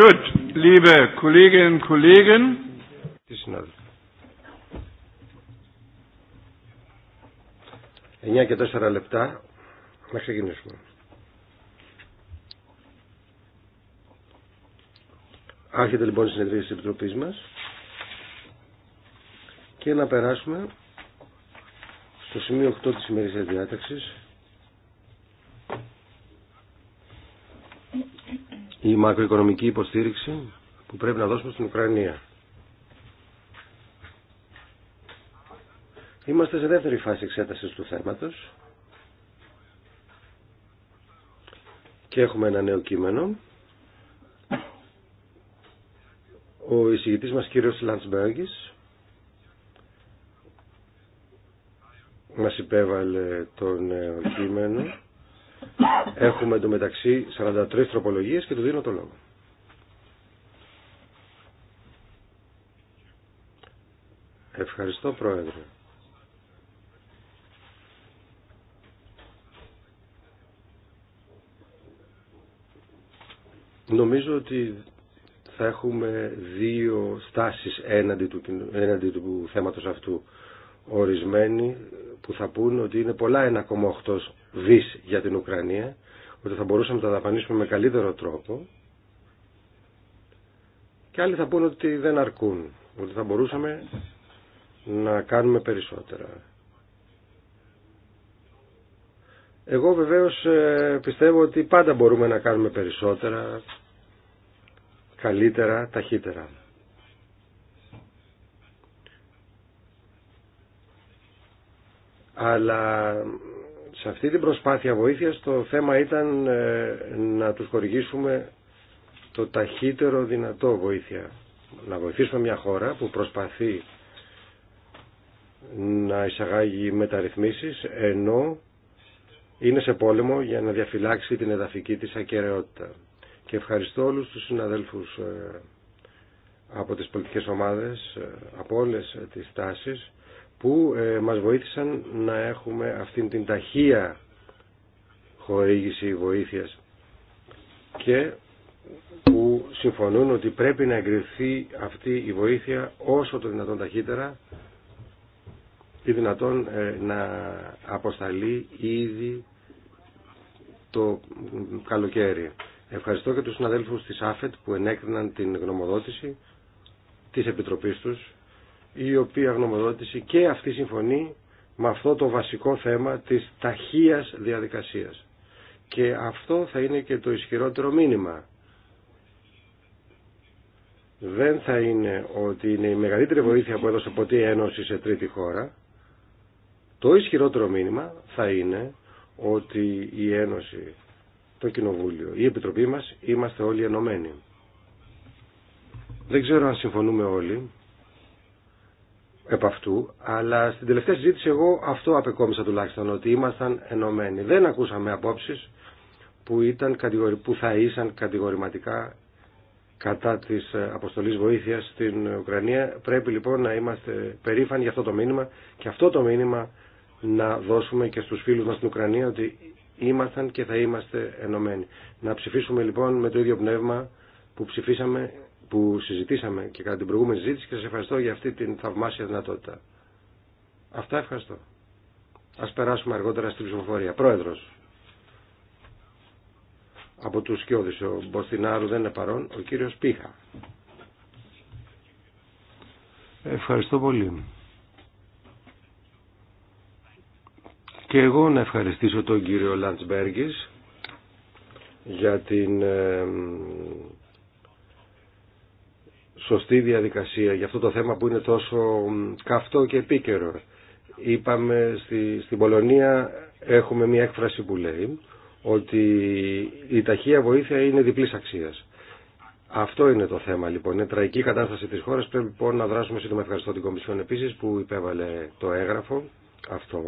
Gut, liebe Kolleginnen Kollegen. Εννιά και 4 λεπτά να ξεκινήσουμε. Άρχεται λοιπόν η συνεδρία της Επιτροπής μας και να περάσουμε στο σημείο 8 της ημερήσιας διάταξης η μακροοικονομική υποστήριξη που πρέπει να δώσουμε στην Ουκρανία. Είμαστε σε δεύτερη φάση εξέτασης του θέματος και έχουμε ένα νέο κείμενο. Ο εισηγητής μας κύριος Λαντσμπέργκης μας υπέβαλε τον νέο κείμενο Έχουμε εντωμεταξύ 43 τροπολογίες και του δίνω το λόγο. Ευχαριστώ Πρόεδρε. Νομίζω ότι θα έχουμε δύο στάσεις έναντι του, έναντι του θέματος αυτού ορισμένοι που θα πούν ότι είναι πολλά 1,8 δις για την Ουκρανία, ότι θα μπορούσαμε να τα δαπανίσουμε με καλύτερο τρόπο και άλλοι θα πούν ότι δεν αρκούν, ότι θα μπορούσαμε να κάνουμε περισσότερα. Εγώ βεβαίως ε, πιστεύω ότι πάντα μπορούμε να κάνουμε περισσότερα, καλύτερα, ταχύτερα. αλλά σε αυτή την προσπάθεια βοήθειας το θέμα ήταν ε, να τους χορηγήσουμε το ταχύτερο δυνατό βοήθεια. Να βοηθήσουμε μια χώρα που προσπαθεί να εισαγάγει μεταρρυθμίσεις ενώ είναι σε πόλεμο για να διαφυλάξει την εδαφική της ακαιρεότητα. Και ευχαριστώ όλους τους συναδέλφους ε, από τις πολιτικές ομάδες, ε, από όλες τις τάσεις που ε, μας βοήθησαν να έχουμε αυτήν την ταχεία χορήγηση βοήθειας και που συμφωνούν ότι πρέπει να εγκριθεί αυτή η βοήθεια όσο το δυνατόν ταχύτερα ή δυνατόν ε, να αποσταλεί ήδη το καλοκαίρι. Ευχαριστώ και τους συναδέλφους της ΑΦΕΤ που ενέκριναν την γνωμοδότηση της Επιτροπής τους η οποία γνωμοδότηση και αυτή συμφωνεί με αυτό το βασικό θέμα της ταχείας διαδικασίας. Και αυτό θα είναι και το ισχυρότερο μήνυμα. Δεν θα είναι ότι είναι η μεγαλύτερη βοήθεια που έδωσε ποτέ η Ένωση σε τρίτη χώρα. Το ισχυρότερο μήνυμα θα είναι ότι η Ένωση, το Κοινοβούλιο, η Επιτροπή μας είμαστε όλοι ενωμένοι. Δεν ξέρω αν συμφωνούμε όλοι επ' αυτού, αλλά στην τελευταία συζήτηση εγώ αυτό απεκόμισα τουλάχιστον, ότι ήμασταν ενωμένοι. Δεν ακούσαμε απόψεις που, ήταν, που θα ήσαν κατηγορηματικά κατά της ε, αποστολής βοήθειας στην Ουκρανία. Πρέπει λοιπόν να είμαστε περήφανοι για αυτό το μήνυμα και αυτό το μήνυμα να δώσουμε και στους φίλους μας στην Ουκρανία ότι ήμασταν και θα είμαστε ενωμένοι. Να ψηφίσουμε λοιπόν με το ίδιο πνεύμα που ψηφίσαμε που συζητήσαμε και κατά την προηγούμενη συζήτηση και σας ευχαριστώ για αυτή την θαυμάσια δυνατότητα. Αυτά ευχαριστώ. Ας περάσουμε αργότερα στην ψηφοφορία. Πρόεδρος. Από τους Σκιώδης, ο Μποστινάρου δεν είναι παρόν, ο κύριος Πίχα. Ευχαριστώ πολύ. Και εγώ να ευχαριστήσω τον κύριο Λαντσμπέργκης για την σωστή διαδικασία για αυτό το θέμα που είναι τόσο καυτό και επίκαιρο. Είπαμε στη, στην Πολωνία έχουμε μια έκφραση που λέει ότι η ταχεία βοήθεια είναι διπλής αξίας. Αυτό είναι το θέμα λοιπόν. Είναι τραγική κατάσταση της χώρας. Πρέπει λοιπόν να δράσουμε σύντομα. Ευχαριστώ την Κομισιόν επίσης που υπέβαλε το έγγραφο αυτό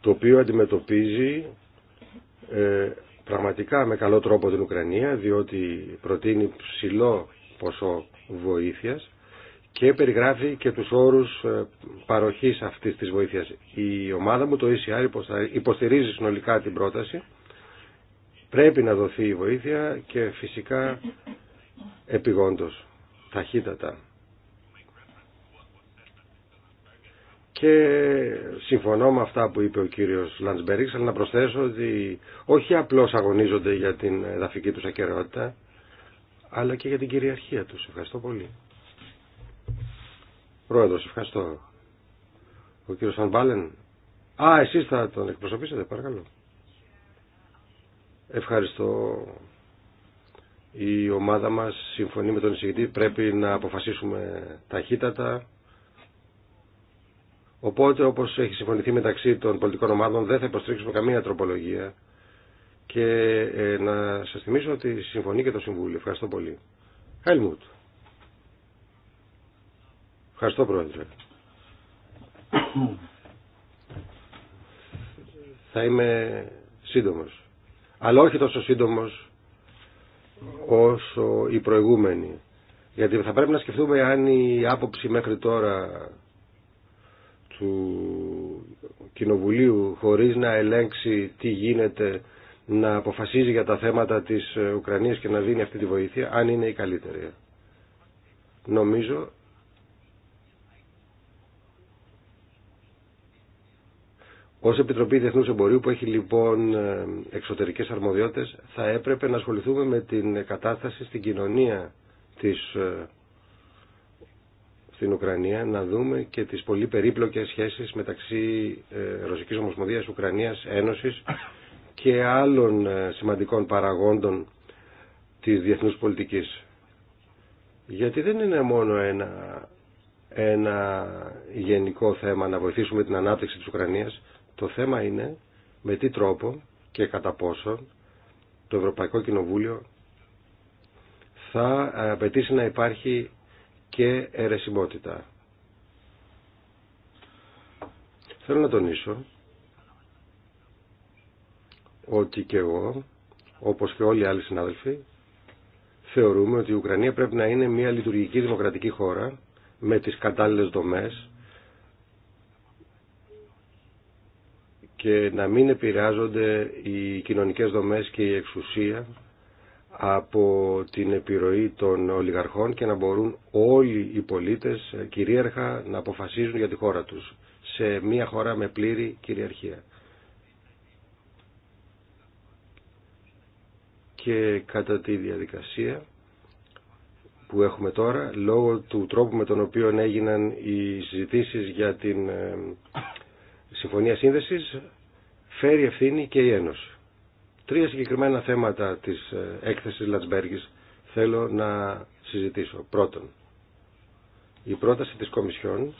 το οποίο αντιμετωπίζει ε, πραγματικά με καλό τρόπο την Ουκρανία διότι προτείνει ψηλό ποσό βοήθειας και περιγράφει και τους όρους ε, παροχής αυτής της βοήθειας. Η ομάδα μου, το ECR, υποστηρίζει συνολικά την πρόταση. Πρέπει να δοθεί η βοήθεια και φυσικά επιγόντως, ταχύτατα. Και συμφωνώ με αυτά που είπε ο κύριος Λαντσμπέριξ, αλλά να προσθέσω ότι όχι απλώς αγωνίζονται για την εδαφική τους ακαιρεότητα, αλλά και για την κυριαρχία τους. Ευχαριστώ πολύ. Πρόεδρος, ευχαριστώ. Ο κύριος Φανμπάλεν. Α, εσείς θα τον εκπροσωπήσετε, παρακαλώ. Ευχαριστώ. Η ομάδα μας συμφωνεί με τον εισηγητή. Πρέπει να αποφασίσουμε ταχύτατα Οπότε, όπως έχει συμφωνηθεί μεταξύ των πολιτικών ομάδων, δεν θα υποστηρίξουμε καμία τροπολογία και ε, να σα θυμίσω ότι συμφωνεί και το Συμβούλιο. Ευχαριστώ πολύ. Χαλμούτ. Ευχαριστώ, Πρόεδρε. θα είμαι σύντομο. Αλλά όχι τόσο σύντομο, όσο οι προηγούμενοι. Γιατί θα πρέπει να σκεφτούμε αν η άποψη μέχρι τώρα του Κοινοβουλίου χωρίς να ελέγξει τι γίνεται να αποφασίζει για τα θέματα της Ουκρανίας και να δίνει αυτή τη βοήθεια, αν είναι η καλύτερη. Νομίζω Ω Επιτροπή Διεθνού Εμπορίου, που έχει λοιπόν ε, εξωτερικέ αρμοδιότητε, θα έπρεπε να ασχοληθούμε με την κατάσταση στην κοινωνία τη ε, στην Ουκρανία να δούμε και τις πολύ περίπλοκες σχέσεις μεταξύ ε, Ρωσικής Ομοσπονδίας Ουκρανίας Ένωσης και άλλων ε, σημαντικών παραγόντων της διεθνούς πολιτικής. Γιατί δεν είναι μόνο ένα, ένα γενικό θέμα να βοηθήσουμε την ανάπτυξη της Ουκρανίας. Το θέμα είναι με τι τρόπο και κατά πόσο το Ευρωπαϊκό Κοινοβούλιο θα ε, απαιτήσει να υπάρχει και αιρεσιμότητα. Θέλω να τονίσω ότι και εγώ, όπως και όλοι οι άλλοι συνάδελφοι, θεωρούμε ότι η Ουκρανία πρέπει να είναι μια λειτουργική δημοκρατική χώρα με τις κατάλληλες δομές και να μην επηρεάζονται οι κοινωνικές δομές και η εξουσία από την επιρροή των ολιγαρχών και να μπορούν όλοι οι πολίτες ε, κυρίαρχα να αποφασίζουν για τη χώρα τους σε μια χώρα με πλήρη κυριαρχία. Και κατά τη διαδικασία που έχουμε τώρα, λόγω του τρόπου με τον οποίο έγιναν οι συζητήσεις για την ε, Συμφωνία Σύνδεσης, φέρει ευθύνη και η Ένωση. Τρία συγκεκριμένα θέματα της ε, έκθεσης Λατσμπέργης θέλω να συζητήσω. Πρώτον, η πρόταση της Κομισιόν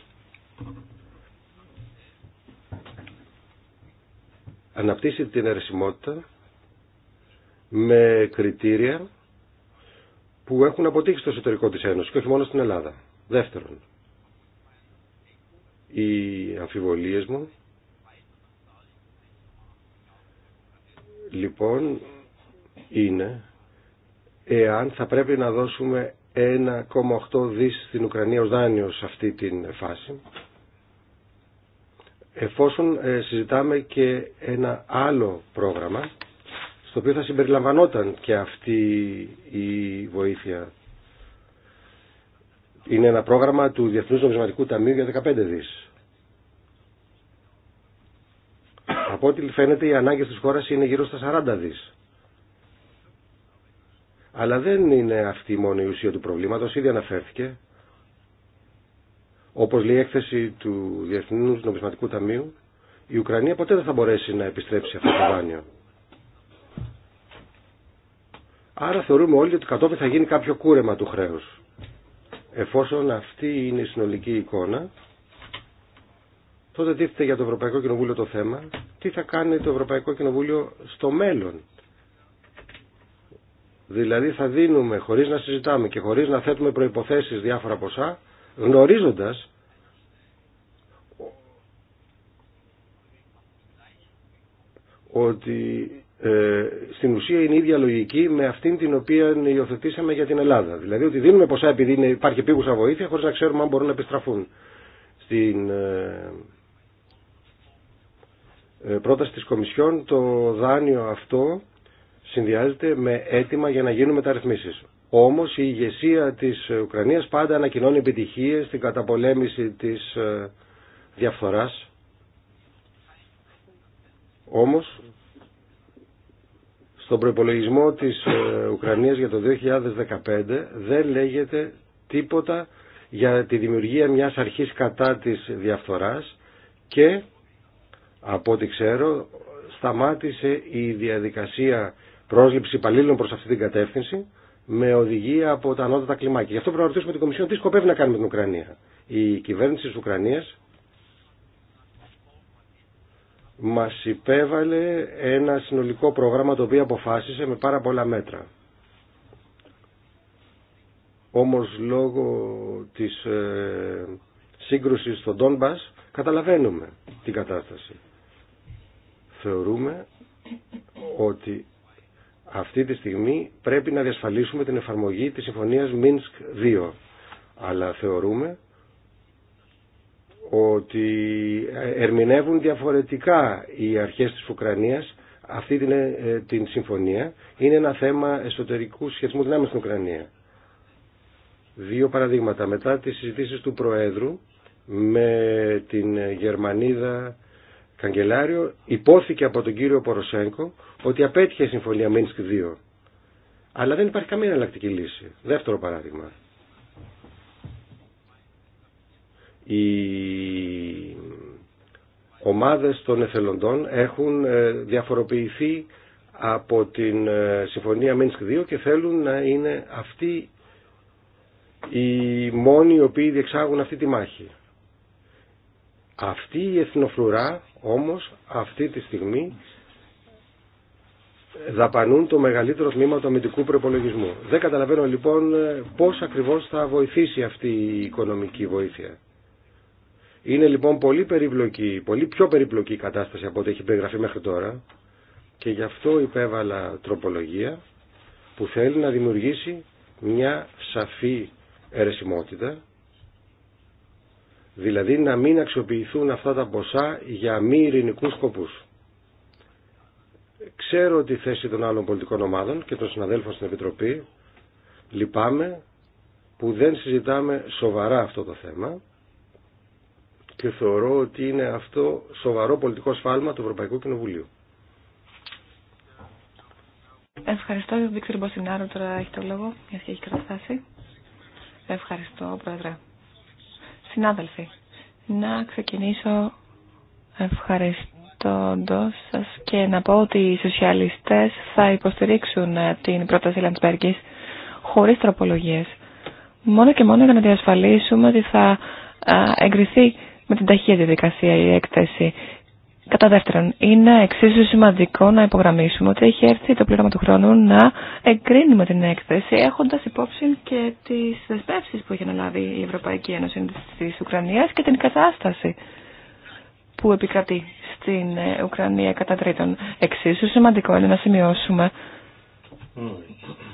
αναπτύσσει την αιρεσιμότητα με κριτήρια που έχουν αποτύχει στο εσωτερικό της Ένωσης και όχι μόνο στην Ελλάδα. Δεύτερον, οι αμφιβολίες μου λοιπόν είναι εάν θα πρέπει να δώσουμε 1,8 δις στην Ουκρανία ως δάνειο σε αυτή την φάση εφόσον ε, συζητάμε και ένα άλλο πρόγραμμα στο οποίο θα συμπεριλαμβανόταν και αυτή η βοήθεια. Είναι ένα πρόγραμμα του Διεθνούς Νομισματικού Ταμείου για 15 δις. από ό,τι φαίνεται οι ανάγκε της χώρα είναι γύρω στα 40 δις. Αλλά δεν είναι αυτή μόνο η ουσία του προβλήματο ήδη αναφέρθηκε. Όπω λέει η έκθεση του Διεθνούς Νομισματικού Ταμείου, η Ουκρανία ποτέ δεν θα μπορέσει να επιστρέψει αυτό το δάνειο. Άρα θεωρούμε όλοι ότι κατόπιν θα γίνει κάποιο κούρεμα του χρέους. Εφόσον αυτή είναι η συνολική εικόνα, Τότε τίθεται για το Ευρωπαϊκό Κοινοβούλιο το θέμα, τι θα κάνει το Ευρωπαϊκό Κοινοβούλιο στο μέλλον. Δηλαδή θα δίνουμε χωρίς να συζητάμε και χωρίς να θέτουμε προϋποθέσεις διάφορα ποσά, γνωρίζοντας ότι ε, στην ουσία είναι η ίδια λογική με αυτήν την οποία υιοθετήσαμε για την Ελλάδα. Δηλαδή ότι δίνουμε ποσά επειδή υπάρχει πήγουσα βοήθεια χωρίς να ξέρουμε αν μπορούν να επιστραφούν. Στην ε, ε, πρόταση της Κομισιόν το δάνειο αυτό συνδυάζεται με αίτημα για να γίνουν μεταρρυθμίσεις. Όμως η ηγεσία της Ουκρανίας πάντα ανακοινώνει επιτυχίες στην καταπολέμηση της ε, διαφθοράς. Όμως στον προϋπολογισμό της ε, Ουκρανίας για το 2015 δεν λέγεται τίποτα για τη δημιουργία μιας αρχής κατά της διαφθοράς και από ό,τι ξέρω σταμάτησε η διαδικασία πρόσληψη υπαλλήλων προς αυτή την κατεύθυνση με οδηγία από τα ανώτατα κλιμάκια. Γι' αυτό πρέπει να ρωτήσουμε την Κομισιόν τι σκοπεύει να κάνει με την Ουκρανία. Η κυβέρνηση της Ουκρανίας μας υπέβαλε ένα συνολικό πρόγραμμα το οποίο αποφάσισε με πάρα πολλά μέτρα. Όμως λόγω της ε, σύγκρουσης στον Τόνμπας καταλαβαίνουμε την κατάσταση θεωρούμε ότι αυτή τη στιγμή πρέπει να διασφαλίσουμε την εφαρμογή της συμφωνίας Μίνσκ 2. Αλλά θεωρούμε ότι ερμηνεύουν διαφορετικά οι αρχές της Ουκρανίας αυτή την, ε, την συμφωνία. Είναι ένα θέμα εσωτερικού σχετισμού δυνάμεων στην Ουκρανία. Δύο παραδείγματα. Μετά τις συζητήσεις του Προέδρου με την Γερμανίδα καγκελάριο υπόθηκε από τον κύριο Ποροσέγκο ότι απέτυχε η συμφωνία Μίνσκ 2. Αλλά δεν υπάρχει καμία εναλλακτική λύση. Δεύτερο παράδειγμα. Οι ομάδες των εθελοντών έχουν ε, διαφοροποιηθεί από την ε, συμφωνία Μίνσκ 2 και θέλουν να είναι αυτοί οι μόνοι οι οποίοι διεξάγουν αυτή τη μάχη. Αυτή η εθνοφρουρά όμως αυτή τη στιγμή δαπανούν το μεγαλύτερο τμήμα του αμυντικού προπολογισμού. Δεν καταλαβαίνω λοιπόν ε, πώς ακριβώς θα βοηθήσει αυτή η οικονομική βοήθεια. Είναι λοιπόν πολύ περιπλοκή, πολύ πιο περιπλοκή η κατάσταση από ό,τι έχει περιγραφεί μέχρι τώρα και γι' αυτό υπέβαλα τροπολογία που θέλει να δημιουργήσει μια σαφή αιρεσιμότητα Δηλαδή να μην αξιοποιηθούν αυτά τα ποσά για μη ειρηνικού σκοπούς. Ξέρω τη θέση των άλλων πολιτικών ομάδων και των συναδέλφων στην Επιτροπή. Λυπάμαι που δεν συζητάμε σοβαρά αυτό το θέμα και θεωρώ ότι είναι αυτό σοβαρό πολιτικό σφάλμα του Ευρωπαϊκού Κοινοβουλίου. Ευχαριστώ, Βίκτορ Μποσινάρο, τώρα έχει το λόγο, γιατί έχει καταστάσει. Ευχαριστώ, Πρόεδρε. Συνάδελφοι, να ξεκινήσω ευχαριστώντας σας και να πω ότι οι σοσιαλιστές θα υποστηρίξουν ε, την πρόταση Λαντσπέργκης χωρίς τροπολογίες. Μόνο και μόνο για να διασφαλίσουμε ότι θα ε, εγκριθεί με την ταχεία διαδικασία η έκθεση Κατά δεύτερον, είναι εξίσου σημαντικό να υπογραμμίσουμε ότι έχει έρθει το πλήρωμα του χρόνου να εγκρίνουμε την έκθεση έχοντα υπόψη και τι δεσμεύσει που έχει αναλάβει η Ευρωπαϊκή Ένωση τη Ουκρανία και την κατάσταση που επικρατεί στην ε, Ουκρανία κατά τρίτον. Εξίσου σημαντικό είναι να σημειώσουμε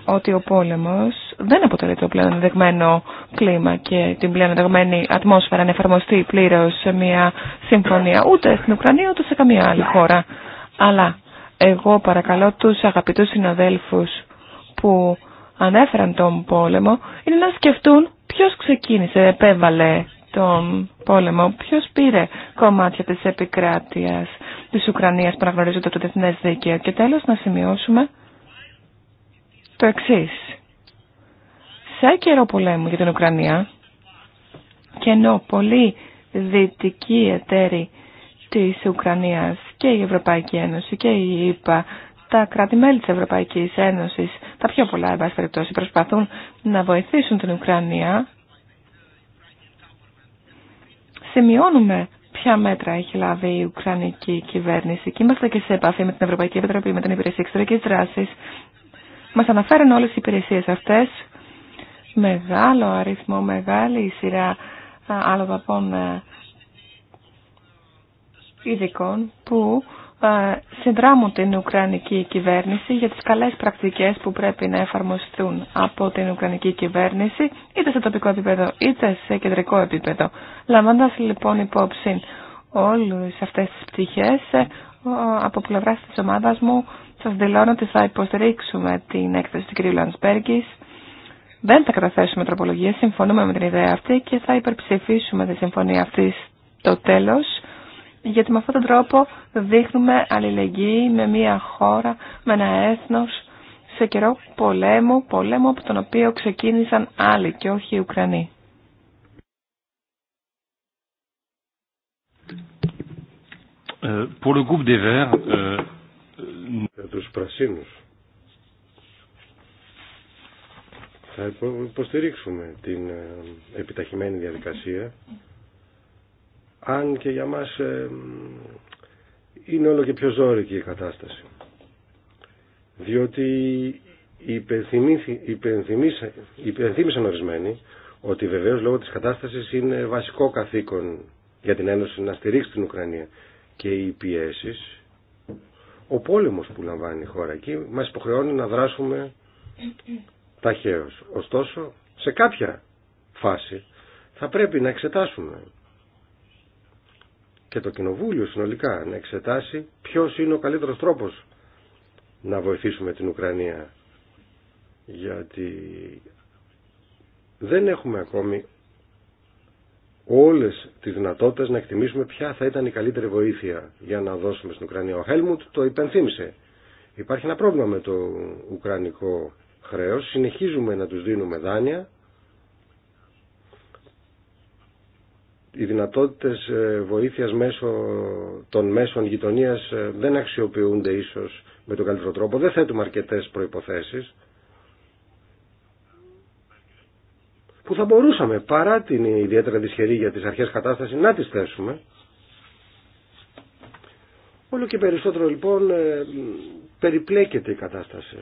ότι ο πόλεμος δεν αποτελεί το πλέον ενδεγμένο κλίμα και την πλέον ενδεγμένη ατμόσφαιρα να εφαρμοστεί πλήρως σε μια συμφωνία ούτε στην Ουκρανία ούτε σε καμία άλλη χώρα. Αλλά εγώ παρακαλώ τους αγαπητούς συναδέλφους που ανέφεραν τον πόλεμο είναι να σκεφτούν ποιος ξεκίνησε, επέβαλε τον πόλεμο, ποιος πήρε κομμάτια της επικράτειας της Ουκρανίας που αναγνωρίζονται το διεθνές δίκαιο. Και τέλος να σημειώσουμε το εξή. Σε καιρό πολέμου για την Ουκρανία και ενώ πολλοί δυτικοί εταίροι της Ουκρανίας και η Ευρωπαϊκή Ένωση και η ΕΠΑ, ΕΕ, τα κράτη-μέλη της Ευρωπαϊκής Ένωσης, τα πιο πολλά εν περιπτώσει, προσπαθούν να βοηθήσουν την Ουκρανία. Σημειώνουμε ποια μέτρα έχει λάβει η Ουκρανική κυβέρνηση και είμαστε και σε επαφή με την Ευρωπαϊκή Επιτροπή, με την Υπηρεσία Εξωτερικής Δράσης μας αναφέρουν όλες οι υπηρεσίες αυτές μεγάλο αριθμό, μεγάλη σειρά άλλων ε, ειδικών που ε, συνδράμουν την Ουκρανική κυβέρνηση για τις καλές πρακτικές που πρέπει να εφαρμοστούν από την Ουκρανική κυβέρνηση είτε σε τοπικό επίπεδο είτε σε κεντρικό επίπεδο. Λαμβάνοντας λοιπόν υπόψη όλες αυτές τις πτυχές ε, από πλευράς της ομάδας μου σας δηλώνω ότι θα υποστηρίξουμε την έκθεση του κ. Λανσπέργκης. Δεν θα καταθέσουμε τροπολογία, συμφωνούμε με την ιδέα αυτή και θα υπερψηφίσουμε τη συμφωνία αυτή στο τέλος, γιατί με αυτόν τον τρόπο δείχνουμε αλληλεγγύη με μια χώρα, με ένα έθνος, σε καιρό πολέμου, πολέμου από τον οποίο ξεκίνησαν άλλοι και όχι οι Ουκρανοί. Ε, pour le groupe des Verts, ε, για ε, τους πρασίνους. Θα υποστηρίξουμε την ε, επιταχυμένη διαδικασία. Αν και για μας ε, είναι όλο και πιο ζώρικη η κατάσταση. Διότι υπενθυμίσαν ορισμένοι ότι βεβαίως λόγω της κατάστασης είναι βασικό καθήκον για την Ένωση να στηρίξει την Ουκρανία και οι πιέσεις ο πόλεμος που λαμβάνει η χώρα εκεί μας υποχρεώνει να δράσουμε ταχαίως. Ωστόσο, σε κάποια φάση θα πρέπει να εξετάσουμε και το Κοινοβούλιο συνολικά να εξετάσει ποιος είναι ο καλύτερος τρόπος να βοηθήσουμε την Ουκρανία. Γιατί δεν έχουμε ακόμη όλες τις δυνατότητες να εκτιμήσουμε ποια θα ήταν η καλύτερη βοήθεια για να δώσουμε στην Ουκρανία. Ο Χέλμουντ το υπενθύμησε. Υπάρχει ένα πρόβλημα με το ουκρανικό χρέος. Συνεχίζουμε να τους δίνουμε δάνεια. Οι δυνατότητες ε, βοήθειας μέσω των μέσων γειτονίας ε, δεν αξιοποιούνται ίσως με τον καλύτερο τρόπο. Δεν θέτουμε αρκετές προϋποθέσεις. που θα μπορούσαμε παρά την ιδιαίτερα δυσχερή για τις αρχές κατάσταση να τις θέσουμε. Όλο και περισσότερο λοιπόν ε, περιπλέκεται η κατάσταση.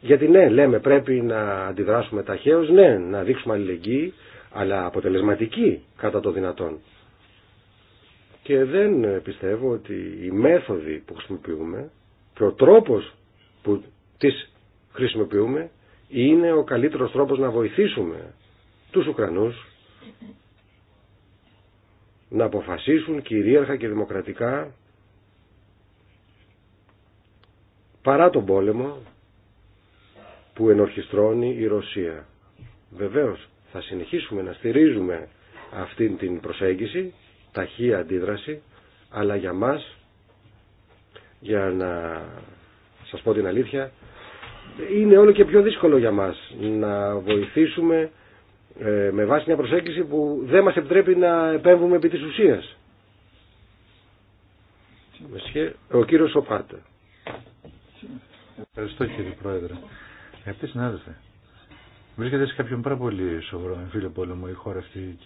Γιατί ναι, λέμε πρέπει να αντιδράσουμε ταχαίως, ναι, να δείξουμε αλληλεγγύη, αλλά αποτελεσματική κατά το δυνατόν. Και δεν ε, πιστεύω ότι οι μέθοδοι που χρησιμοποιούμε και ο τρόπος που τις χρησιμοποιούμε είναι ο καλύτερος τρόπος να βοηθήσουμε τους Ουκρανούς να αποφασίσουν κυρίαρχα και δημοκρατικά παρά τον πόλεμο που ενορχιστρώνει η Ρωσία. Βεβαίως θα συνεχίσουμε να στηρίζουμε αυτήν την προσέγγιση, ταχεία αντίδραση, αλλά για μας, για να σας πω την αλήθεια, είναι όλο και πιο δύσκολο για μας να βοηθήσουμε ε, με βάση μια προσέγγιση που δεν μας επιτρέπει να επέμβουμε επί της ουσίας. Ο κύριος Σοπάτε. Ευχαριστώ κύριε Πρόεδρε. Αγαπητοί συνάδελφε, βρίσκεται σε κάποιον πάρα πολύ σοβαρό εμφύλιο πόλεμο η χώρα αυτή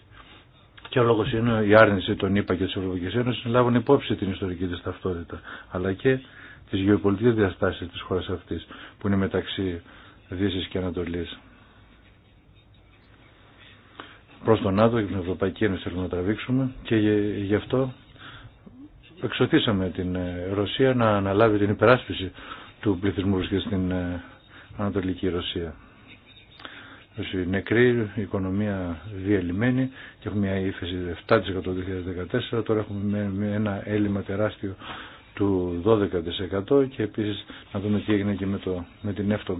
και ο λόγο είναι η άρνηση των ΗΠΑ και τη Ευρωπαϊκή Ένωση να λάβουν υπόψη την ιστορική τη ταυτότητα, αλλά και τι γεωπολιτικέ διαστάσει τη χώρα αυτή που είναι μεταξύ Δύση και Ανατολή. Προ τον ΝΑΤΟ και την Ευρωπαϊκή Ένωση θέλουμε να τραβήξουμε και γι' αυτό εξωθήσαμε την ε, Ρωσία να αναλάβει την υπεράσπιση του πληθυσμού που στην ε, Ανατολική Ρωσία. Ρωσία νεκρή, η οικονομία διαλυμένη και έχουμε μια ύφεση 7% το 2014, τώρα έχουμε ένα έλλειμμα τεράστιο του 12% και επίσης να δούμε τι έγινε και με, το, με την Εύτο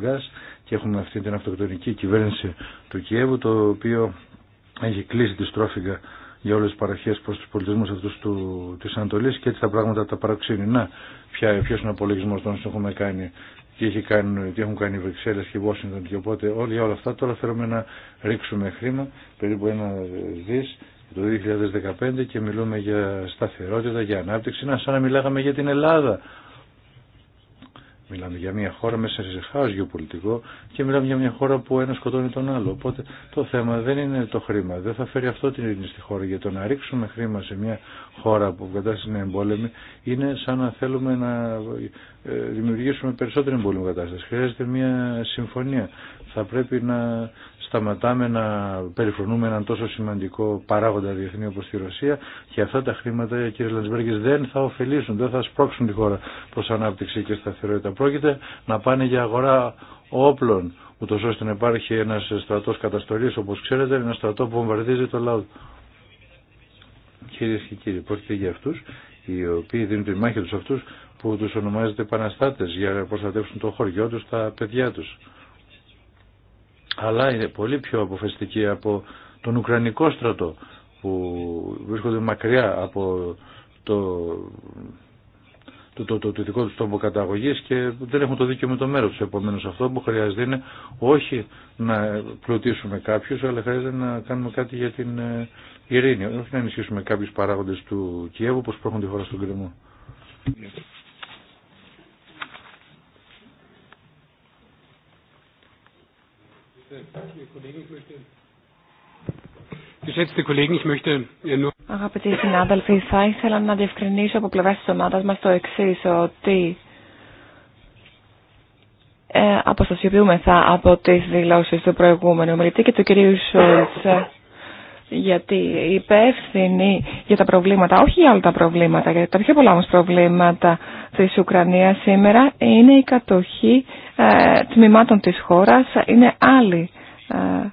και έχουμε αυτή την αυτοκτονική κυβέρνηση του Κιέβου το οποίο έχει κλείσει τη στρόφιγγα για όλες τις παραχές προς τους πολιτισμούς αυτούς του, της Ανατολής και έτσι τα πράγματα τα παραξύνει. Να, ποια, είναι ο απολογισμός των έχουμε κάνει, τι, έχει κάνει, τι έχουν κάνει οι Βρυξέλλες και η Washington και οπότε όλοι, όλα αυτά τώρα θέλουμε να ρίξουμε χρήμα, περίπου ένα δις το 2015 και μιλούμε για σταθερότητα, για ανάπτυξη, να σαν να μιλάγαμε για την Ελλάδα. Μιλάμε για μια χώρα μέσα σε χάο γεωπολιτικό και μιλάμε για μια χώρα που ένα σκοτώνει τον άλλο. Οπότε το θέμα δεν είναι το χρήμα. Δεν θα φέρει αυτό την ειρήνη στη χώρα. Γιατί το να ρίξουμε χρήμα σε μια χώρα που κατάσταση είναι εμπόλεμη είναι σαν να θέλουμε να ε, δημιουργήσουμε περισσότερη εμπόλεμη κατάσταση. Χρειάζεται μια συμφωνία θα πρέπει να σταματάμε να περιφρονούμε έναν τόσο σημαντικό παράγοντα διεθνή όπως τη Ρωσία και αυτά τα χρήματα, κύριε Λαντσμπέργκης, δεν θα ωφελήσουν, δεν θα σπρώξουν τη χώρα προς ανάπτυξη και σταθερότητα. Πρόκειται να πάνε για αγορά όπλων, ούτω ώστε να υπάρχει ένας στρατός καταστολής, όπως ξέρετε, ένα στρατό που βομβαρδίζει το λαό. Κυρίε και κύριοι, πρόκειται για αυτού οι οποίοι δίνουν τη μάχη τους αυτού που του ονομάζεται επαναστάτε για να προστατεύσουν το χωριό του, τα παιδιά του αλλά είναι πολύ πιο αποφασιστική από τον Ουκρανικό στρατό που βρίσκονται μακριά από το, το, το, το, το δικό του τόπο καταγωγή και δεν έχουν το δίκαιο με το μέρο του. Επομένω, αυτό που χρειάζεται είναι όχι να πλουτίσουμε κάποιου, αλλά χρειάζεται να κάνουμε κάτι για την ε, ειρήνη. Όχι να ενισχύσουμε κάποιου παράγοντε του Κιέβου, όπω προχωρούν τη χώρα στον Κρεμό. Äh, äh, Αγαπητοί συνάδελφοι, θα ήθελα να διευκρινίσω από πλευρά τη ομάδα μα το εξή, ότι ε, αποστασιοποιούμεθα από τι δηλώσει του προηγούμενου μιλητή και του κυρίου Σόλτ. Γιατί οι υπεύθυνοι για τα προβλήματα, όχι για όλα τα προβλήματα, γιατί τα πιο πολλά όμω προβλήματα τη Ουκρανία σήμερα είναι η κατοχή ε, τμήματων της χώρας είναι άλλοι ε,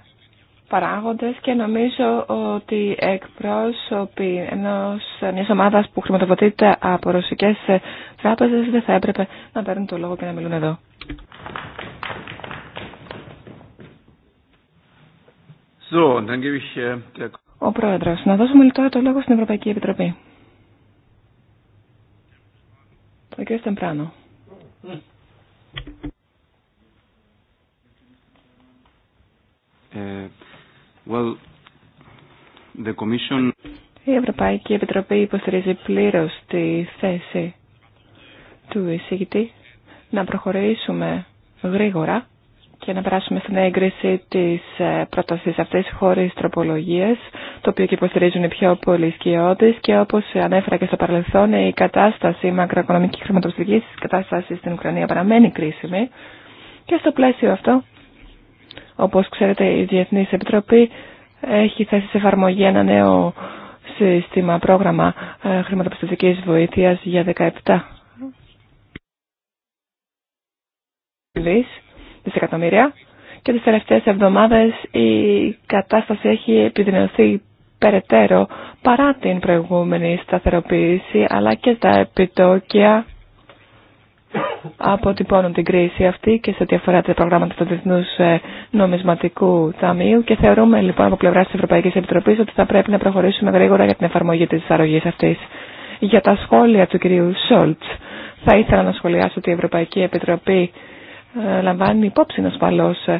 παράγοντες και νομίζω ότι εκπρόσωποι ενός, μιας ομάδας που χρηματοδοτείται από ρωσικές ε, τράπεζες δεν θα έπρεπε να παίρνουν το λόγο και να μιλούν εδώ. Äh, Ο Πρόεδρος, να δώσουμε τώρα το λόγο στην Ευρωπαϊκή Επιτροπή. Το κ. Στεμπράνο. Hm. Ε, η Ευρωπαϊκή Επιτροπή υποστηρίζει πλήρως τη θέση του εισηγητή να προχωρήσουμε γρήγορα και να περάσουμε στην έγκριση της ε, πρότασης αυτής χωρίς τροπολογίες, το οποίο και υποστηρίζουν οι πιο πολλοί σκιώδεις και όπως ανέφερα και στο παρελθόν η κατάσταση μακροοικονομικής χρηματοπιστικής κατάσταση στην Ουκρανία παραμένει κρίσιμη και στο πλαίσιο αυτό όπως ξέρετε η Διεθνής Επιτροπή έχει θέσει σε εφαρμογή ένα νέο σύστημα πρόγραμμα ε, χρηματοπιστωτικής βοήθειας για 17 δισεκατομμύρια και τις τελευταίες εβδομάδες η κατάσταση έχει επιδεινωθεί περαιτέρω παρά την προηγούμενη σταθεροποίηση αλλά και τα επιτόκια αποτυπώνουν την κρίση αυτή και σε ό,τι αφορά τα προγράμματα του Διεθνού ε, Νομισματικού Ταμείου και θεωρούμε λοιπόν από πλευρά τη Ευρωπαϊκή Επιτροπή ότι θα πρέπει να προχωρήσουμε γρήγορα για την εφαρμογή τη αρρωγή αυτή. Για τα σχόλια του κυρίου Σόλτ, θα ήθελα να σχολιάσω ότι η Ευρωπαϊκή Επιτροπή ε, λαμβάνει υπόψη ασφαλώ ε,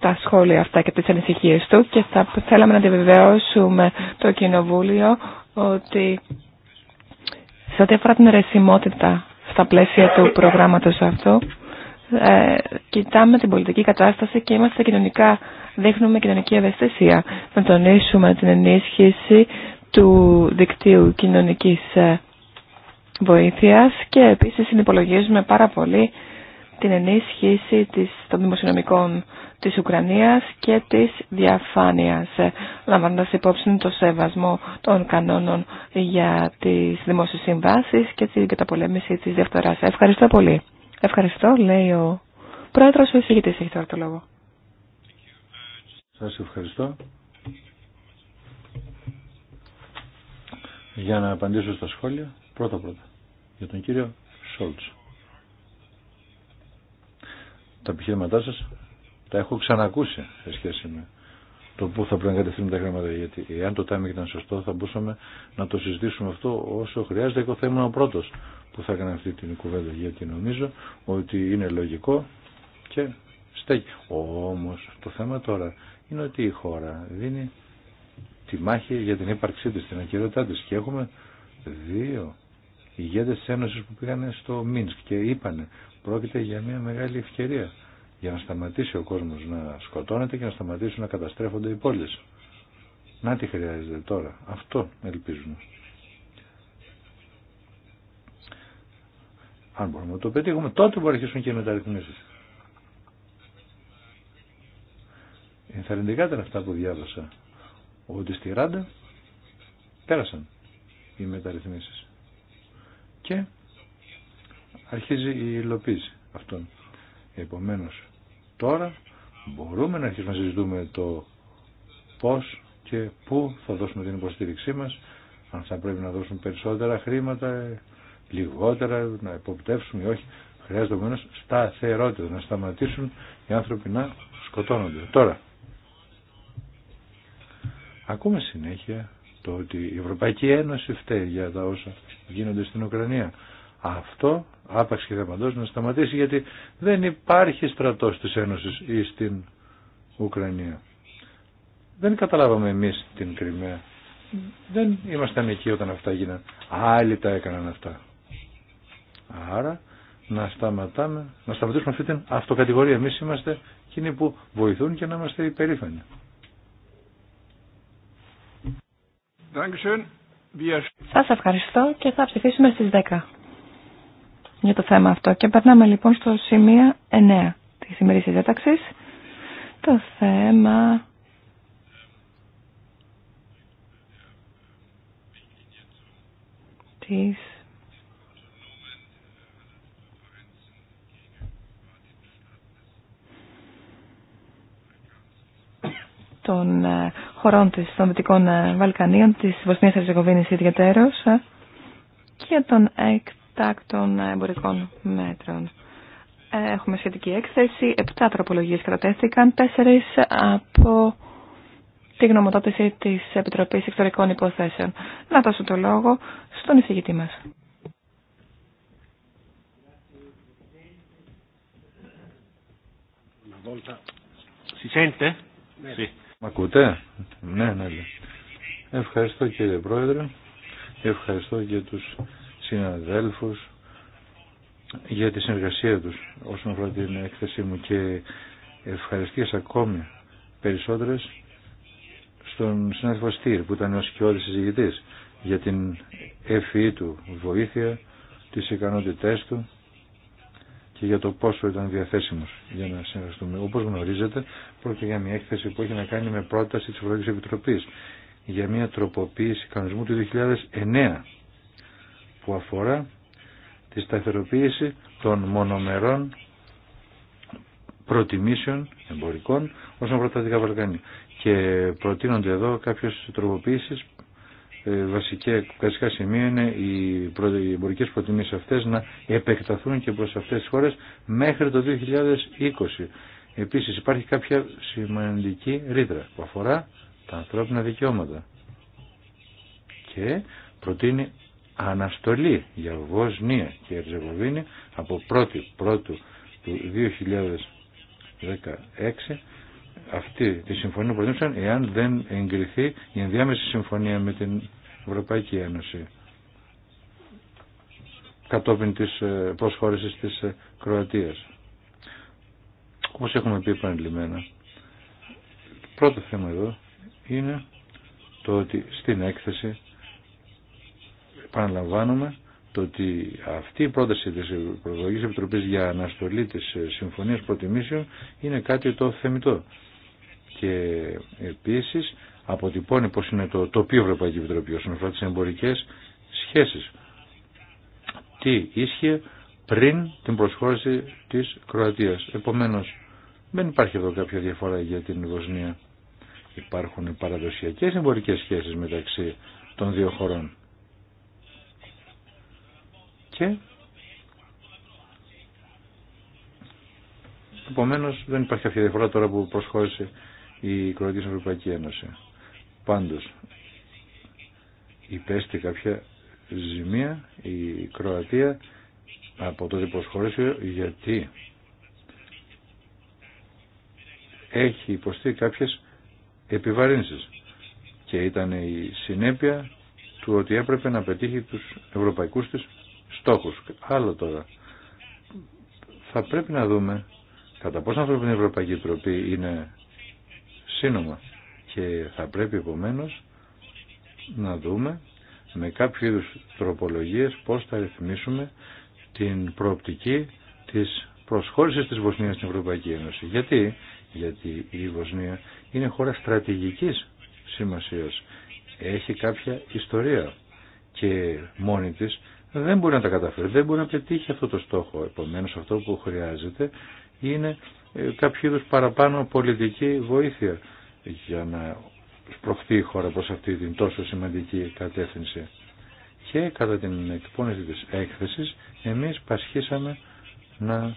τα σχόλια αυτά και τις ανησυχίες του και θα θέλαμε να διαβεβαιώσουμε το Κοινοβούλιο ότι σε ό,τι αφορά την αιρεσιμότητα στα πλαίσια του προγράμματος αυτό. Ε, κοιτάμε την πολιτική κατάσταση και είμαστε κοινωνικά, δείχνουμε κοινωνική ευαισθησία. Να τονίσουμε την ενίσχυση του δικτύου κοινωνικής ε, βοήθειας και επίσης συνυπολογίζουμε πάρα πολύ την ενίσχυση της, των δημοσιονομικών της Ουκρανίας και της διαφάνειας, λαμβάνοντας υπόψη το σεβασμό των κανόνων για τις δημόσιες συμβάσεις και την καταπολέμηση της διαφθοράς. Ευχαριστώ πολύ. Ευχαριστώ, λέει ο πρόεδρος, ο εισηγητής έχει τώρα το λόγο. Σας ευχαριστώ. Για να απαντήσω στα σχόλια, πρώτα-πρώτα, για τον κύριο Σόλτσο τα επιχειρήματά σας τα έχω ξανακούσει σε σχέση με το πού θα πρέπει να κατευθύνουμε τα χρήματα. Γιατί εάν το timing ήταν σωστό, θα μπορούσαμε να το συζητήσουμε αυτό όσο χρειάζεται. Εγώ θα ήμουν ο πρώτο που θα έκανε αυτή την κουβέντα. Γιατί νομίζω ότι είναι λογικό και στέκει. Όμω το θέμα τώρα είναι ότι η χώρα δίνει τη μάχη για την ύπαρξή τη, την ακυρότητά τη. Και έχουμε δύο ηγέτε τη Ένωση που πήγαν στο Μίνσκ και είπαν Πρόκειται για μια μεγάλη ευκαιρία για να σταματήσει ο κόσμος να σκοτώνεται και να σταματήσουν να καταστρέφονται οι πόλεις. Να τι χρειάζεται τώρα. Αυτό ελπίζουμε. Αν μπορούμε να το πετύχουμε, τότε μπορεί να αρχίσουν και οι μεταρρυθμίσει. Ενθαρρυντικά ήταν αυτά που διάβασα. Ότι στη Ράντα πέρασαν οι μεταρρυθμίσει. Και αρχίζει η υλοποίηση αυτών. Επομένως, τώρα μπορούμε να αρχίσουμε να συζητούμε το πώς και πού θα δώσουμε την υποστήριξή μας, αν θα πρέπει να δώσουμε περισσότερα χρήματα, λιγότερα, να υποπτεύσουμε ή όχι. Χρειάζεται επομένω σταθερότητα, να σταματήσουν οι άνθρωποι να σκοτώνονται. Τώρα, ακούμε συνέχεια το ότι η Ευρωπαϊκή Ένωση φταίει για τα όσα γίνονται στην Ουκρανία. Αυτό άπαξ και δεπαντός να σταματήσει γιατί δεν υπάρχει στρατός της Ένωσης ή στην Ουκρανία. Δεν καταλάβαμε εμείς την Κρυμαία. Δεν ήμασταν εκεί όταν αυτά γίνανε. Άλλοι τα έκαναν αυτά. Άρα να, σταματάμε, να σταματήσουμε αυτή την αυτοκατηγορία. Εμείς είμαστε εκείνοι που βοηθούν και να είμαστε υπερήφανοι. Σας ευχαριστώ και θα ψηφίσουμε στις 10 για το θέμα αυτό. Και περνάμε λοιπόν στο σημείο 9 της σημερινής έταξης. Το θέμα της των ε, χωρών της, των Δυτικών ε, Βαλκανίων, της Βοσνίας Αρζεγοβίνης ιδιαίτερως ε, και των εκ των εμπορικών μέτρων. Έχουμε σχετική έκθεση. Επτά τροπολογίες κρατέθηκαν. Τέσσερις από τη γνωμοτότηση της Επιτροπής Εξωτερικών Υποθέσεων. Να δώσω το λόγο στον εισηγητή μας. Ναι. Μ' ακούτε? Ναι, ναι, ναι. Ευχαριστώ κύριε Πρόεδρε. Ευχαριστώ για τους Συναδέλφου για τη συνεργασία του όσον αφορά την έκθεσή μου και ευχαριστίε ακόμη περισσότερε στον συνάδελφο Στήρ που ήταν ο όλοι συζητητή για την ευφυή e του βοήθεια, τι ικανότητε του και για το πόσο ήταν διαθέσιμο για να συνεργαστούμε. Όπω γνωρίζετε, πρόκειται για μια έκθεση που έχει να κάνει με πρόταση τη Ευρωπαϊκή Επιτροπή, για μια τροποποίηση κανονισμού του 2009 που αφορά τη σταθεροποίηση των μονομερών προτιμήσεων εμπορικών όσον αφορά τα Δυτικά Βαλκάνια. Και προτείνονται εδώ κάποιες τροποποίησεις ε, βασικά, βασικά σημεία είναι οι, οι εμπορικέ προτιμήσει αυτέ να επεκταθούν και προ αυτέ τι χώρε μέχρι το 2020. Επίση υπάρχει κάποια σημαντική ρήτρα που αφορά τα ανθρώπινα δικαιώματα και προτείνει αναστολή για Βοσνία και Ερζεγοβίνη από 1η Πρώτου του 2016 αυτή τη συμφωνία που προτείνωσαν εάν δεν εγκριθεί η ενδιάμεση συμφωνία με την Ευρωπαϊκή Ένωση κατόπιν της ε, προσχώρησης της ε, Κροατίας. Όπως έχουμε πει το πρώτο θέμα εδώ είναι το ότι στην έκθεση επαναλαμβάνουμε το ότι αυτή η πρόταση της Προεδρικής Επιτροπής για αναστολή της Συμφωνίας Προτιμήσεων είναι κάτι το θεμητό. Και επίσης αποτυπώνει πώς είναι το τοπίο Ευρωπαϊκή Επιτροπή όσον αφορά τις εμπορικές σχέσεις. Τι ίσχυε πριν την προσχώρηση της Κροατίας. Επομένως δεν υπάρχει εδώ κάποια διαφορά για την Βοσνία. Υπάρχουν παραδοσιακές εμπορικές σχέσεις μεταξύ των δύο χωρών και Επομένω, δεν υπάρχει κάποια διαφορά τώρα που προσχώρησε η Κροατία στην Ευρωπαϊκή Ένωση. Πάντω, υπέστη κάποια ζημία η Κροατία από τότε που προσχώρησε γιατί έχει υποστεί κάποιες επιβαρύνσεις και ήταν η συνέπεια του ότι έπρεπε να πετύχει τους ευρωπαϊκούς της στόχους. Άλλο τώρα. Θα πρέπει να δούμε κατά πόσο ανθρώπινη την Ευρωπαϊκή Τροπή είναι σύνομα και θα πρέπει επομένω να δούμε με κάποιο είδου τροπολογίες πώς θα ρυθμίσουμε την προοπτική της προσχώρησης της Βοσνίας στην Ευρωπαϊκή Ένωση. Γιατί, Γιατί η Βοσνία είναι χώρα στρατηγικής σημασίας. Έχει κάποια ιστορία και μόνη της δεν μπορεί να τα καταφέρει, δεν μπορεί να πετύχει αυτό το στόχο. Επομένως αυτό που χρειάζεται είναι ε, κάποιο είδους παραπάνω πολιτική βοήθεια για να σπροχθεί η χώρα προς αυτή την τόσο σημαντική κατεύθυνση. Και κατά την εκπόνηση της έκθεσης εμείς πασχίσαμε να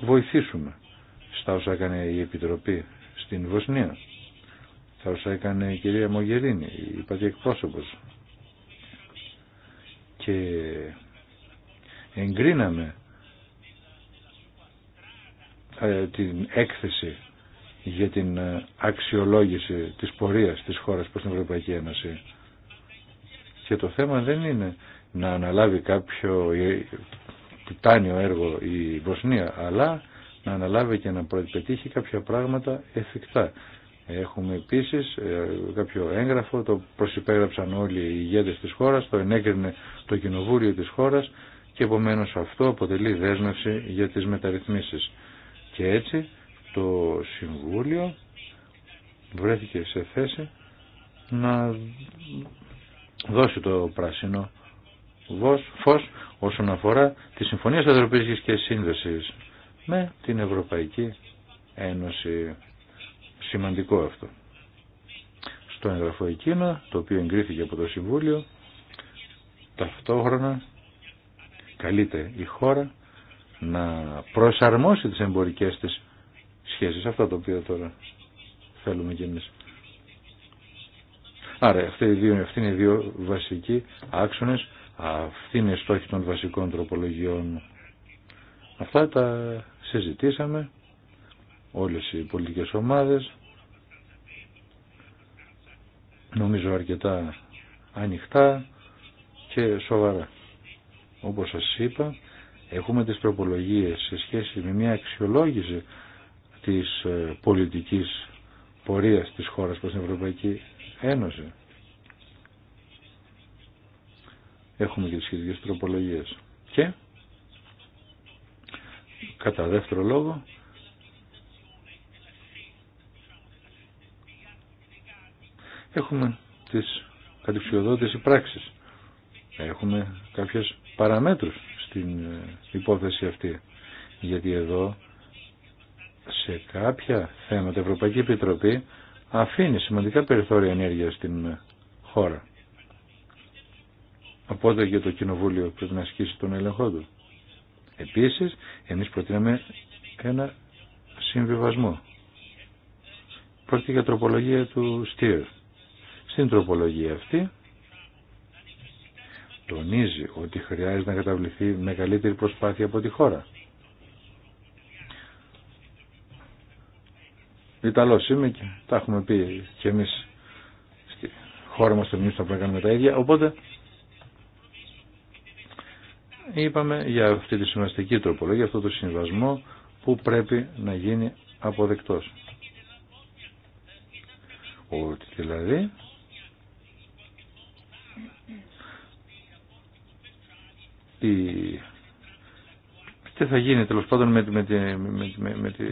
βοηθήσουμε στα όσα έκανε η Επιτροπή στην Βοσνία, στα όσα έκανε η κυρία Μογερίνη, η πατή και εγκρίναμε ε, την έκθεση για την ε, αξιολόγηση της πορείας της χώρας προς την Ευρωπαϊκή Ένωση. Και το θέμα δεν είναι να αναλάβει κάποιο τιτάνιο ε, έργο η Βοσνία, αλλά να αναλάβει και να πετύχει κάποια πράγματα εφικτά. Έχουμε επίσης ε, κάποιο έγγραφο, το προσυπέγραψαν όλοι οι ηγέτες της χώρας, το ενέκρινε το κοινοβούλιο της χώρας και επομένως αυτό αποτελεί δέσμευση για τις μεταρρυθμίσεις. Και έτσι το Συμβούλιο βρέθηκε σε θέση να δώσει το πράσινο φως όσον αφορά τη Συμφωνία Ευρωπαϊκή και Σύνδεσης με την Ευρωπαϊκή Ένωση σημαντικό αυτό. Στο εγγραφό εκείνο, το οποίο εγκρίθηκε από το Συμβούλιο, ταυτόχρονα καλείται η χώρα να προσαρμόσει τις εμπορικές της σχέσεις. αυτά το οποία τώρα θέλουμε κι εμείς. Άρα αυτοί αυτοί είναι οι δύο βασικοί άξονες, αυτοί είναι οι στόχοι των βασικών τροπολογιών. Αυτά τα συζητήσαμε όλες οι πολιτικές ομάδες νομίζω αρκετά ανοιχτά και σοβαρά. Όπως σας είπα, έχουμε τις προπολογίες σε σχέση με μια αξιολόγηση της ε, πολιτικής πορείας της χώρας προς την Ευρωπαϊκή Ένωση. Έχουμε και τις σχετικές τροπολογίες. Και, κατά δεύτερο λόγο, Έχουμε τις υ πράξεις. Έχουμε κάποιες παραμέτρους στην ε, υπόθεση αυτή. Γιατί εδώ σε κάποια θέματα η Ευρωπαϊκή Επιτροπή αφήνει σημαντικά περιθώρια ενέργεια στην ε, χώρα. Οπότε και το Κοινοβούλιο πρέπει να ασκήσει τον έλεγχό του. Επίσης, εμείς προτείναμε ένα συμβιβασμό. Πρόκειται για τροπολογία του Στίερ. Στην τροπολογία αυτή τονίζει ότι χρειάζεται να καταβληθεί μεγαλύτερη προσπάθεια από τη χώρα. Ιταλός είμαι και τα έχουμε πει και εμείς στη χώρα μας το μήνυμα που κάνουμε τα ίδια. Οπότε είπαμε για αυτή τη συμμαστική τροπολογία, αυτό το συμβασμό που πρέπει να γίνει αποδεκτός. Ότι δηλαδή τι, θα γίνει τέλο πάντων με, με, με, με τη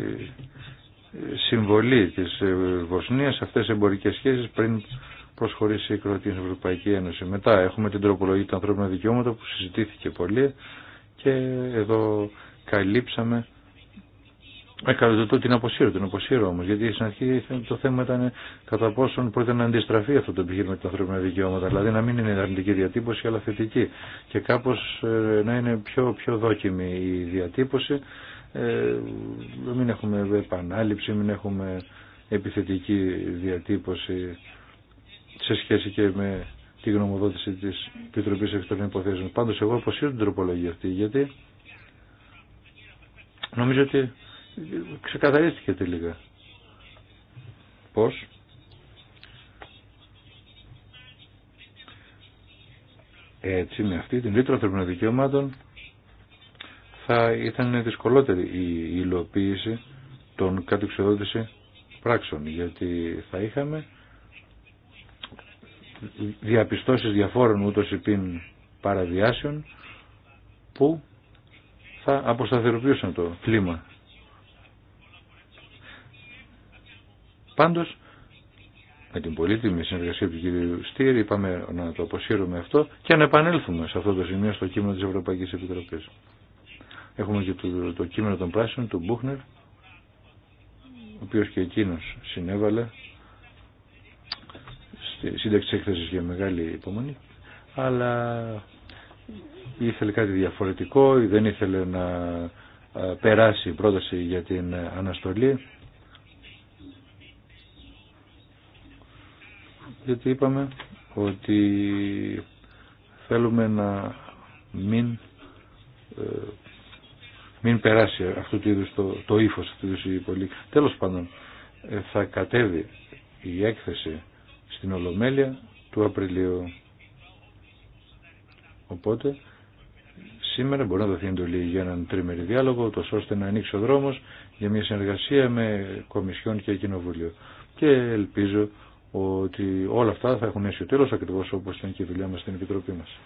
συμβολή της ε, Βοσνίας σε αυτές τις εμπορικές σχέσεις πριν προσχωρήσει η Κροατία στην Ευρωπαϊκή Ένωση. Μετά έχουμε την τροπολογία των ανθρώπινων δικαιώματων που συζητήθηκε πολύ και εδώ καλύψαμε ε, καλά, το, την αποσύρω, την αποσύρω όμω. Γιατί στην αρχή το θέμα ήταν κατά πόσον πρόκειται να αντιστραφεί αυτό το επιχείρημα και τα ανθρώπινα δικαιώματα. Δηλαδή να μην είναι αρνητική διατύπωση, αλλά θετική. Και κάπω ε, να είναι πιο, πιο δόκιμη η διατύπωση. Ε, μην έχουμε επανάληψη, μην έχουμε επιθετική διατύπωση σε σχέση και με τη γνωμοδότηση τη Επιτροπή Εξωτερικών Υποθέσεων. Πάντω, εγώ αποσύρω την τροπολογία αυτή, γιατί νομίζω ότι ξεκαθαρίστηκε τελικά. Πώς. Έτσι με αυτή την ρήτρα ανθρωπινών δικαιωμάτων θα ήταν δυσκολότερη η υλοποίηση των κατεξοδότηση πράξεων γιατί θα είχαμε διαπιστώσεις διαφόρων ούτως υπήν παραδιάσεων που θα αποσταθεροποιούσαν το κλίμα Πάντως, με την πολύτιμη συνεργασία του κ. Στήρη είπαμε να το αποσύρουμε αυτό και να επανέλθουμε σε αυτό το σημείο στο κείμενο της Ευρωπαϊκής Επιτροπής. Έχουμε και το, κείμενο των πράσινων, του Μπούχνερ, ο οποίος και εκείνος συνέβαλε στη σύνταξη της έκθεσης για μεγάλη υπομονή, αλλά ήθελε κάτι διαφορετικό, δεν ήθελε να περάσει η πρόταση για την αναστολή γιατί είπαμε ότι θέλουμε να μην, ε, μην περάσει αυτού του το, το ύφος αυτού του πολύ. Τέλος πάντων, ε, θα κατέβει η έκθεση στην Ολομέλεια του Απριλίου. Οπότε, σήμερα μπορεί να δοθεί εντολή για έναν τρίμερη διάλογο, ώστε να ανοίξει ο δρόμος για μια συνεργασία με Κομισιόν και Κοινοβούλιο. Και ελπίζω ότι όλα αυτά θα έχουν ο τέλος ακριβώς όπως ήταν και η δουλειά μας στην Επιτροπή μας.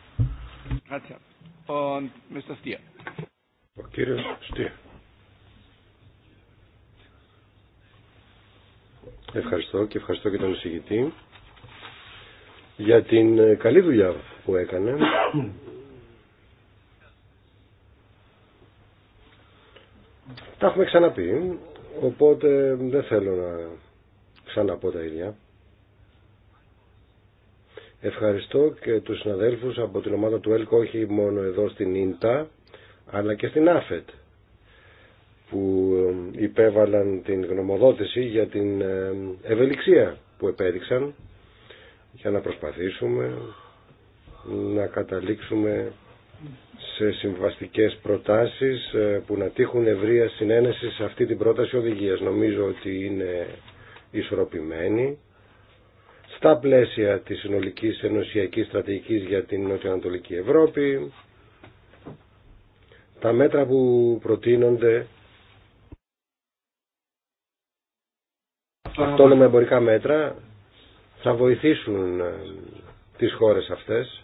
Ο κύριος Στία. Ευχαριστώ και ευχαριστώ και τον εισηγητή για την ε, καλή δουλειά που έκανε. Τα έχουμε ξαναπεί, οπότε δεν θέλω να ξαναπώ τα ίδια. Ευχαριστώ και τους συναδέλφους από την ομάδα του ΕΛΚ όχι μόνο εδώ στην ΙΝΤΑ αλλά και στην ΑΦΕΤ που ε, υπέβαλαν την γνωμοδότηση για την ε, ευελιξία που επέδειξαν για να προσπαθήσουμε να καταλήξουμε σε συμβαστικές προτάσεις ε, που να τύχουν ευρεία συνένεση σε αυτή την πρόταση οδηγίας. Νομίζω ότι είναι ισορροπημένη στα πλαίσια της συνολικής ενωσιακής στρατηγικής για την Νοτιοανατολική Ευρώπη, τα μέτρα που προτείνονται, αυτόνομα εμπορικά μέτρα, θα βοηθήσουν ε, τις χώρες αυτές,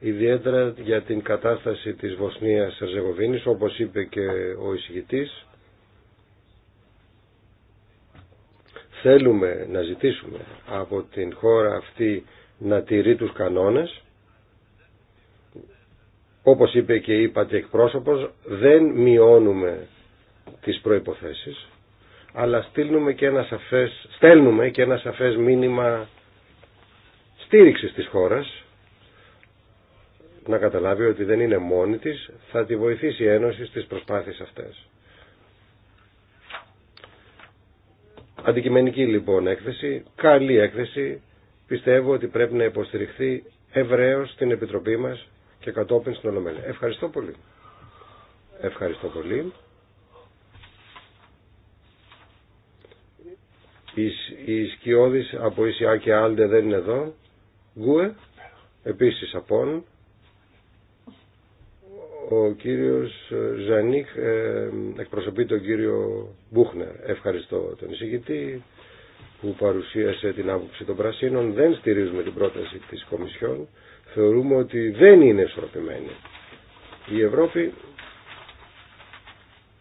ιδιαίτερα για την κατάσταση της Βοσνίας Ερζεγοβίνης, όπως είπε και ο εισηγητής, θέλουμε να ζητήσουμε από την χώρα αυτή να τηρεί τους κανόνες όπως είπε και και εκπρόσωπος δεν μειώνουμε τις προϋποθέσεις αλλά στέλνουμε και ένα σαφές, στέλνουμε και ένα σαφές μήνυμα στήριξης της χώρας να καταλάβει ότι δεν είναι μόνη της, θα τη βοηθήσει η Ένωση στις προσπάθειες αυτές. Αντικειμενική λοιπόν έκθεση, καλή έκθεση, πιστεύω ότι πρέπει να υποστηριχθεί ευρέω στην Επιτροπή μας και κατόπιν στην Ολομέλεια. Ευχαριστώ πολύ. Ευχαριστώ πολύ. Η Σκιώδης από ΙΣΙΑ και Άλντε δεν είναι εδώ. Γκουε, επίσης απόν. Ο κύριος Ζανίκ ε, εκπροσωπεί τον κύριο Μπούχνερ. Ευχαριστώ τον εισηγητή που παρουσίασε την άποψη των Πρασίνων. Δεν στηρίζουμε την πρόταση της Κομισιόν. Θεωρούμε ότι δεν είναι ισορροπημένη. Η Ευρώπη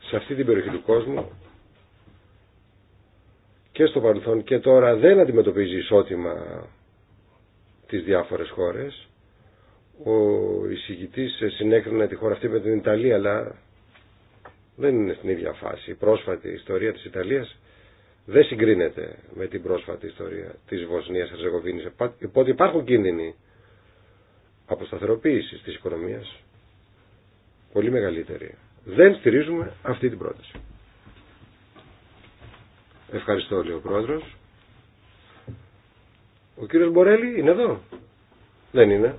σε αυτή την περιοχή του κόσμου και στο παρελθόν και τώρα δεν αντιμετωπίζει ισότιμα τις διάφορες χώρες ο εισηγητή συνέκρινε τη χώρα αυτή με την Ιταλία, αλλά δεν είναι στην ίδια φάση. Η πρόσφατη ιστορία της Ιταλίας δεν συγκρίνεται με την πρόσφατη ιστορία της Βοσνίας Ερζεγοβίνη. Οπότε υπάρχουν κίνδυνοι αποσταθεροποίησης της οικονομία. πολύ μεγαλύτερη. Δεν στηρίζουμε αυτή την πρόταση. Ευχαριστώ, λέει ο πρόεδρο. Ο κύριος Μπορέλη είναι εδώ. Δεν είναι.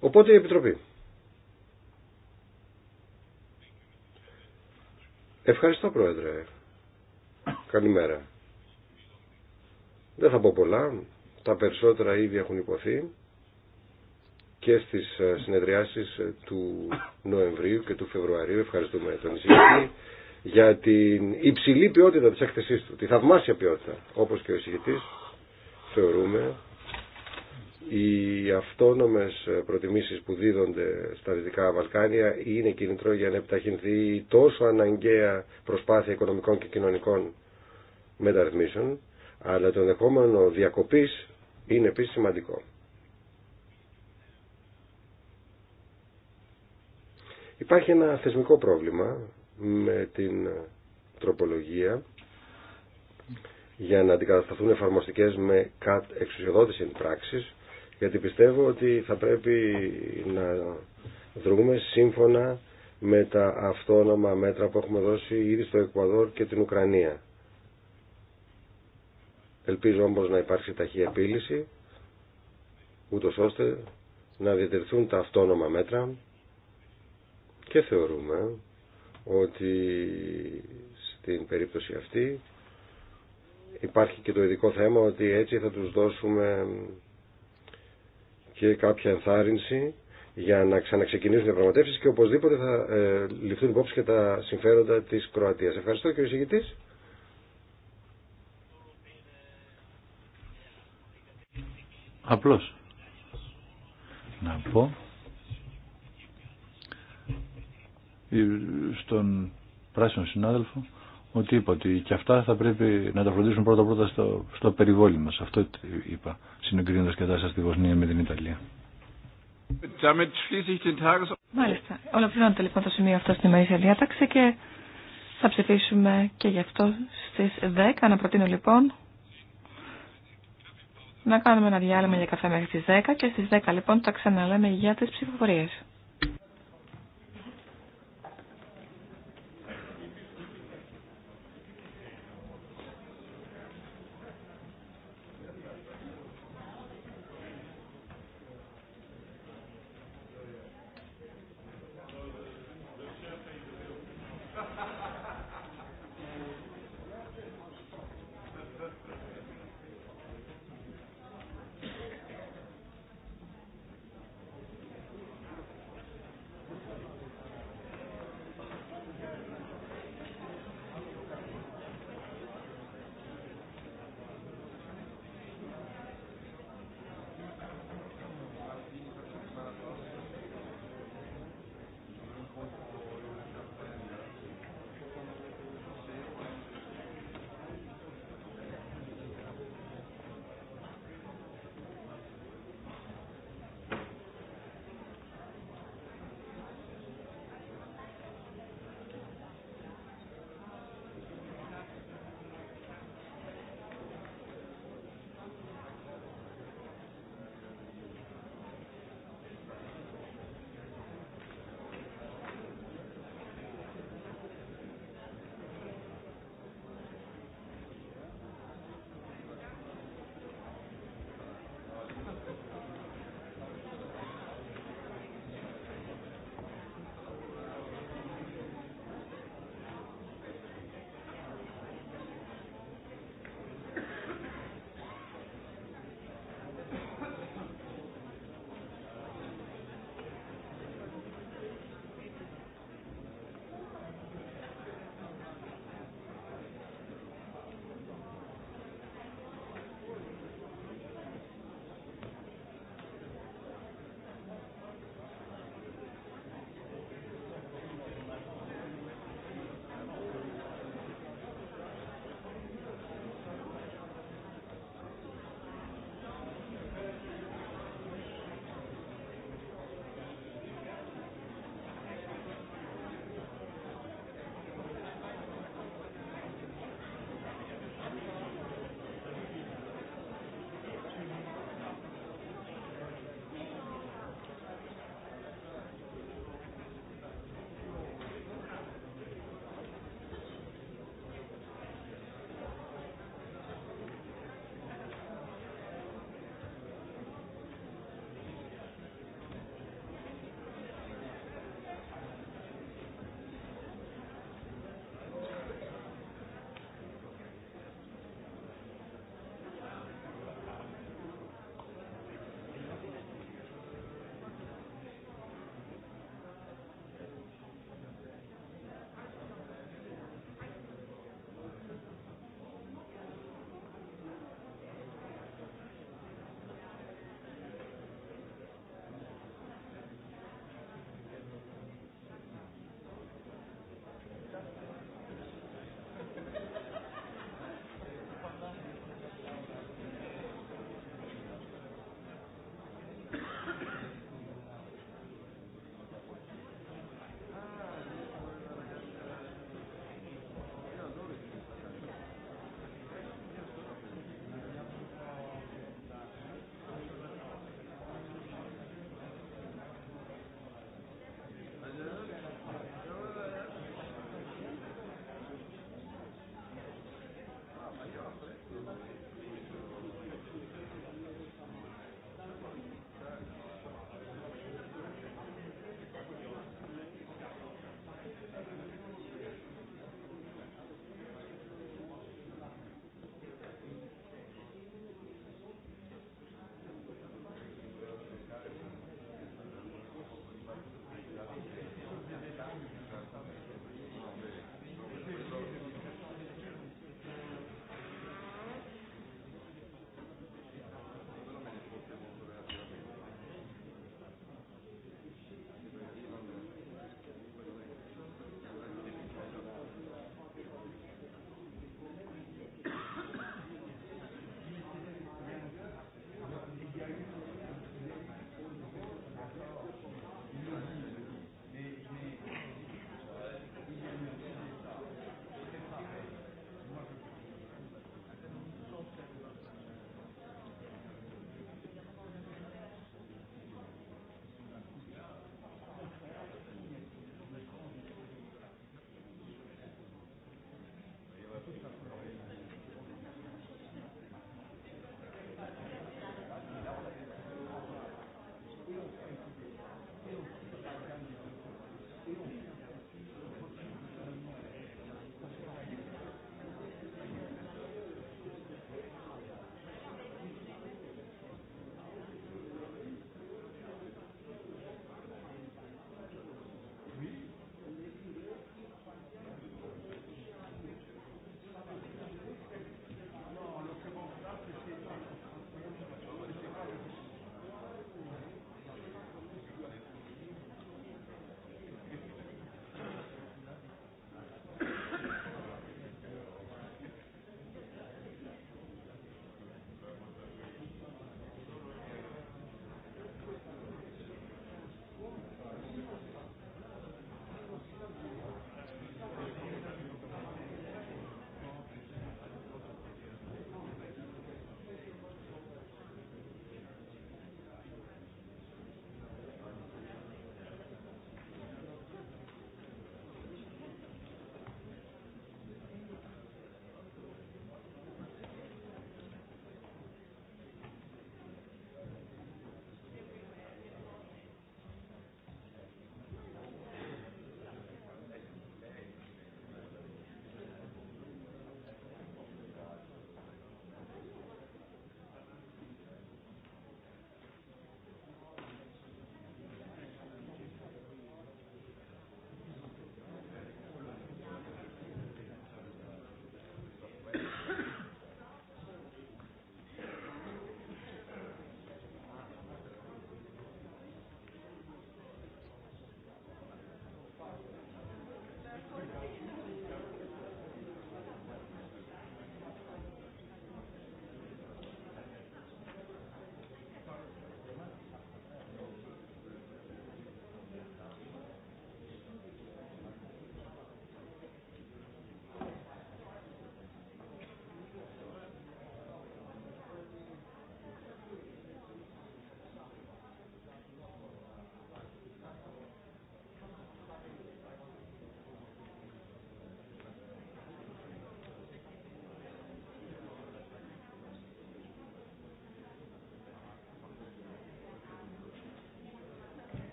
Οπότε η Επιτροπή. Ευχαριστώ Πρόεδρε. Καλημέρα. Δεν θα πω πολλά. Τα περισσότερα ήδη έχουν υποθεί και στις ε, συνεδριάσεις ε, του Νοεμβρίου και του Φεβρουαρίου. Ευχαριστούμε τον Ισηγητή για την υψηλή ποιότητα της έκθεσής του, τη θαυμάσια ποιότητα, όπως και ο Ισηγητής. θεωρούμε οι αυτόνομες προτιμήσεις που δίδονται στα Δυτικά Βαλκάνια είναι κίνητρο για να επιταχυνθεί η τόσο αναγκαία προσπάθεια οικονομικών και κοινωνικών μεταρρυθμίσεων, αλλά το ενδεχόμενο διακοπής είναι επίσης σημαντικό. Υπάρχει ένα θεσμικό πρόβλημα με την τροπολογία για να αντικατασταθούν εφαρμοστικές με κατ εξουσιοδότηση πράξης, γιατί πιστεύω ότι θα πρέπει να δρούμε σύμφωνα με τα αυτόνομα μέτρα που έχουμε δώσει ήδη στο Εκουαδόρ και την Ουκρανία. Ελπίζω όμως να υπάρξει ταχύ επίλυση, ούτως ώστε να διατηρηθούν τα αυτόνομα μέτρα και θεωρούμε ότι στην περίπτωση αυτή υπάρχει και το ειδικό θέμα ότι έτσι θα τους δώσουμε και κάποια ενθάρρυνση για να ξαναξεκινήσουν οι διαπραγματεύσει και οπωσδήποτε θα ε, ληφθούν υπόψη και τα συμφέροντα τη Κροατία. Ευχαριστώ κύριε Συγητή. Απλώ να πω στον πράσινο συνάδελφο ότι Και αυτά θα πρέπει να τα φροντίσουν πρώτα-πρώτα στο, στο περιβόλι μας. Αυτό είπα, συγκρίνοντας κατάσταση στη Βοσνία με την Ιταλία. Μάλιστα. Ολοκληρώνεται λοιπόν το σημείο αυτό στην ημερήσια διάταξη και θα ψηφίσουμε και γι' αυτό στις 10. Να προτείνω λοιπόν να κάνουμε ένα διάλειμμα για καφέ μέχρι τις 10 και στις 10 λοιπόν τα ξαναλέμε για τις ψηφοφορίες.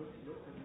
Υπότιτλοι AUTHORWAVE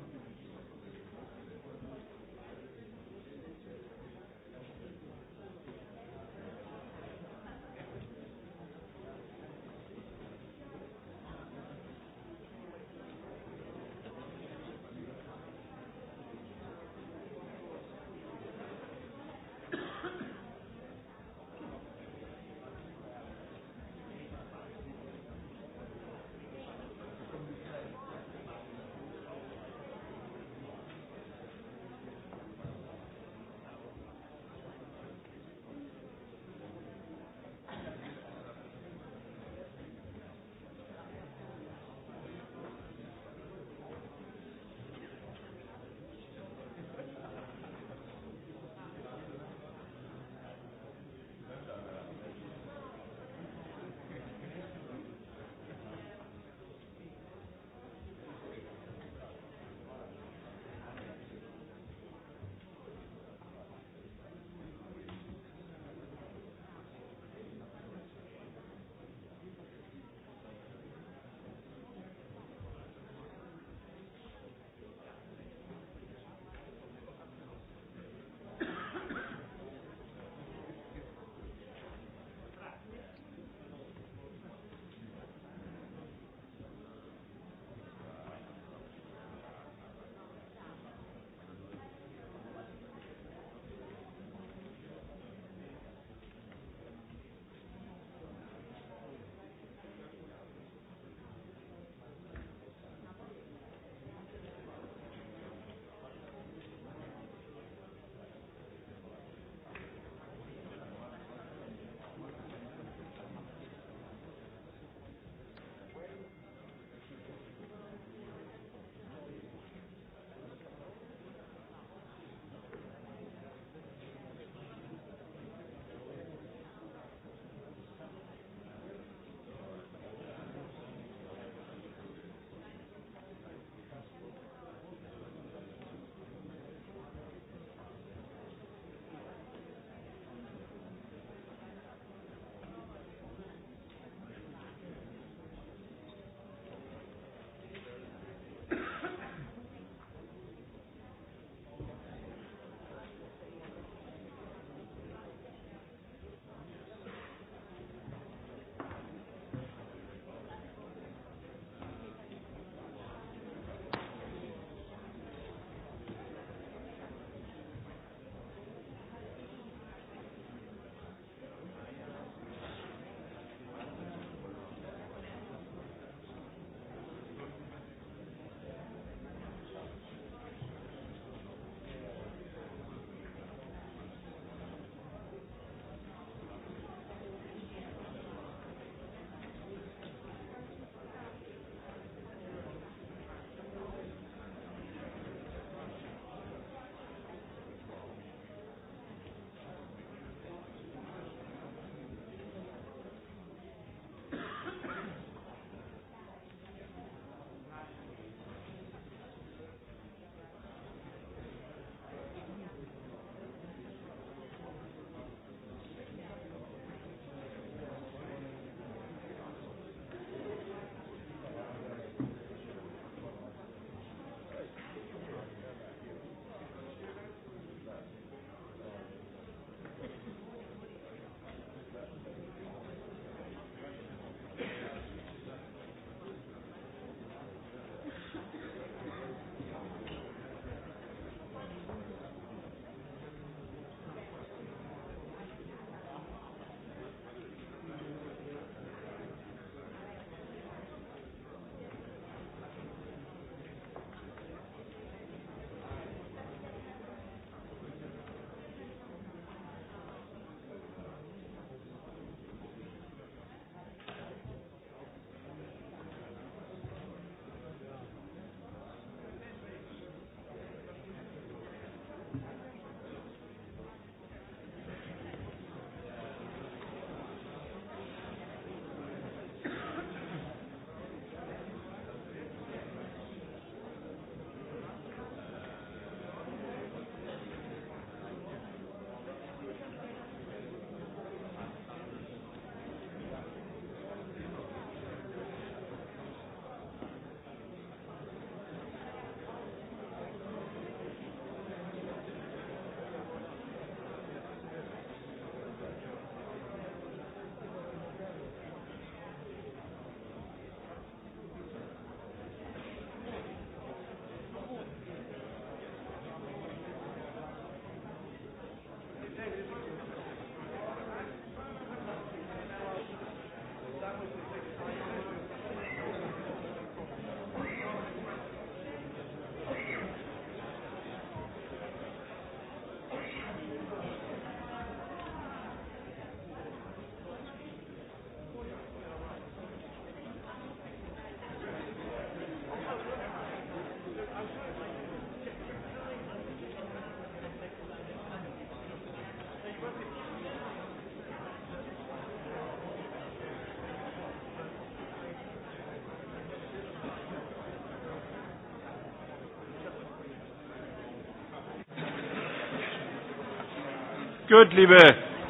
Gut, liebe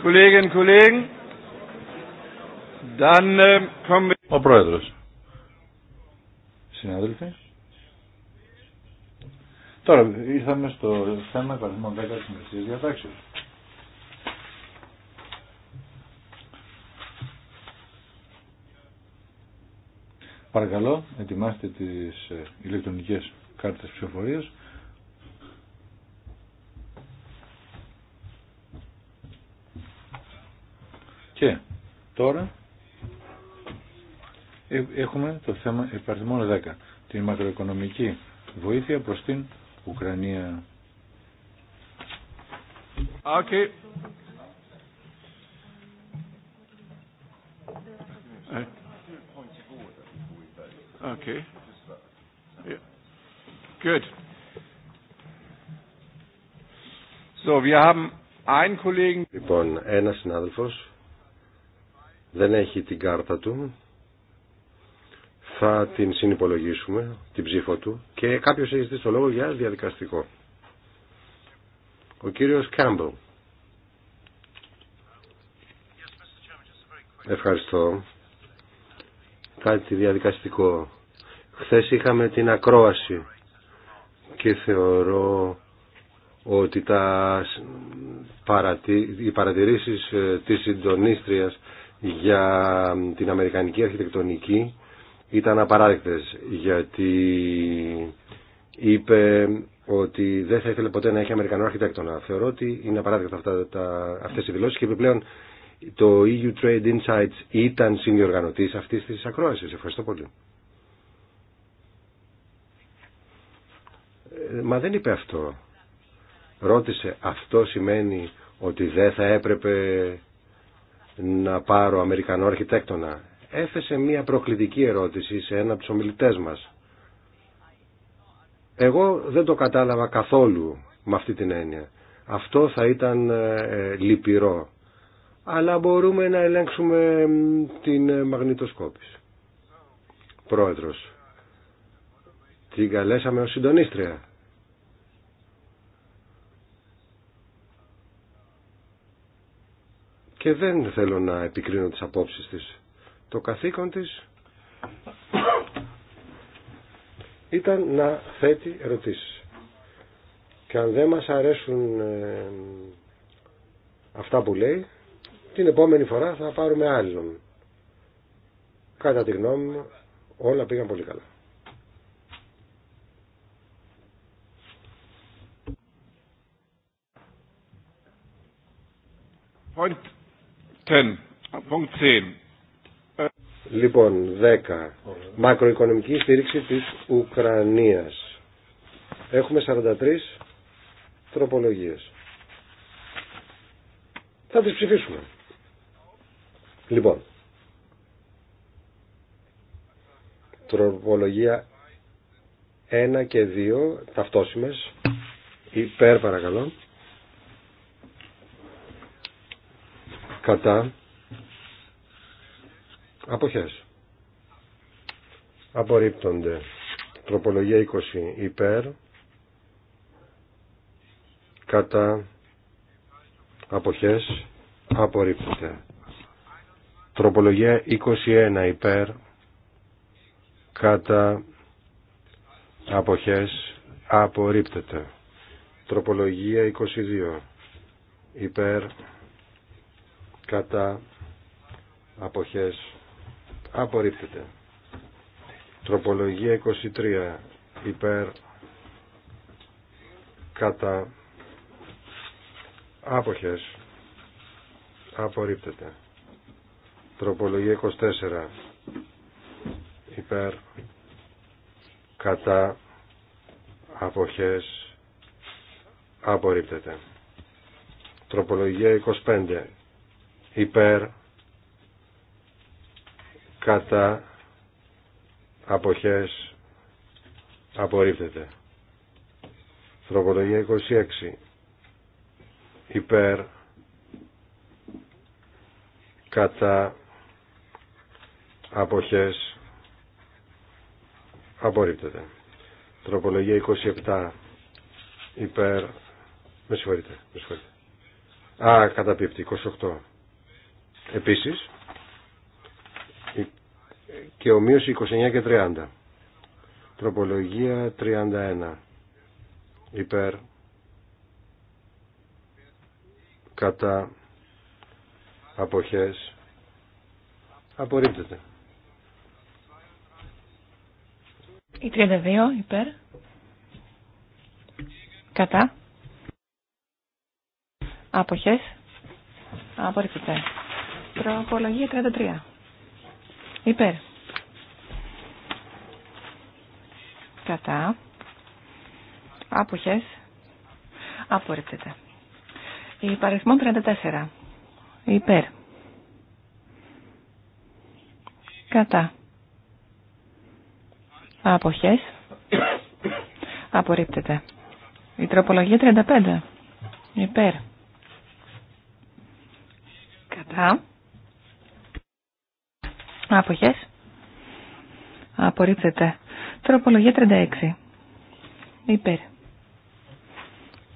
Kolleginnen und Kollegen, dann äh, kommen wir... Frau Πρόεδρος. Συνάδελφοι. Τώρα ήρθαμε στο θέμα υπαριθμών 10 της Μεσικής Διατάξεως. Παρακαλώ, ετοιμάστε τις ε, ηλεκτρονικές κάρτες ψηφοφορίας. Τώρα ε, έχουμε το θέμα υπαρτιμών 10, την μακροοικονομική βοήθεια προς την Ουκρανία. Okay. Okay. Ε. Yeah. Good. So, wir haben einen Kollegen. Λοιπόν, ένα συνάδελφος δεν έχει την κάρτα του θα την συνυπολογίσουμε την ψήφο του και κάποιος έχει ζητήσει το λόγο για διαδικαστικό ο κύριος Κάμπελ Ευχαριστώ κάτι διαδικαστικό χθες είχαμε την ακρόαση και θεωρώ ότι τα παρατη... οι παρατηρήσεις ε, της συντονίστριας για την Αμερικανική αρχιτεκτονική ήταν απαράδεκτες γιατί είπε ότι δεν θα ήθελε ποτέ να έχει Αμερικανό αρχιτέκτονα. Θεωρώ ότι είναι απαράδεκτα αυτά, τα, αυτές οι δηλώσεις και επιπλέον το EU Trade Insights ήταν συνδιοργανωτής αυτής της ακρόασης. Ευχαριστώ πολύ. Ε, μα δεν είπε αυτό. Ρώτησε αυτό σημαίνει ότι δεν θα έπρεπε να πάρω Αμερικανό αρχιτέκτονα. Έθεσε μία προκλητική ερώτηση σε ένα από τους μας. Εγώ δεν το κατάλαβα καθόλου με αυτή την έννοια. Αυτό θα ήταν ε, ε, λυπηρό. Αλλά μπορούμε να ελέγξουμε την μαγνητοσκόπηση. Πρόεδρος. Την καλέσαμε ως συντονίστρια. και δεν θέλω να επικρίνω τις απόψεις της. Το καθήκον της ήταν να θέτει ερωτήσεις. Και αν δεν μας αρέσουν ε, αυτά που λέει, την επόμενη φορά θα πάρουμε άλλον. Κατά τη γνώμη μου, όλα πήγαν πολύ καλά. Λοιπόν, 10. Μακροοικονομική στήριξη της Ουκρανίας. Έχουμε 43 τροπολογίες. Θα τις ψηφίσουμε. Λοιπόν, τροπολογία 1 και 2 ταυτόσιμες υπέρ παρακαλώ κατά αποχές απορρίπτονται τροπολογία 20 υπέρ κατά αποχές απορρίπτεται τροπολογία 21 υπέρ κατά αποχές απορρίπτεται τροπολογία 22 υπέρ κατά αποχές απορρίπτεται τροπολογία 23 υπέρ κατά άποχες απορρίπτεται τροπολογία 24 υπέρ κατά αποχές απορρίπτεται τροπολογία 25 υπέρ κατά αποχές απορρίπτεται. Τροπολογία 26 υπέρ κατά αποχές απορρίπτεται. Τροπολογία 27 υπέρ με συγχωρείτε, με συγχωρείτε. Α, καταπίπτει, 28 Επίσης, και ομοίωση 29 και 30. Τροπολογία 31. Υπέρ. Κατά. Αποχές. Απορρίπτεται. Η 32 υπέρ. Κατά. Αποχές. Απορρίπτεται. Τροπολογία 33. Υπέρ. Κατά. Άποχες. Απορρίπτεται. Υπαριθμό 34. Υπέρ. Κατά. Άποχες. Απορρίπτεται. Η τροπολογία 35. Υπέρ. Κατά. Αποχές. Απορρίπτεται. Τροπολογία 36. Υπέρ.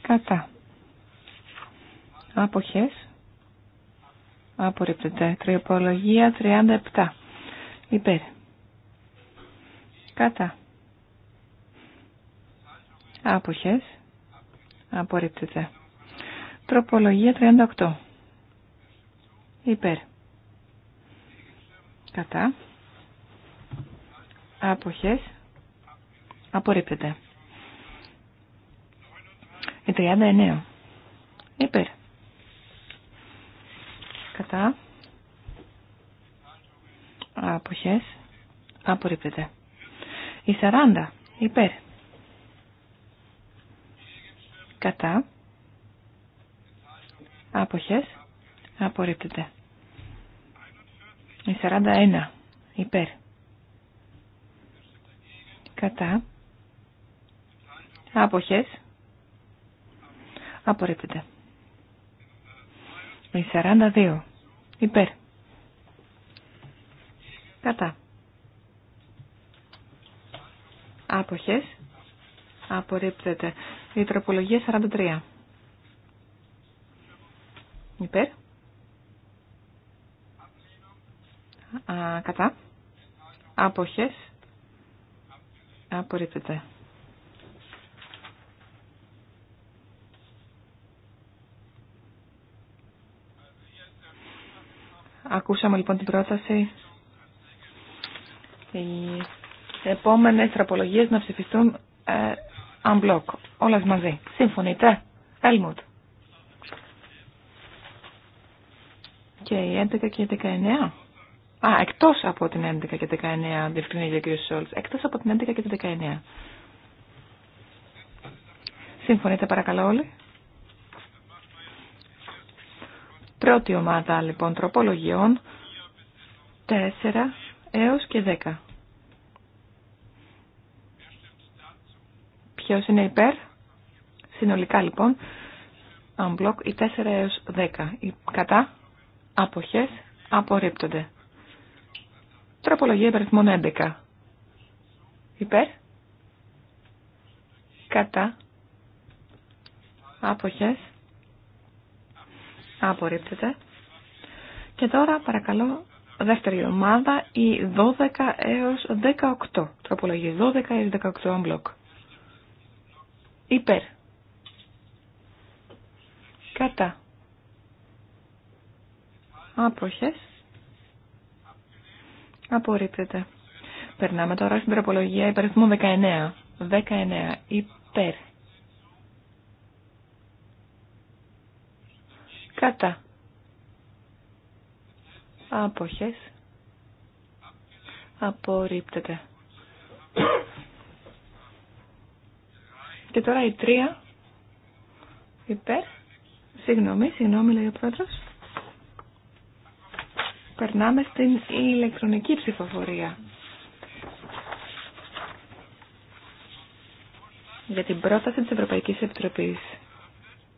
Κατά. Αποχές. Απορρίπτεται. Τροπολογία 37. Υπέρ. Κατά. Άποχες. Απορρίπτεται. Τροπολογία 38. Υπέρ. Κατά. Αποχές. Απορρίπτεται. Η 39. Υπέρ. Κατά. Αποχές. Απορρίπτεται. Η 40. Υπέρ. Κατά. Άποχες. Απορρίπτεται. Η 41 υπέρ. Κατά. Άποχες. Απορρίπτεται. Η 42 υπέρ. Κατά. Άποχες. Απορρίπτεται. Η τροπολογία 43. Υπέρ. α, κατά, άποχες, απορρίπτεται. Ακούσαμε λοιπόν την πρόταση οι επόμενες τραπολογίες να ψηφιστούν ε, unblock, όλες μαζί. Συμφωνείτε, Έλμουτ. Και η 11 και η 19. Α, εκτό από την 11 και 19, διευκρινίζει ο κ. Σόλτ. Εκτό από την 11 και την 19. Συμφωνείτε παρακαλώ όλοι. Πρώτη ομάδα λοιπόν τροπολογιών 4 έως και 10. Ποιος είναι υπέρ. Συνολικά λοιπόν, unblock οι 4 έως 10. Οι κατά, αποχές, απορρίπτονται. Τροπολογία υπεριθμών 11. Υπέρ. Κατά. Άποχες. Απορρίπτεται. Και τώρα παρακαλώ δεύτερη ομάδα η 12 έως 18. Τροπολογία 12 έως 18 μπλοκ. Υπέρ. Κατά. Άποχες. Απορρίπτεται. Περνάμε τώρα στην τροπολογία υπεριθμού 19. 19. Υπέρ. Κατά. Αποχές. Απορρίπτεται. Και τώρα η 3 Υπέρ. Συγγνώμη, συγγνώμη λέει ο πρόεδρος περνάμε στην ηλεκτρονική ψηφοφορία. Για την πρόταση της Ευρωπαϊκής Επιτροπής.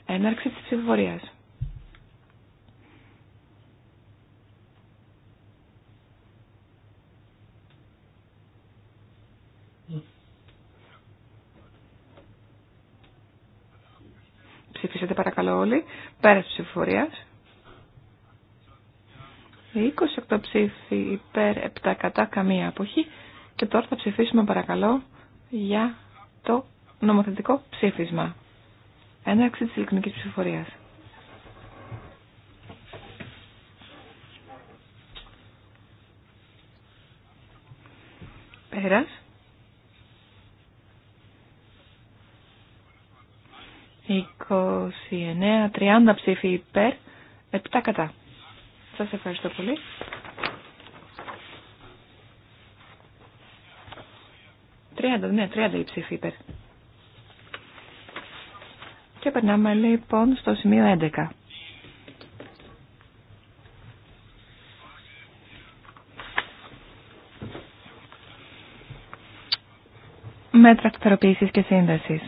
Έναρξη της ψηφοφορίας. Ψηφίσατε παρακαλώ όλοι. Πέρας ψηφοφορίας. 28 ψήφοι υπέρ 7 κατά καμία αποχή και τώρα θα ψηφίσουμε παρακαλώ για το νομοθετικό ψήφισμα. Έναρξη της ηλεκτρονικής ψηφοφορίας. Πέρας. 29-30 ψήφοι υπέρ, 7 κατά. Σας ευχαριστώ πολύ. Τριάντα, ναι, τριάντα η ψήφη υπέρ. Και περνάμε λοιπόν στο σημείο 11. Μέτρα κτηροποίησης και σύνδεσης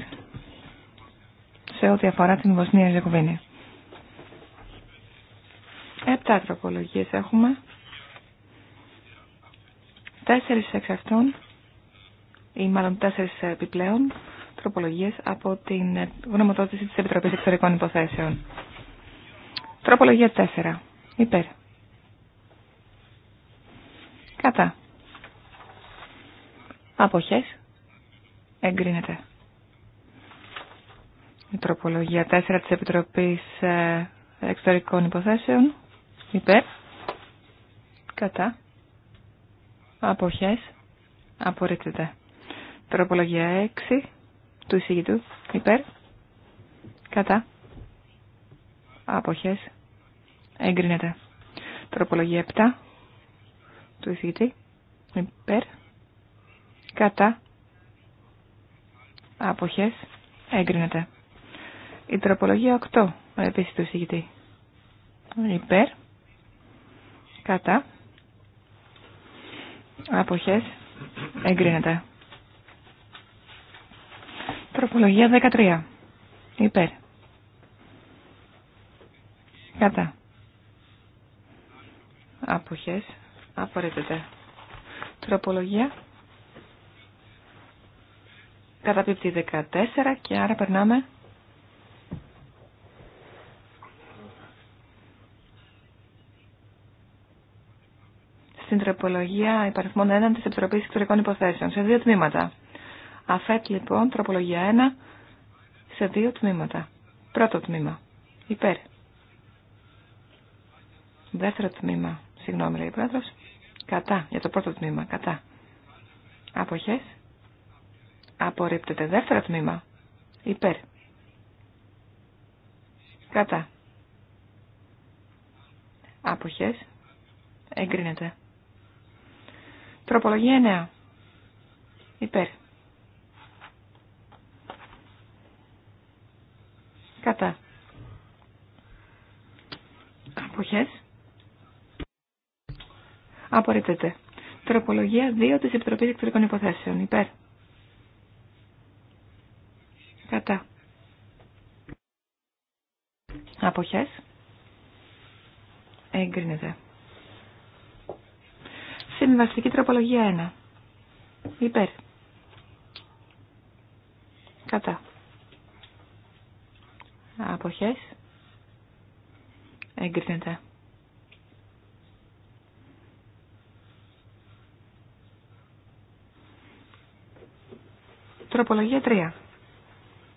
σε ό,τι αφορά την Βοσνία Ζεκουβίνη. 7 τροπολογίες έχουμε. Τέσσερις εξ αυτών, ή μάλλον τέσσερις επιπλέον, τροπολογίες από την γνωμοδότηση της Επιτροπής Εξωτερικών Υποθέσεων. Τροπολογία 4. Υπέρ. Κατά. Αποχές. Εγκρίνεται. Η τροπολογία 4 της Επιτροπής ε, Εξωτερικών Υποθέσεων υπέρ, κατά, αποχές, απορρίπτεται. Τροπολογία 6 του εισηγητού, υπέρ, κατά, αποχές, εγκρίνεται. Τροπολογία 7 του εισηγητή, υπέρ, κατά, αποχές, εγκρίνεται. Η τροπολογία 8 επίσης του εισηγητή, υπέρ, Κατά. Αποχές. Εγκρίνεται. Τροπολογία 13. Υπέρ. Κατά. Αποχές. Απορρίπτεται. Τροπολογία. Καταπίπτει 14 και άρα περνάμε τροπολογία υπαριθμών 1 της Επιτροπής Εξωτερικών Υποθέσεων σε δύο τμήματα. Αφέτ λοιπόν τροπολογία 1 σε δύο τμήματα. Πρώτο τμήμα. Υπέρ. Δεύτερο τμήμα. Συγγνώμη λέει η Κατά. Για το πρώτο τμήμα. Κατά. Αποχές. Απορρίπτεται. Δεύτερο τμήμα. Υπέρ. Κατά. Άποχες. Εγκρίνεται. Τροπολογία 9. Υπέρ. Κατά. Αποχές. Απορρίπτεται. Τροπολογία 2 της Επιτροπής Εκτρικών Υποθέσεων. Υπέρ. Κατά. Αποχές. Εγκρίνεται. Συμβαστική τροπολογία 1. Υπέρ. Κατά. Αποχές. Εγκρίνεται. Τροπολογία 3.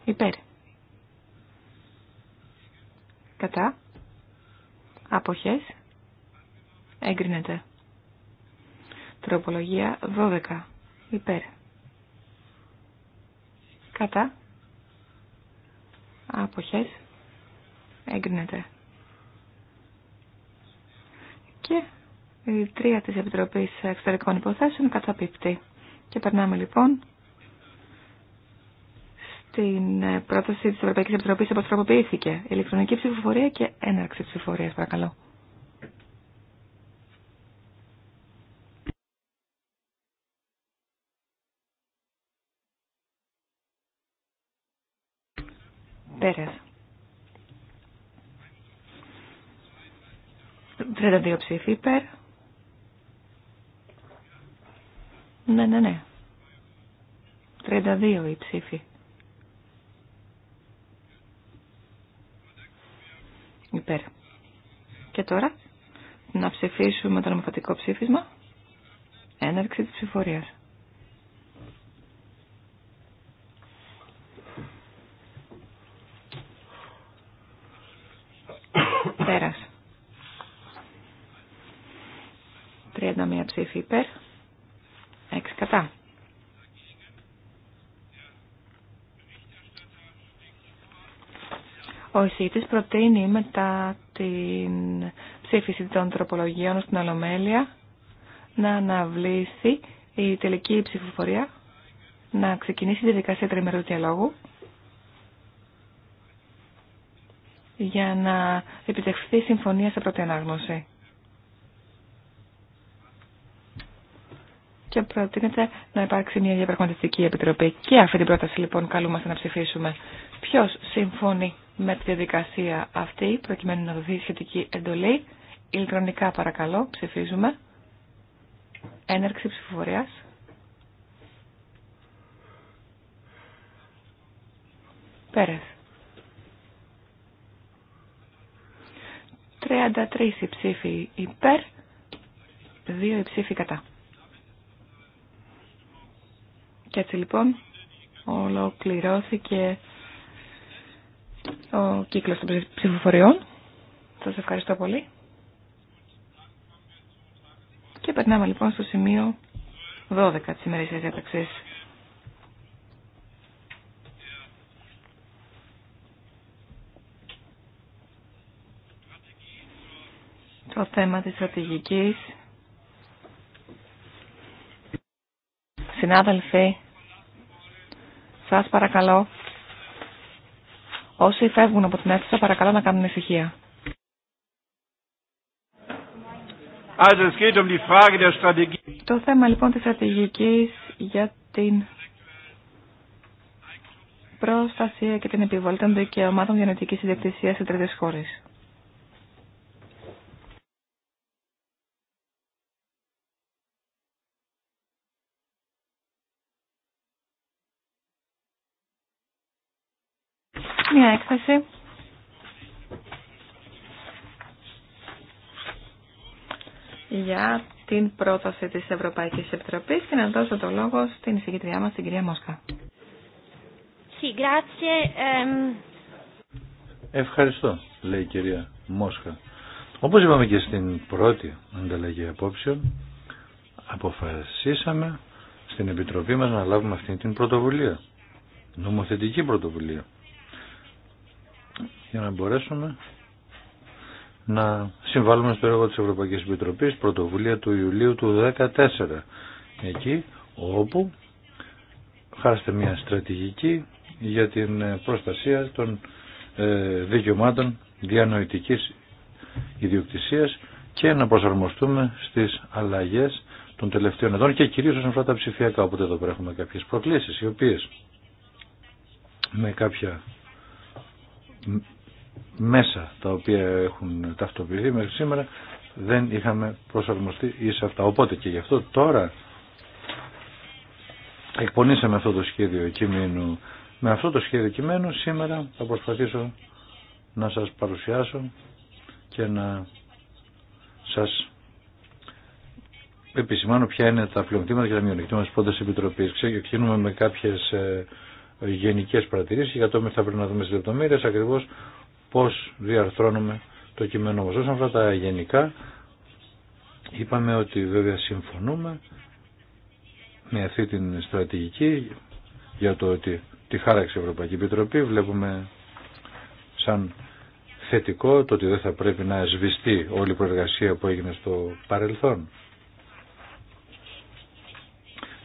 Υπέρ. Κατά. Αποχές. Εγκρίνεται. Τροπολογία 12. Υπέρ. Κατά. Αποχές. Έγκρινεται. Και η τρία της Επιτροπής Εξωτερικών Υποθέσεων καταπίπτει. Και περνάμε λοιπόν στην πρόταση της Ευρωπαϊκής Επιτροπής όπως τροποποιήθηκε. Ηλεκτρονική ψηφοφορία και έναρξη ψηφοφορίας παρακαλώ. 32 ψηφί υπέρ. Ναι, ναι, ναι. 32 οι ψήφοι. Υπέρ. Και τώρα να ψηφίσουμε το νομοθετικό ψήφισμα. Έναρξη της ψηφορίας. ψήφι υπέρ, 6 κατά. Ο εισηγητής προτείνει μετά την ψήφιση των τροπολογιών στην Ολομέλεια να αναβλήσει η τελική ψηφοφορία, να ξεκινήσει τη δικασία τριμερού διαλόγου για να επιτευχθεί συμφωνία σε πρώτη ανάγνωση. και προτείνεται να υπάρξει μια διαπραγματευτική επιτροπή. Και αυτή την πρόταση λοιπόν καλούμαστε να ψηφίσουμε. Ποιο συμφωνεί με τη διαδικασία αυτή προκειμένου να δοθεί σχετική εντολή. Ηλεκτρονικά παρακαλώ ψηφίζουμε. Έναρξη ψηφοφορίας. Πέρας. 33 ψήφοι υπέρ, 2 ψήφοι κατά. Και έτσι λοιπόν ολοκληρώθηκε ο κύκλος των ψηφοφοριών. Σας ευχαριστώ πολύ. Και περνάμε λοιπόν στο σημείο 12 της ημερήσιας διαταξής. Το θέμα της στρατηγικής. Συνάδελφοι, σας παρακαλώ, όσοι φεύγουν από την αίθουσα, παρακαλώ να κάνουν ησυχία. Also, es geht um die Frage der Strategie. Το θέμα λοιπόν της στρατηγικής για την προστασία και την επιβολή των δικαιωμάτων γενετικής ιδιοκτησίας σε τρίτες χώρες. έκθεση για την πρόταση της Ευρωπαϊκής Επιτροπής και να δώσω το λόγο στην εισηγητριά μας, την κυρία Μόσκα. Ehm. Ευχαριστώ, λέει η κυρία Μόσχα. Όπως είπαμε και στην πρώτη ανταλλαγή απόψεων, αποφασίσαμε στην Επιτροπή μας να λάβουμε αυτή την πρωτοβουλία, νομοθετική πρωτοβουλία για να μπορέσουμε να συμβάλλουμε στο έργο της Ευρωπαϊκής Επιτροπής πρωτοβουλία του Ιουλίου του 2014 εκεί όπου χάστε μια στρατηγική για την ε, προστασία των ε, δικαιωμάτων διανοητικής ιδιοκτησίας και να προσαρμοστούμε στις αλλαγές των τελευταίων ετών και κυρίως όσον αφορά τα ψηφιακά οπότε εδώ έχουμε κάποιες προκλήσεις οι οποίες με κάποια μέσα τα οποία έχουν ταυτοποιηθεί μέχρι σήμερα δεν είχαμε προσαρμοστεί εις αυτά. Οπότε και γι' αυτό τώρα εκπονήσαμε αυτό το σχέδιο κειμένου. Με αυτό το σχέδιο κειμένου σήμερα θα προσπαθήσω να σας παρουσιάσω και να σας επισημάνω ποια είναι τα πλειονεκτήματα και τα μειονεκτήματα της Πόντας επιτροπής. Ξεκινούμε με κάποιες ε, γενικές παρατηρήσεις και το θα πρέπει να δούμε στις λεπτομέρειες ακριβώς πώς διαρθρώνουμε το κείμενό μας. Όσον αυτά τα γενικά, είπαμε ότι βέβαια συμφωνούμε με αυτή την στρατηγική για το ότι τη χάραξε η Ευρωπαϊκή Επιτροπή. Βλέπουμε σαν θετικό το ότι δεν θα πρέπει να σβηστεί όλη η προεργασία που έγινε στο παρελθόν.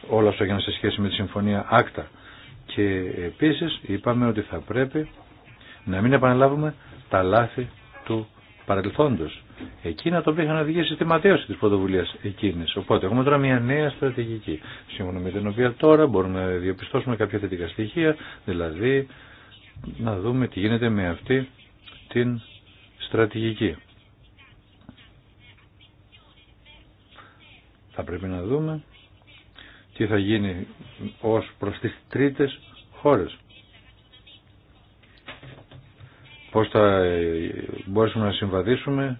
Όλα αυτά να σε σχέση με τη Συμφωνία Άκτα. Και επίσης είπαμε ότι θα πρέπει να μην επαναλάβουμε τα λάθη του παρελθόντος. Εκείνα το οποίο είχαν οδηγήσει στη ματέωση της πρωτοβουλία εκείνης. Οπότε έχουμε τώρα μια νέα στρατηγική, σύμφωνα με την οποία τώρα μπορούμε να διοπιστώσουμε κάποια θετικά στοιχεία, δηλαδή να δούμε τι γίνεται με αυτή την στρατηγική. Θα πρέπει να δούμε τι θα γίνει ως προς τις τρίτες χώρες. πώς θα ε, μπορέσουμε να συμβαδίσουμε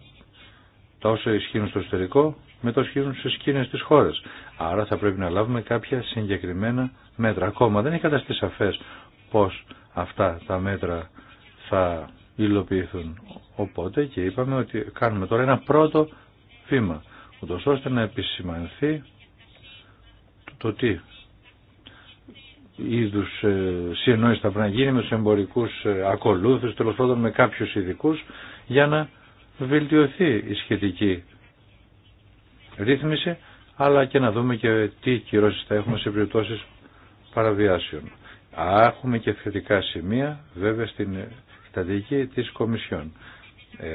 τα όσα ισχύουν στο εσωτερικό με τα ισχύουν στις σκήνες της χώρας. Άρα θα πρέπει να λάβουμε κάποια συγκεκριμένα μέτρα. Ακόμα δεν έχει καταστεί σαφές πώς αυτά τα μέτρα θα υλοποιηθούν. Οπότε και είπαμε ότι κάνουμε τώρα ένα πρώτο βήμα, ούτως ώστε να επισημανθεί το τι είδου ε, συνεννόηση θα πρέπει να γίνει με του εμπορικού ε, ακολούθου, τέλο πάντων με κάποιου ειδικού, για να βελτιωθεί η σχετική ρύθμιση, αλλά και να δούμε και τι κυρώσει θα έχουμε σε περιπτώσει παραβιάσεων. Έχουμε και θετικά σημεία, βέβαια, στην στρατηγική της Κομισιόν.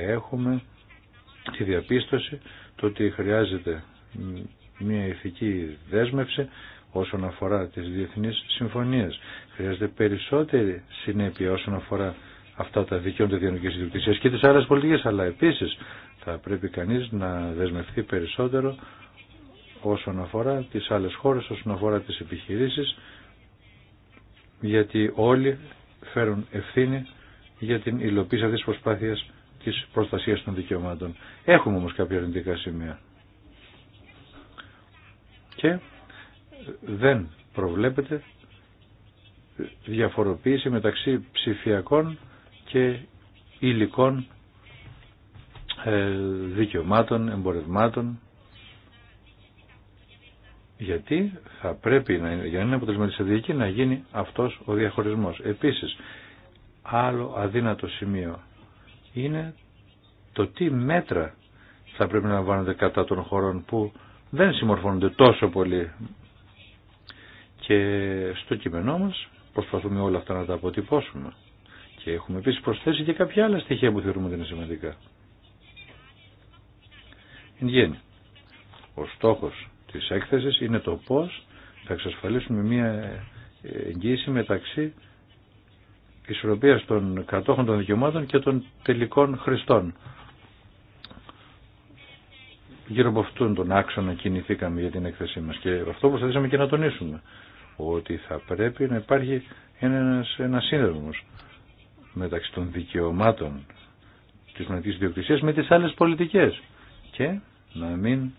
Έχουμε τη διαπίστωση το ότι χρειάζεται μια ηθική δέσμευση όσον αφορά τις διεθνείς συμφωνίες. Χρειάζεται περισσότερη συνέπεια όσον αφορά αυτά τα δικαιώματα διανοικής ιδιοκτησίας και τις άλλες πολιτικές, αλλά επίσης θα πρέπει κανείς να δεσμευτεί περισσότερο όσον αφορά τις άλλες χώρες, όσον αφορά τις επιχειρήσεις, γιατί όλοι φέρουν ευθύνη για την υλοποίηση αυτής της προσπάθειας της προστασίας των δικαιωμάτων. Έχουμε όμως κάποια αρνητικά σημεία. Και δεν προβλέπεται διαφοροποίηση μεταξύ ψηφιακών και υλικών ε, δικαιωμάτων, εμπορευμάτων γιατί θα πρέπει να, για να είναι αποτελεσματική να γίνει αυτός ο διαχωρισμός. Επίσης, άλλο αδύνατο σημείο είναι το τι μέτρα θα πρέπει να λαμβάνονται κατά των χωρών που δεν συμμορφώνονται τόσο πολύ και στο κείμενό μας προσπαθούμε όλα αυτά να τα αποτυπώσουμε. Και έχουμε επίσης προσθέσει και κάποια άλλα στοιχεία που θεωρούμε ότι είναι σημαντικά. Εν γέννη, ο στόχος της έκθεσης είναι το πώς θα εξασφαλίσουμε μια εγγύηση μεταξύ ισορροπίας των κατόχων των δικαιωμάτων και των τελικών χρηστών. Γύρω από αυτόν τον άξονα κινηθήκαμε για την έκθεσή μας και αυτό προσπαθήσαμε και να τονίσουμε ότι θα πρέπει να υπάρχει ένας, ένας σύνδεσμος μεταξύ των δικαιωμάτων της μοναδικής ιδιοκτησίας με τις άλλες πολιτικές και να μην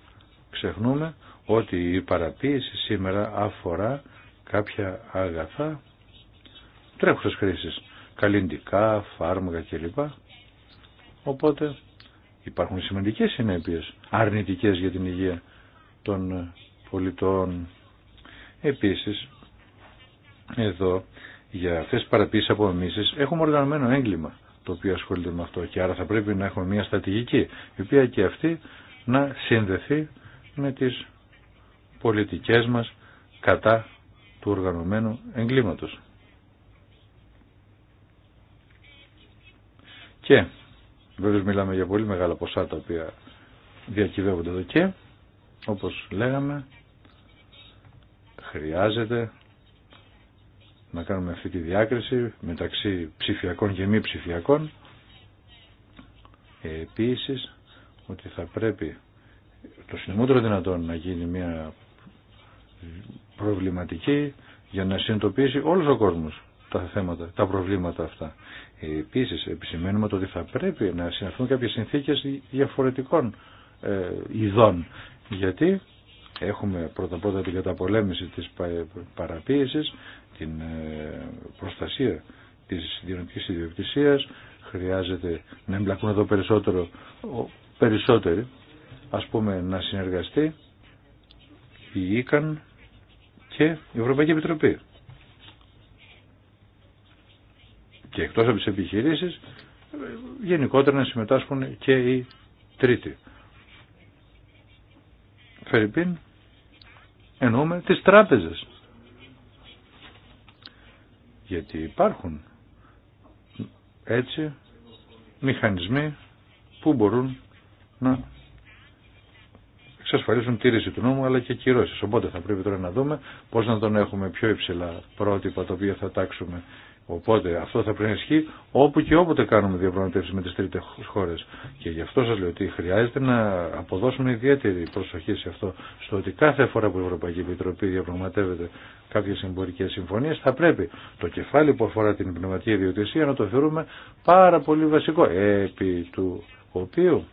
ξεχνούμε ότι η παραποίηση σήμερα αφορά κάποια αγαθά τρέχουσες χρήσεις καλλιντικά, φάρμακα κλπ. Οπότε υπάρχουν σημαντικές συνέπειες αρνητικές για την υγεία των πολιτών. Επίσης, εδώ για αυτές τις παραποίησεις απομίσεις έχουμε οργανωμένο έγκλημα το οποίο ασχολείται με αυτό και άρα θα πρέπει να έχουμε μια στρατηγική η οποία και αυτή να συνδεθεί με τις πολιτικές μας κατά του οργανωμένου εγκλήματος. Και βέβαια μιλάμε για πολύ μεγάλα ποσά τα οποία διακυβεύονται εδώ και όπως λέγαμε χρειάζεται να κάνουμε αυτή τη διάκριση μεταξύ ψηφιακών και μη ψηφιακών επίσης ότι θα πρέπει το συνεμότερο δυνατόν να γίνει μια προβληματική για να συνειδητοποιήσει όλος ο κόσμος τα θέματα, τα προβλήματα αυτά. Επίσης επισημαίνουμε ότι θα πρέπει να συναρθούν κάποιες συνθήκες διαφορετικών ε, ειδών γιατί Έχουμε πρώτα πρώτα την καταπολέμηση της παραποίησης, την ε, προστασία της ιδιωτικής ιδιοκτησίας, χρειάζεται να εμπλακούν εδώ περισσότερο, περισσότεροι, ας πούμε να συνεργαστεί η ΙΚΑΝ και η Ευρωπαϊκή Επιτροπή. Και εκτός από τις επιχειρήσεις, γενικότερα να συμμετάσχουν και οι τρίτοι. Φερρυπίν, εννοούμε τις τράπεζες. Γιατί υπάρχουν έτσι μηχανισμοί που μπορούν να εξασφαλίσουν τήρηση του νόμου αλλά και κυρώσεις. Οπότε θα πρέπει τώρα να δούμε πώς να τον έχουμε πιο υψηλά πρότυπα τα οποία θα τάξουμε Οπότε αυτό θα πρέπει να ισχύει όπου και όποτε κάνουμε διαπραγματεύσει με τι τρίτε χώρε. Και γι' αυτό σα λέω ότι χρειάζεται να αποδώσουμε ιδιαίτερη προσοχή σε αυτό. Στο ότι κάθε φορά που η Ευρωπαϊκή Επιτροπή διαπραγματεύεται κάποιε εμπορικέ συμφωνίε θα πρέπει το κεφάλι που αφορά την πνευματική ιδιοκτησία να το θεωρούμε πάρα πολύ βασικό. Επί του οποίου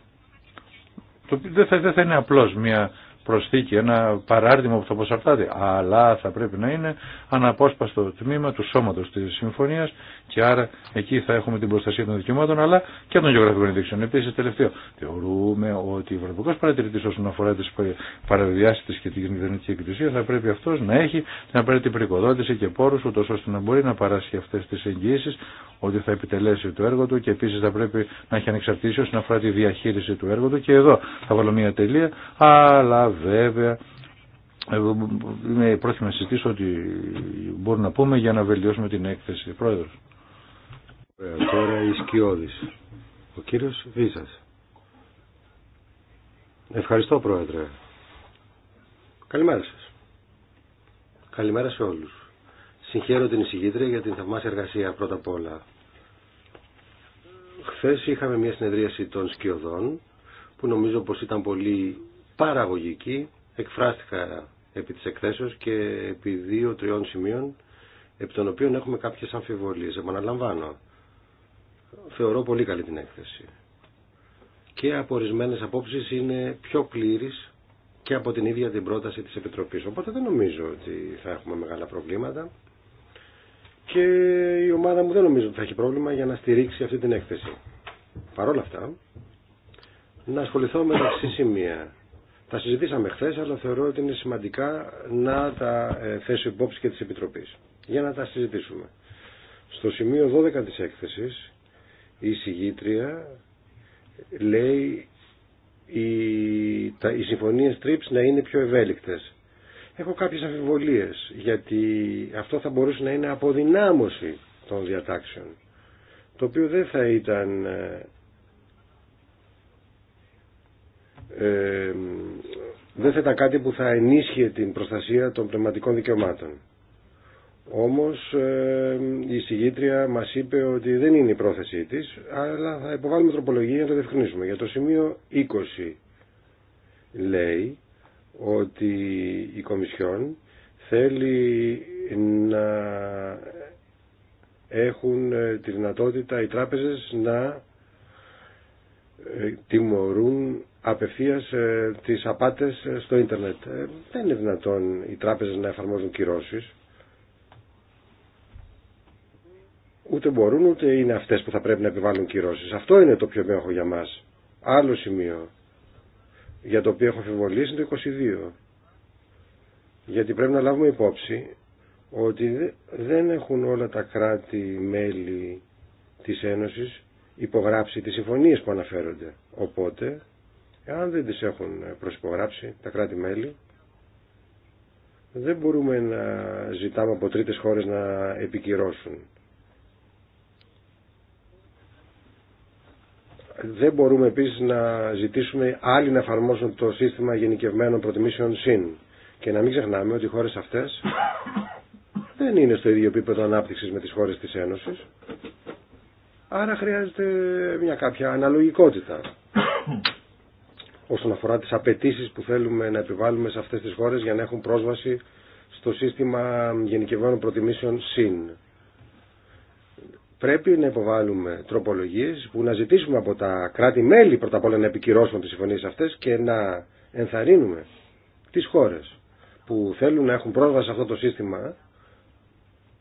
δεν θα, δεν θα είναι απλώ μια προσθήκη, ένα παράρτημα που θα αποσαρτάται, αλλά θα πρέπει να είναι αναπόσπαστο τμήμα του σώματος της συμφωνίας και άρα εκεί θα έχουμε την προστασία των δικαιωμάτων αλλά και των γεωγραφικών ενδείξεων. Επίσης, τελευταίο, θεωρούμε ότι ο Ευρωπαϊκός Παρατηρητής όσον αφορά τις παραβιάσεις της και την κυβερνητική εκκλησία θα πρέπει αυτός να έχει την απαραίτητη πρικοδότηση και πόρους ούτως ώστε να μπορεί να παράσχει αυτές τις εγγυήσεις ότι θα επιτελέσει το έργο του και επίση θα πρέπει να έχει ανεξαρτήσει όσον αφορά τη διαχείριση του έργου του και εδώ θα βάλω μια τελεία αλλά βέβαια είμαι πρόθυμο να συζητήσω ότι μπορούμε να πούμε για να βελτιώσουμε την έκθεση. Πρόεδρος. Τώρα η Σκιώδης. Ο κύριος Βίζας. Ευχαριστώ πρόεδρε. Καλημέρα σας. Καλημέρα σε όλους. Συγχαίρω την εισηγήτρια για την θαυμάσια εργασία πρώτα απ' όλα. Χθες είχαμε μια συνεδρίαση των σκιωδών που νομίζω πως ήταν πολύ παραγωγική. Εκφράστηκα επί της εκθέσεως και επί δύο-τριών σημείων επί των οποίων έχουμε κάποιες αμφιβολίες. Επαναλαμβάνω, θεωρώ πολύ καλή την έκθεση. Και από ορισμένε απόψεις είναι πιο πλήρη και από την ίδια την πρόταση της Επιτροπής. Οπότε δεν νομίζω ότι θα έχουμε μεγάλα προβλήματα. Και η ομάδα μου δεν νομίζω ότι θα έχει πρόβλημα για να στηρίξει αυτή την έκθεση. Παρ' όλα αυτά, να ασχοληθώ με τα σημεία. Τα συζητήσαμε χθε, αλλά θεωρώ ότι είναι σημαντικά να τα ε, θέσω υπόψη και τη Επιτροπή. Για να τα συζητήσουμε. Στο σημείο 12 της έκθεσης η συγγήτρια λέει οι, τα, οι συμφωνίες TRIPS να είναι πιο ευέλικτες. Έχω κάποιες αμφιβολίες γιατί αυτό θα μπορούσε να είναι αποδυνάμωση των διατάξεων το οποίο δεν θα ήταν ε, Ε, δεν θα ήταν κάτι που θα ενίσχυε την προστασία των πνευματικών δικαιωμάτων. Όμως ε, η συγγήτρια μας είπε ότι δεν είναι η πρόθεσή της, αλλά θα υποβάλουμε τροπολογία να το διευκρινίσουμε. Για το σημείο 20 λέει ότι η Κομισιόν θέλει να έχουν ε, τη δυνατότητα οι τράπεζες να τιμωρούν απευθείας ε, τις απάτες ε, στο ίντερνετ. Ε, δεν είναι δυνατόν οι τράπεζες να εφαρμόζουν κυρώσεις. Ούτε μπορούν ούτε είναι αυτές που θα πρέπει να επιβάλλουν κυρώσεις. Αυτό είναι το πιο μέχο για μας. Άλλο σημείο για το οποίο έχω αφιβολήσει είναι το 22. Γιατί πρέπει να λάβουμε υπόψη ότι δεν έχουν όλα τα κράτη-μέλη της Ένωσης υπογράψει τις συμφωνίες που αναφέρονται. Οπότε Εάν δεν τις έχουν προσυπογράψει τα κράτη-μέλη, δεν μπορούμε να ζητάμε από τρίτες χώρες να επικυρώσουν. Δεν μπορούμε επίσης να ζητήσουμε άλλοι να εφαρμόσουν το σύστημα γενικευμένων προτιμήσεων συν. Και να μην ξεχνάμε ότι οι χώρες αυτές δεν είναι στο ίδιο επίπεδο ανάπτυξης με τις χώρες της Ένωσης. Άρα χρειάζεται μια κάποια αναλογικότητα όσον αφορά τις απαιτήσει που θέλουμε να επιβάλλουμε σε αυτές τις χώρες για να έχουν πρόσβαση στο σύστημα γενικευμένων προτιμήσεων ΣΥΝ. Πρέπει να υποβάλουμε τροπολογίες που να ζητήσουμε από τα κράτη-μέλη πρώτα απ' όλα να επικυρώσουν τις συμφωνίες αυτές και να ενθαρρύνουμε τις χώρες που θέλουν να έχουν πρόσβαση σε αυτό το σύστημα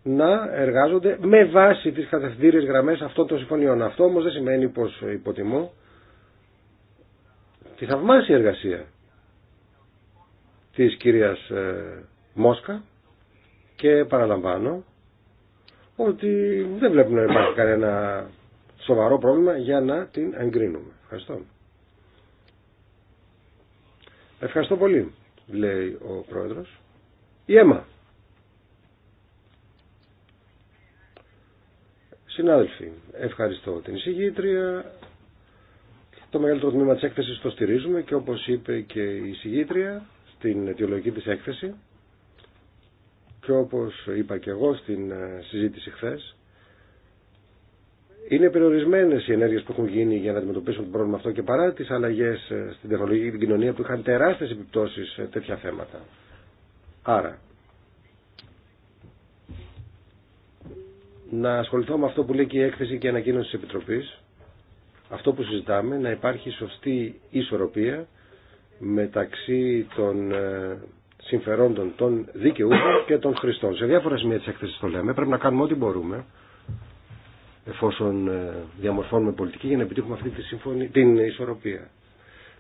να εργάζονται με βάση τις κατευθυντήριες γραμμές αυτών των συμφωνιών. Αυτό όμως δεν σημαίνει πως υποτιμώ τη θαυμάσια εργασία της κυρίας ε, Μόσκα και παραλαμβάνω ότι δεν βλέπουμε να υπάρχει κανένα σοβαρό πρόβλημα για να την εγκρίνουμε. Ευχαριστώ. Ευχαριστώ πολύ, λέει ο πρόεδρος. Η ΕΜΑ. Συνάδελφοι, ευχαριστώ την εισηγήτρια, το μεγαλύτερο τμήμα τη έκθεση το στηρίζουμε και όπω είπε και η συγγήτρια στην αιτιολογική τη έκθεση και όπω είπα και εγώ στην ε, συζήτηση χθε, είναι περιορισμένε οι ενέργειε που έχουν γίνει για να αντιμετωπίσουν το πρόβλημα αυτό και παρά τι αλλαγέ ε, στην τεχνολογία και την κοινωνία που είχαν τεράστιε επιπτώσει σε τέτοια θέματα. Άρα, να ασχοληθώ με αυτό που λέει και η έκθεση και η ανακοίνωση τη Επιτροπής αυτό που συζητάμε να υπάρχει σωστή ισορροπία μεταξύ των ε, συμφερόντων των δικαιούχων και των χρηστών. Σε διάφορα σημεία της έκθεσης το λέμε, πρέπει να κάνουμε ό,τι μπορούμε εφόσον ε, διαμορφώνουμε πολιτική για να επιτύχουμε αυτή τη συμφωνή, την ισορροπία.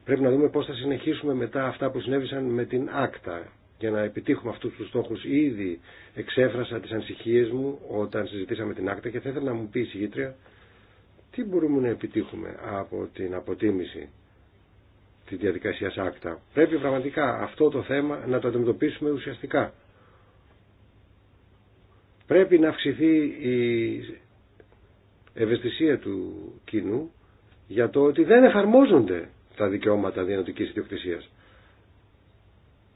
Πρέπει να δούμε πώς θα συνεχίσουμε μετά αυτά που συνέβησαν με την άκτα για να επιτύχουμε αυτούς τους στόχους. Ήδη εξέφρασα τις ανησυχίες μου όταν συζητήσαμε την άκτα και θα ήθελα να μου πει η συγγήτρια τι μπορούμε να επιτύχουμε από την αποτίμηση τη διαδικασία άκτα. Πρέπει πραγματικά αυτό το θέμα να το αντιμετωπίσουμε ουσιαστικά. Πρέπει να αυξηθεί η ευαισθησία του κοινού για το ότι δεν εφαρμόζονται τα δικαιώματα διανοτικής ιδιοκτησίας.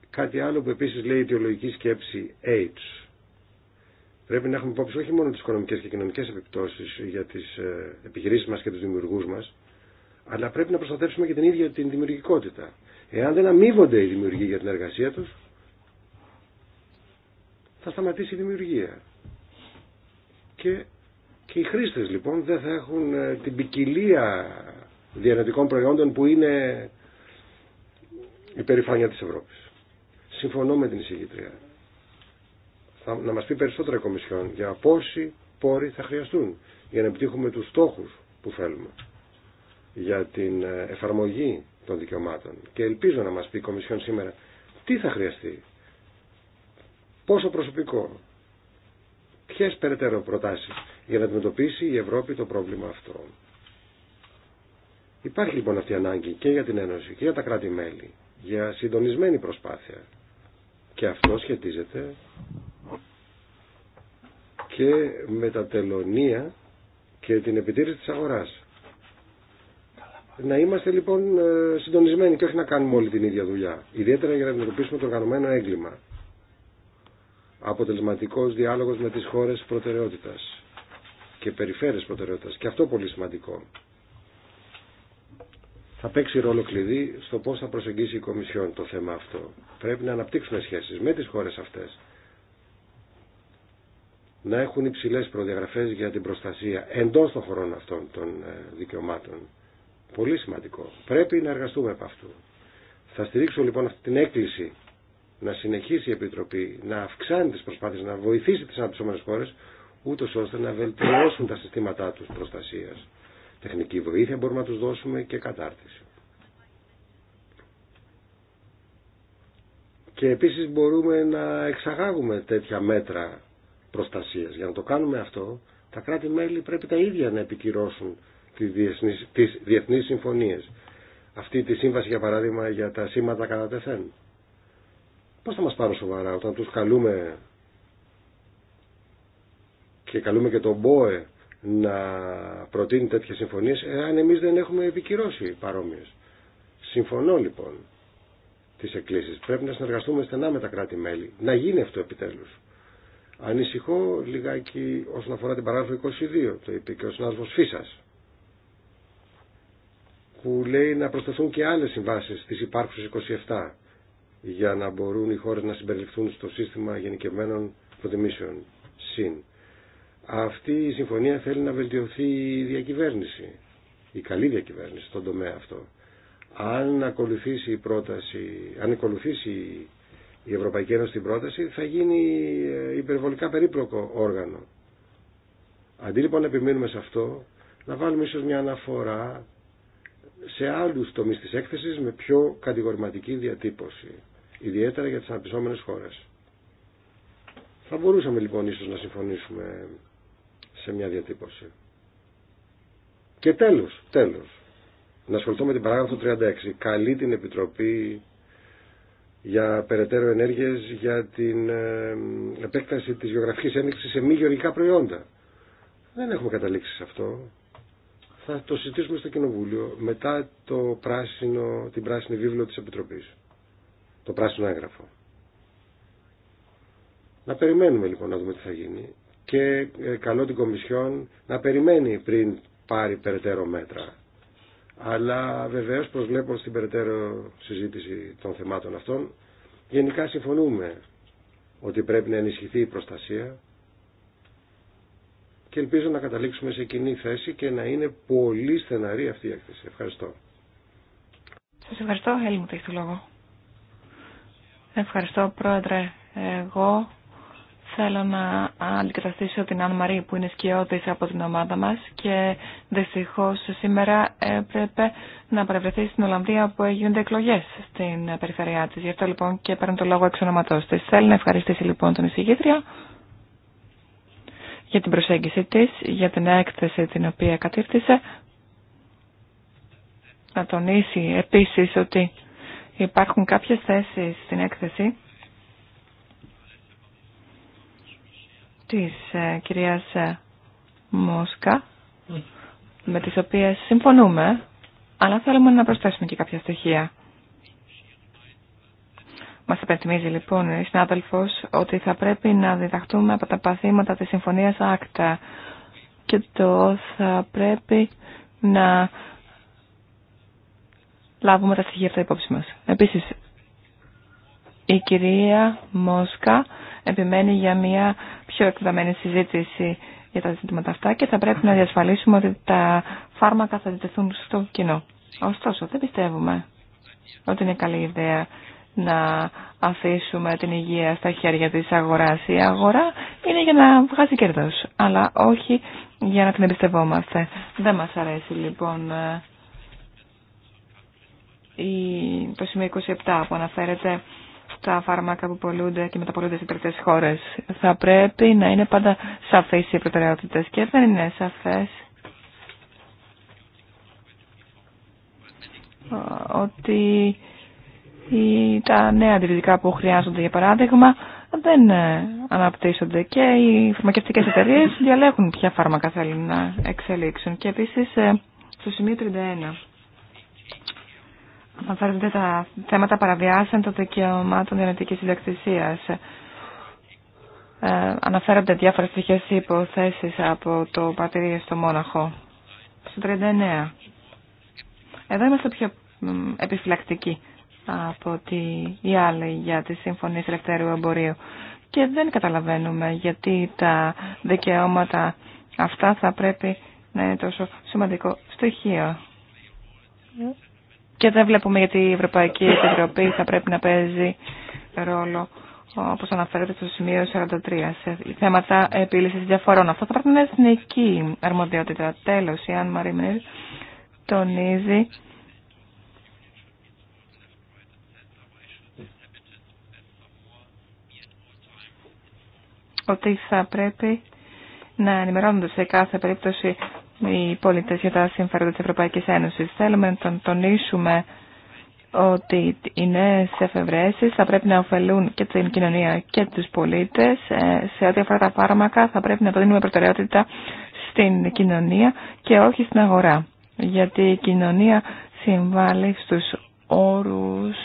Κάτι άλλο που επίσης λέει η ιδεολογική σκέψη AIDS. Πρέπει να έχουμε υπόψη όχι μόνο τις οικονομικές και κοινωνικές επιπτώσεις για τις ε, επιχειρήσεις μας και τους δημιουργούς μας, αλλά πρέπει να προστατεύσουμε και την ίδια την δημιουργικότητα. Εάν δεν αμείβονται οι δημιουργοί για την εργασία τους, θα σταματήσει η δημιουργία. Και, και οι χρήστες λοιπόν δεν θα έχουν ε, την ποικιλία διανοητικών προϊόντων που είναι η περηφάνεια της Ευρώπης. Συμφωνώ με την εισηγήτρια να μας πει περισσότερα η Κομισιόν για πόσοι πόροι θα χρειαστούν για να επιτύχουμε τους στόχους που θέλουμε για την ε, εφαρμογή των δικαιωμάτων. Και ελπίζω να μας πει η Κομισιόν σήμερα τι θα χρειαστεί, πόσο προσωπικό, ποιες περαιτέρω προτάσεις για να αντιμετωπίσει η Ευρώπη το πρόβλημα αυτό. Υπάρχει λοιπόν αυτή η ανάγκη και για την Ένωση και για τα κράτη-μέλη για συντονισμένη προσπάθεια. Και αυτό σχετίζεται και με τα τελωνία και την επιτήρηση της αγοράς. Να είμαστε λοιπόν ε, συντονισμένοι και όχι να κάνουμε όλη την ίδια δουλειά. Ιδιαίτερα για να αντιμετωπίσουμε το οργανωμένο έγκλημα. Αποτελεσματικός διάλογος με τις χώρες προτεραιότητας και περιφέρειες προτεραιότητας. Και αυτό πολύ σημαντικό. Θα παίξει ρόλο κλειδί στο πώς θα προσεγγίσει η Κομισιόν το θέμα αυτό. Πρέπει να αναπτύξουμε σχέσεις με τις χώρες αυτές να έχουν υψηλές προδιαγραφές για την προστασία εντός των χωρών αυτών των ε, δικαιωμάτων. Πολύ σημαντικό. Πρέπει να εργαστούμε από αυτού. Θα στηρίξω λοιπόν αυτή την έκκληση να συνεχίσει η Επιτροπή να αυξάνει τις προσπάθειες, να βοηθήσει τις αναπτυσσόμενες χώρες, ούτω ώστε να βελτιώσουν τα συστήματά τους προστασίας. Τεχνική βοήθεια μπορούμε να τους δώσουμε και κατάρτιση. Και επίσης μπορούμε να εξαγάγουμε τέτοια μέτρα προστασίας. Για να το κάνουμε αυτό, τα κράτη-μέλη πρέπει τα ίδια να επικυρώσουν τις διεθνείς συμφωνίες. Αυτή τη σύμβαση, για παράδειγμα, για τα σήματα κατά τεθέν. Πώς θα μας πάρουν σοβαρά όταν τους καλούμε και καλούμε και τον ΜΠΟΕ να προτείνει τέτοιες συμφωνίες, εάν εμείς δεν έχουμε επικυρώσει παρόμοιες. Συμφωνώ λοιπόν τις εκκλήσεις. Πρέπει να συνεργαστούμε στενά με τα κράτη-μέλη. Να γίνει αυτό επιτέλους. Ανησυχώ λιγάκι όσον αφορά την παράγραφο 22, το είπε και ο συνάδελφος Φίσας, που λέει να προσταθούν και άλλες συμβάσεις στις υπάρχουσες 27 για να μπορούν οι χώρες να συμπεριληφθούν στο σύστημα γενικευμένων προτιμήσεων, ΣΥΝ. Αυτή η συμφωνία θέλει να βελτιωθεί η διακυβέρνηση, η καλή διακυβέρνηση στον τομέα αυτό. Αν ακολουθήσει η πρόταση, αν ακολουθήσει η Ευρωπαϊκή Ένωση στην πρόταση θα γίνει ε, υπερβολικά περίπλοκο όργανο. Αντί λοιπόν να επιμείνουμε σε αυτό, να βάλουμε ίσως μια αναφορά σε άλλους τομείς της έκθεσης με πιο κατηγορηματική διατύπωση, ιδιαίτερα για τις αναπτυσσόμενες χώρες. Θα μπορούσαμε λοιπόν ίσως να συμφωνήσουμε σε μια διατύπωση. Και τέλος, τέλος, να ασχοληθώ με την παράγραφο 36. Καλεί την Επιτροπή για περαιτέρω ενέργειες για την ε, επέκταση της γεωγραφικής ένδειξης σε μη γεωργικά προϊόντα. Δεν έχουμε καταλήξει σε αυτό. Θα το συζητήσουμε στο Κοινοβούλιο μετά το πράσινο, την πράσινη βίβλο της Επιτροπής. Το πράσινο έγγραφο. Να περιμένουμε λοιπόν να δούμε τι θα γίνει και ε, καλό την Κομισιόν να περιμένει πριν πάρει περαιτέρω μέτρα αλλά βεβαίως προσβλέπω στην περαιτέρω συζήτηση των θεμάτων αυτών. Γενικά συμφωνούμε ότι πρέπει να ενισχυθεί η προστασία και ελπίζω να καταλήξουμε σε κοινή θέση και να είναι πολύ στεναρή αυτή η έκθεση. Ευχαριστώ. Σας ευχαριστώ. Έλλη μου το λόγο. Ευχαριστώ πρόεδρε. Εγώ Θέλω να αντικαταστήσω την Άννα Μαρή που είναι σκιώδης από την ομάδα μας και δυστυχώς σήμερα έπρεπε να παρευρεθεί στην Ολλανδία που έγινε εκλογέ στην περιφερειά της. Γι' αυτό λοιπόν και παίρνω το λόγο εξ ονοματός της. Θέλω να ευχαριστήσει λοιπόν τον εισηγήτρια για την προσέγγιση της, για την έκθεση την οποία κατήρτισε. Να τονίσει επίσης ότι υπάρχουν κάποιες θέσεις στην έκθεση της ε, κυρίας ε, Μόσκα, με τις οποίες συμφωνούμε, αλλά θέλουμε να προσθέσουμε και κάποια στοιχεία. Μας επενθυμίζει λοιπόν η συνάδελφος ότι θα πρέπει να διδαχτούμε από τα παθήματα της Συμφωνίας Άκτα και το θα πρέπει να λάβουμε τα στοιχεία αυτά υπόψη μας. Επίσης, η κυρία Μόσκα επιμένει για μια πιο εκδεδομένη συζήτηση για τα ζητήματα αυτά και θα πρέπει να διασφαλίσουμε ότι τα φάρμακα θα διτεθούν στο κοινό. Ωστόσο, δεν πιστεύουμε ότι είναι καλή ιδέα να αφήσουμε την υγεία στα χέρια της αγοράς. Η αγορά είναι για να βγάζει κέρδος, αλλά όχι για να την εμπιστευόμαστε. Δεν μας αρέσει λοιπόν ε, το σημείο 27 που αναφέρεται τα φάρμακα που πολλούνται και μεταπολούνται σε τρίτε χώρε. Θα πρέπει να είναι πάντα σαφέ οι προτεραιότητε. και δεν είναι σαφέ. ότι τα νέα αντιβιωτικά που χρειάζονται για παράδειγμα δεν αναπτύσσονται και οι φαρμακευτικές εταιρείε διαλέγουν ποια φάρμακα θέλουν να εξελίξουν. Και επίσης ε, στο σημείο 31 αναφέρονται τα θέματα παραβιάσεων των δικαιωμάτων διανοητικής ιδιοκτησία. Ε, αναφέρονται διάφορες στοιχείες υποθέσει από το πατήριο στο Μόναχο. Στο 39. Εδώ είμαστε πιο επιφυλακτικοί από ότι οι άλλοι για τη Σύμφωνη ελευθερίου εμπορίου. Και δεν καταλαβαίνουμε γιατί τα δικαιώματα αυτά θα πρέπει να είναι τόσο σημαντικό στοιχείο. Και δεν βλέπουμε γιατί η Ευρωπαϊκή Επιτροπή θα πρέπει να παίζει ρόλο όπω αναφέρεται στο σημείο 43, σε θέματα επίλυση διαφορών. Αυτό θα πρέπει να είναι εθνική αρμοδιότητα. Τέλο, η Αν Μαριμέρ τονίζει ότι θα πρέπει να ενημερώνονται σε κάθε περίπτωση οι πολίτες για τα συμφέροντα της Ευρωπαϊκής Ένωσης. Θέλουμε να τον τονίσουμε ότι οι νέες εφευρέσεις θα πρέπει να ωφελούν και την κοινωνία και τους πολίτες. Ε, σε ό,τι αφορά τα φάρμακα θα πρέπει να το δίνουμε προτεραιότητα στην κοινωνία και όχι στην αγορά. Γιατί η κοινωνία συμβάλλει στους όρους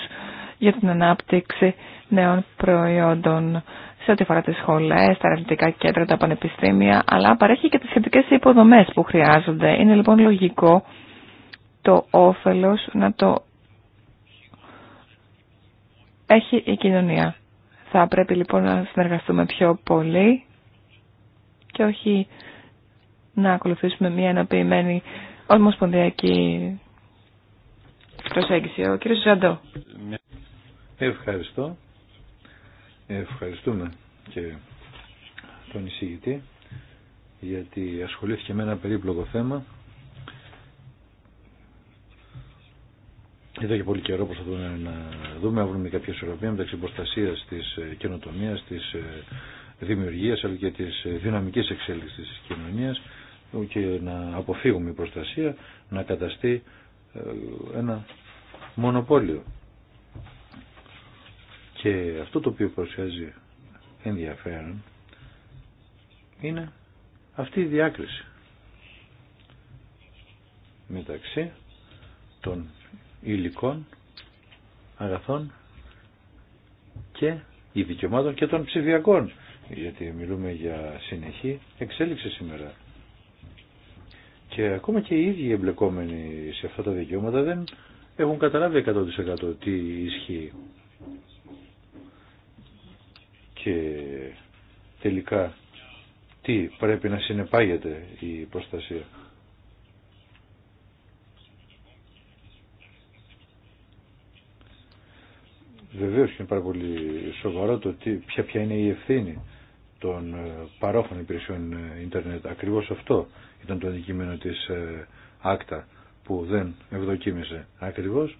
για την ανάπτυξη νέων προϊόντων σε ό,τι αφορά τις σχολές, τα ερευνητικά κέντρα, τα πανεπιστήμια, αλλά παρέχει και τις σχετικές υποδομές που χρειάζονται. Είναι λοιπόν λογικό το όφελος να το έχει η κοινωνία. Θα πρέπει λοιπόν να συνεργαστούμε πιο πολύ και όχι να ακολουθήσουμε μια ενοποιημένη ομοσπονδιακή προσέγγιση. Ο κύριος Ζαντό. Ευχαριστώ. Ευχαριστούμε και τον εισηγητή γιατί ασχολήθηκε με ένα περίπλοκο θέμα. Εδώ και πολύ καιρό δούμε, να δούμε, να βρούμε κάποια ισορροπία μεταξύ προστασία τη ε, καινοτομία, τη ε, δημιουργία αλλά και τη ε, δυναμική εξέλιξη τη κοινωνία και να αποφύγουμε η προστασία να καταστεί ένα μονοπόλιο. Και αυτό το οποίο προσφέρει ενδιαφέρον είναι αυτή η διάκριση μεταξύ των υλικών αγαθών και δικαιωμάτων και των ψηφιακών γιατί μιλούμε για συνεχή εξέλιξη σήμερα και ακόμα και οι ίδιοι εμπλεκόμενοι σε αυτά τα δικαιώματα δεν έχουν καταλάβει 100% τι ισχύει και τελικά τι πρέπει να συνεπάγεται η προστασία. Βεβαίως είναι πάρα πολύ σοβαρό το τι, ποια, ποια είναι η ευθύνη των ε, παρόχων υπηρεσιών ε, ίντερνετ. Ακριβώς αυτό ήταν το αντικείμενο της ε, άκτα που δεν ευδοκίμησε. Ακριβώς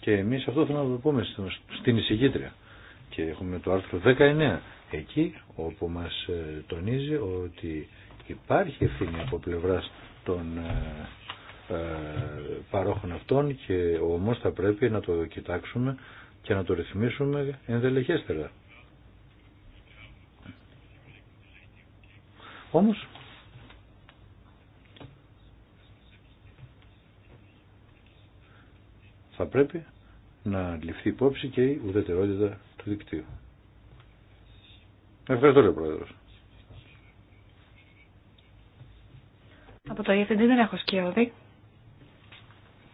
και εμείς αυτό θέλουμε να το πούμε στην εισηγήτρια και έχουμε το άρθρο 19 εκεί όπου μας ε, τονίζει ότι υπάρχει ευθύνη από πλευράς των ε, ε, παρόχων αυτών και όμως θα πρέπει να το κοιτάξουμε και να το ρυθμίσουμε ενδελεχέστερα. Όμως θα πρέπει να ληφθεί υπόψη και η ουδετερότητα του δικτύου. Ευχαριστώ, λέει ο Από το e δεν έχω σκιώδη.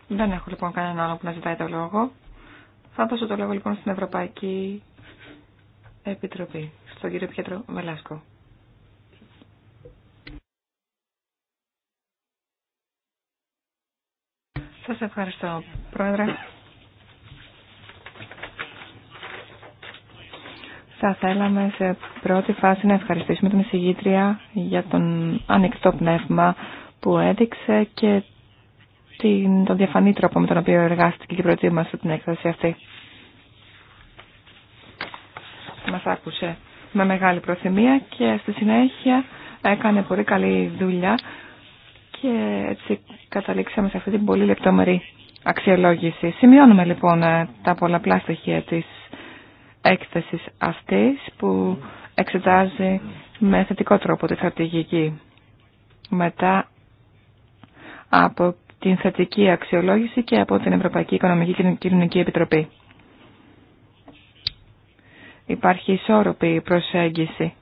Δεν έχω λοιπόν κανένα άλλο που να ζητάει το λόγο. Θα δώσω το λόγο λοιπόν στην Ευρωπαϊκή Επιτροπή, στον κύριο Πιέτρο Βελάσκο. Σας ευχαριστώ, Πρόεδρε. Θα θέλαμε σε πρώτη φάση να ευχαριστήσουμε την εισηγήτρια για τον ανοιχτό πνεύμα που έδειξε και την, τον διαφανή τρόπο με τον οποίο εργάστηκε και προετοίμασε την έκθεση αυτή. Μας άκουσε με μεγάλη προθυμία και στη συνέχεια έκανε πολύ καλή δουλειά και έτσι καταλήξαμε σε αυτή την πολύ λεπτομερή αξιολόγηση. Σημειώνουμε λοιπόν τα πολλαπλά στοιχεία της έκθεσης αυτής που εξετάζει με θετικό τρόπο τη στρατηγική. Μετά από την θετική αξιολόγηση και από την Ευρωπαϊκή Οικονομική και Κοινωνική Επιτροπή. Υπάρχει ισόρροπη προσέγγιση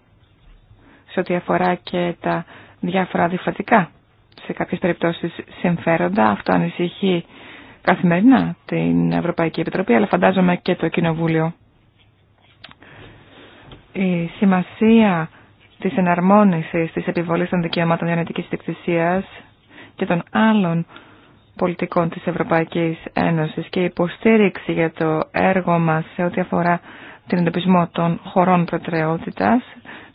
σε ό,τι αφορά και τα διάφορα διφατικά σε κάποιες περιπτώσεις συμφέροντα. Αυτό ανησυχεί καθημερινά την Ευρωπαϊκή Επιτροπή, αλλά φαντάζομαι και το Κοινοβούλιο η σημασία της εναρμόνισης της επιβολής των δικαιωμάτων διανοητικής δικτυσίας και των άλλων πολιτικών της Ευρωπαϊκής Ένωσης και η υποστήριξη για το έργο μας σε ό,τι αφορά την εντοπισμό των χωρών προτεραιότητας,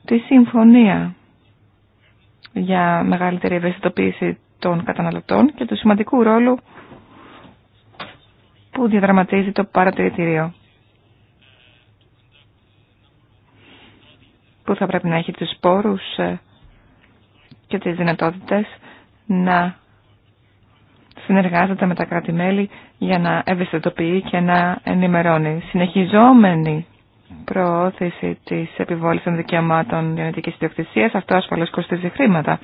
τη συμφωνία για μεγαλύτερη ευαισθητοποίηση των καταναλωτών και του σημαντικού ρόλου που διαδραματίζει το παρατηρητήριο. που θα πρέπει να έχει τους σπόρους ε, και τις δυνατότητες να συνεργάζεται με τα κράτη-μέλη για να ευαισθητοποιεί και να ενημερώνει. Συνεχιζόμενη προώθηση της επιβόλησης των δικαιωμάτων γενετικής ιδιοκτησίας, αυτό ασφαλώς κοστίζει χρήματα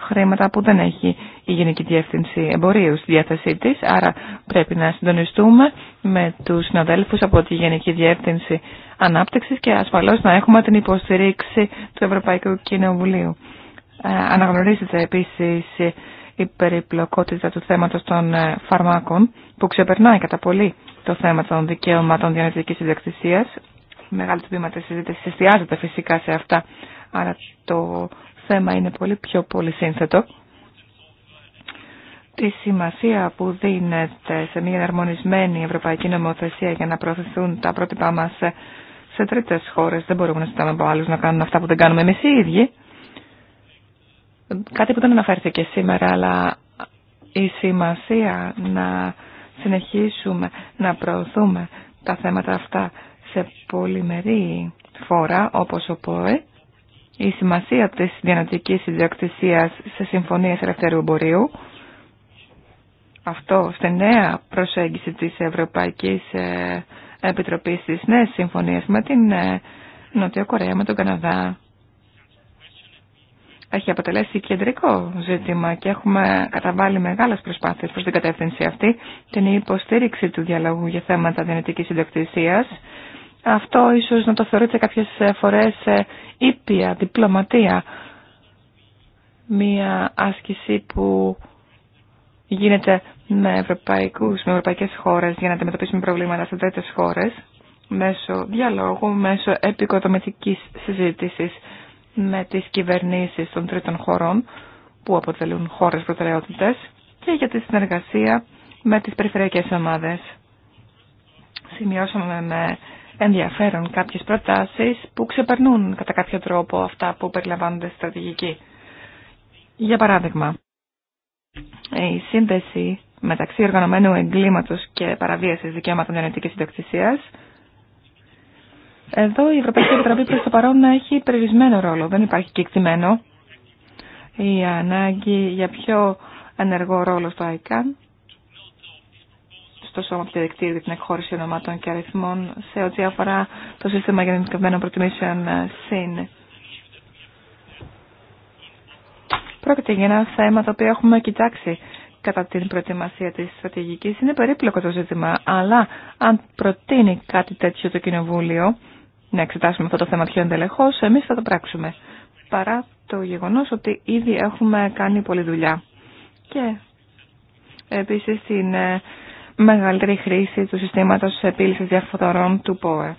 χρήματα που δεν έχει η Γενική Διεύθυνση Εμπορίου στη διάθεσή τη. άρα πρέπει να συντονιστούμε με του συναδέλφου από τη Γενική Διεύθυνση ανάπτυξη και ασφαλώ να έχουμε την υποστηρίξη του Ευρωπαϊκού Κοινοβουλίου. Ε, αναγνωρίζεται επίση η περιπλοκότητα του θέματο των ε, φαρμάκων που ξεπερνάει κατά πολύ το θέμα των δικαίωματων διανοητική ιδιοκτησία. Μεγάλη τμήμα τη συζήτηση εστιάζεται φυσικά σε αυτά, άρα το θέμα είναι πολύ πιο πολύ σύνθετο. Τη σημασία που δίνεται σε μια εναρμονισμένη ευρωπαϊκή νομοθεσία για να προωθηθούν τα πρότυπά μα σε τρίτες χώρες. Δεν μπορούμε να ζητάμε από άλλου να κάνουν αυτά που δεν κάνουμε εμεί οι ίδιοι. Κάτι που δεν αναφέρθηκε σήμερα, αλλά η σημασία να συνεχίσουμε να προωθούμε τα θέματα αυτά σε πολυμερή φορά όπως ο ΠΟΕ η σημασία της διανοτικής ιδιοκτησία σε συμφωνίες ελευθερού εμπορίου. Αυτό στη νέα προσέγγιση της Ευρωπαϊκής ε, Επιτροπής στις νέες συμφωνίες με την ε, Νότια Κορέα, με τον Καναδά. Έχει αποτελέσει κεντρικό ζήτημα και έχουμε καταβάλει μεγάλες προσπάθειες προς την κατεύθυνση αυτή, την υποστήριξη του διαλόγου για θέματα δυνατικής ιδιοκτησίας αυτό ίσως να το θεωρείτε κάποιες φορές ε, ήπια, διπλωματία. Μία άσκηση που γίνεται με, ευρωπαϊκούς, με ευρωπαϊκές χώρες για να αντιμετωπίσουμε προβλήματα σε τέτοιες χώρες μέσω διαλόγου, μέσω επικοδομητικής συζήτησης με τις κυβερνήσεις των τρίτων χωρών που αποτελούν χώρες προτεραιότητες και για τη συνεργασία με τις περιφερειακές ομάδες. Σημειώσαμε με ενδιαφέρον κάποιες προτάσεις που ξεπερνούν κατά κάποιο τρόπο αυτά που περιλαμβάνονται στη στρατηγική. Για παράδειγμα, η σύνδεση μεταξύ οργανωμένου εγκλήματος και παραβίασης δικαιωμάτων γενετικής ιδιοκτησίας εδώ η Ευρωπαϊκή Επιτροπή προς το παρόν έχει περιορισμένο ρόλο, δεν υπάρχει κεκτημένο. Η ανάγκη για πιο ενεργό ρόλο στο ICANN στο σώμα του διαδικτύου για την εκχώρηση ονομάτων και αριθμών σε ό,τι αφορά το σύστημα γενικευμένων προτιμήσεων ε, ΣΥΝ. Πρόκειται για ένα θέμα το οποίο έχουμε κοιτάξει κατά την προετοιμασία της στρατηγικής. Είναι περίπλοκο το ζήτημα, αλλά αν προτείνει κάτι τέτοιο το Κοινοβούλιο, να εξετάσουμε αυτό το θέμα πιο εντελεχώς, εμείς θα το πράξουμε. Παρά το γεγονός ότι ήδη έχουμε κάνει πολλή δουλειά. Και επίσης ε, μεγαλύτερη χρήση του συστήματος επίλυσης διαφορών του ΠΟΕ.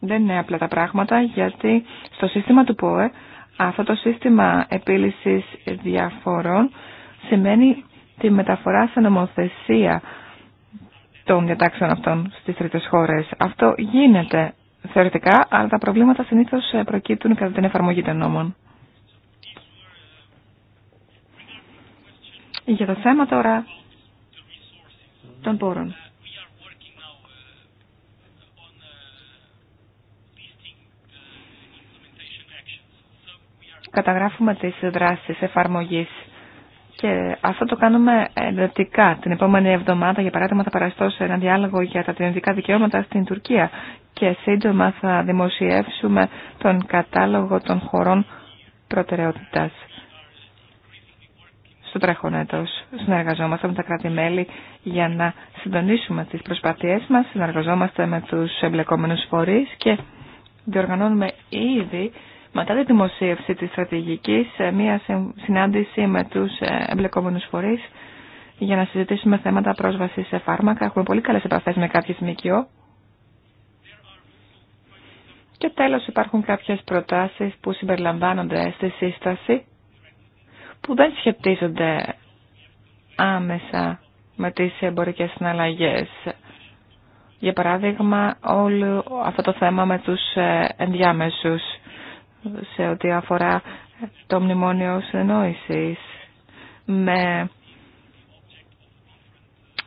Δεν είναι απλά τα πράγματα γιατί στο σύστημα του ΠΟΕ αυτό το σύστημα επίλυσης διαφορών σημαίνει τη μεταφορά σε νομοθεσία των διατάξεων αυτών στις τρίτες χώρες. Αυτό γίνεται θεωρητικά, αλλά τα προβλήματα συνήθως προκύπτουν κατά την εφαρμογή των νόμων. Για το θέμα τώρα των πόρων. Καταγράφουμε τις δράσεις εφαρμογής και αυτό το κάνουμε εντατικά. Την επόμενη εβδομάδα, για παράδειγμα, θα παραστώ σε ένα διάλογο για τα τεχνητικά δικαιώματα στην Τουρκία και σύντομα θα δημοσιεύσουμε τον κατάλογο των χωρών προτεραιότητας στο τρέχον έτος. Συνεργαζόμαστε με τα κράτη-μέλη για να συντονίσουμε τις προσπάθειές μας, συνεργαζόμαστε με τους εμπλεκόμενους φορείς και διοργανώνουμε ήδη μετά τη δημοσίευση της στρατηγικής ε, μία συνάντηση με τους ε, εμπλεκόμενους φορείς για να συζητήσουμε θέματα πρόσβασης σε φάρμακα. Έχουμε πολύ καλές επαφές με κάποιες ΜΚΟ. Και τέλος υπάρχουν κάποιες προτάσεις που συμπεριλαμβάνονται στη σύσταση που δεν σχετίζονται άμεσα με τις εμπορικές συναλλαγές. Για παράδειγμα, όλο αυτό το θέμα με τους ε, ενδιάμεσους σε ό,τι αφορά το μνημόνιο συνεννόησης με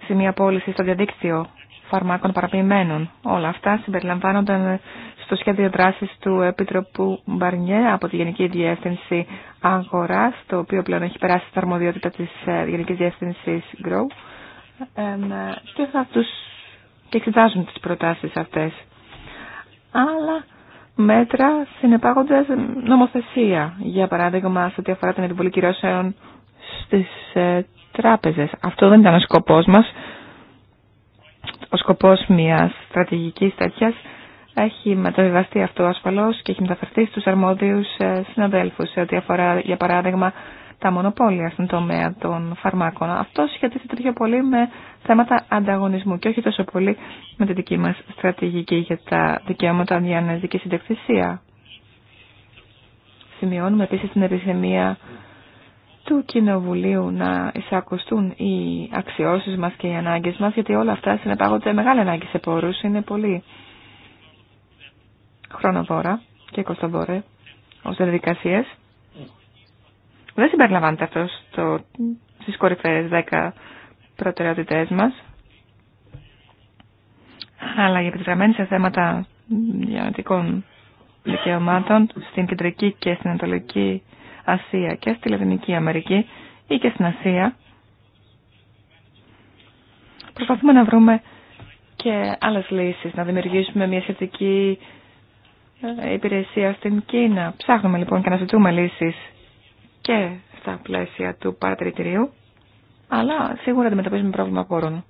σημεία πώληση στο διαδίκτυο φαρμάκων παραποιημένων. Όλα αυτά συμπεριλαμβάνονταν στο σχέδιο δράση του Επίτροπου Μπαρνιέ από τη Γενική Διεύθυνση Αγορά, το οποίο πλέον έχει περάσει στα αρμοδιότητα τη ε, γενική διεύθυνση Grow ε, και θα του και εξετάζουν τι προτάσει αυτέ. Αλλά μέτρα συνεπάγονται νομοθεσία, για παράδειγμα σε ό,τι αφορά την επιβολή κυρώσεων στι ε, τράπεζες. Αυτό δεν ήταν ο σκοπό μα ο σκοπός μιας στρατηγικής τέτοιας έχει μεταβιβαστεί αυτό ασφαλώς και έχει μεταφερθεί στους αρμόδιους ε, συναδέλφους σε ό,τι αφορά για παράδειγμα τα μονοπόλια στον τομέα των φαρμάκων. Αυτό σχετίζεται πιο πολύ με θέματα ανταγωνισμού και όχι τόσο πολύ με τη δική μας στρατηγική για τα δικαιώματα διανέζικη συντεκτησία. Σημειώνουμε επίσης την επιθυμία του Κοινοβουλίου να εισακουστούν οι αξιώσεις μας και οι ανάγκες μας, γιατί όλα αυτά συνεπάγονται μεγάλη ανάγκη σε πόρους, είναι πολύ χρονοβόρα και κοστοβόρε ως διαδικασίες. Δεν συμπεριλαμβάνεται αυτό στο, στις κορυφαίες 10 προτεραιότητές μας. Αλλά για επιτραμμένη σε θέματα διανοητικών δικαιωμάτων στην κεντρική και στην ανατολική Ασία και στη Λατινική Αμερική ή και στην Ασία. Προσπαθούμε να βρούμε και άλλες λύσεις, να δημιουργήσουμε μια σχετική ε, υπηρεσία στην Κίνα. Ψάχνουμε λοιπόν και να ζητούμε λύσεις και στα πλαίσια του παρατηρητηρίου, αλλά σίγουρα αντιμετωπίζουμε πρόβλημα πόρων.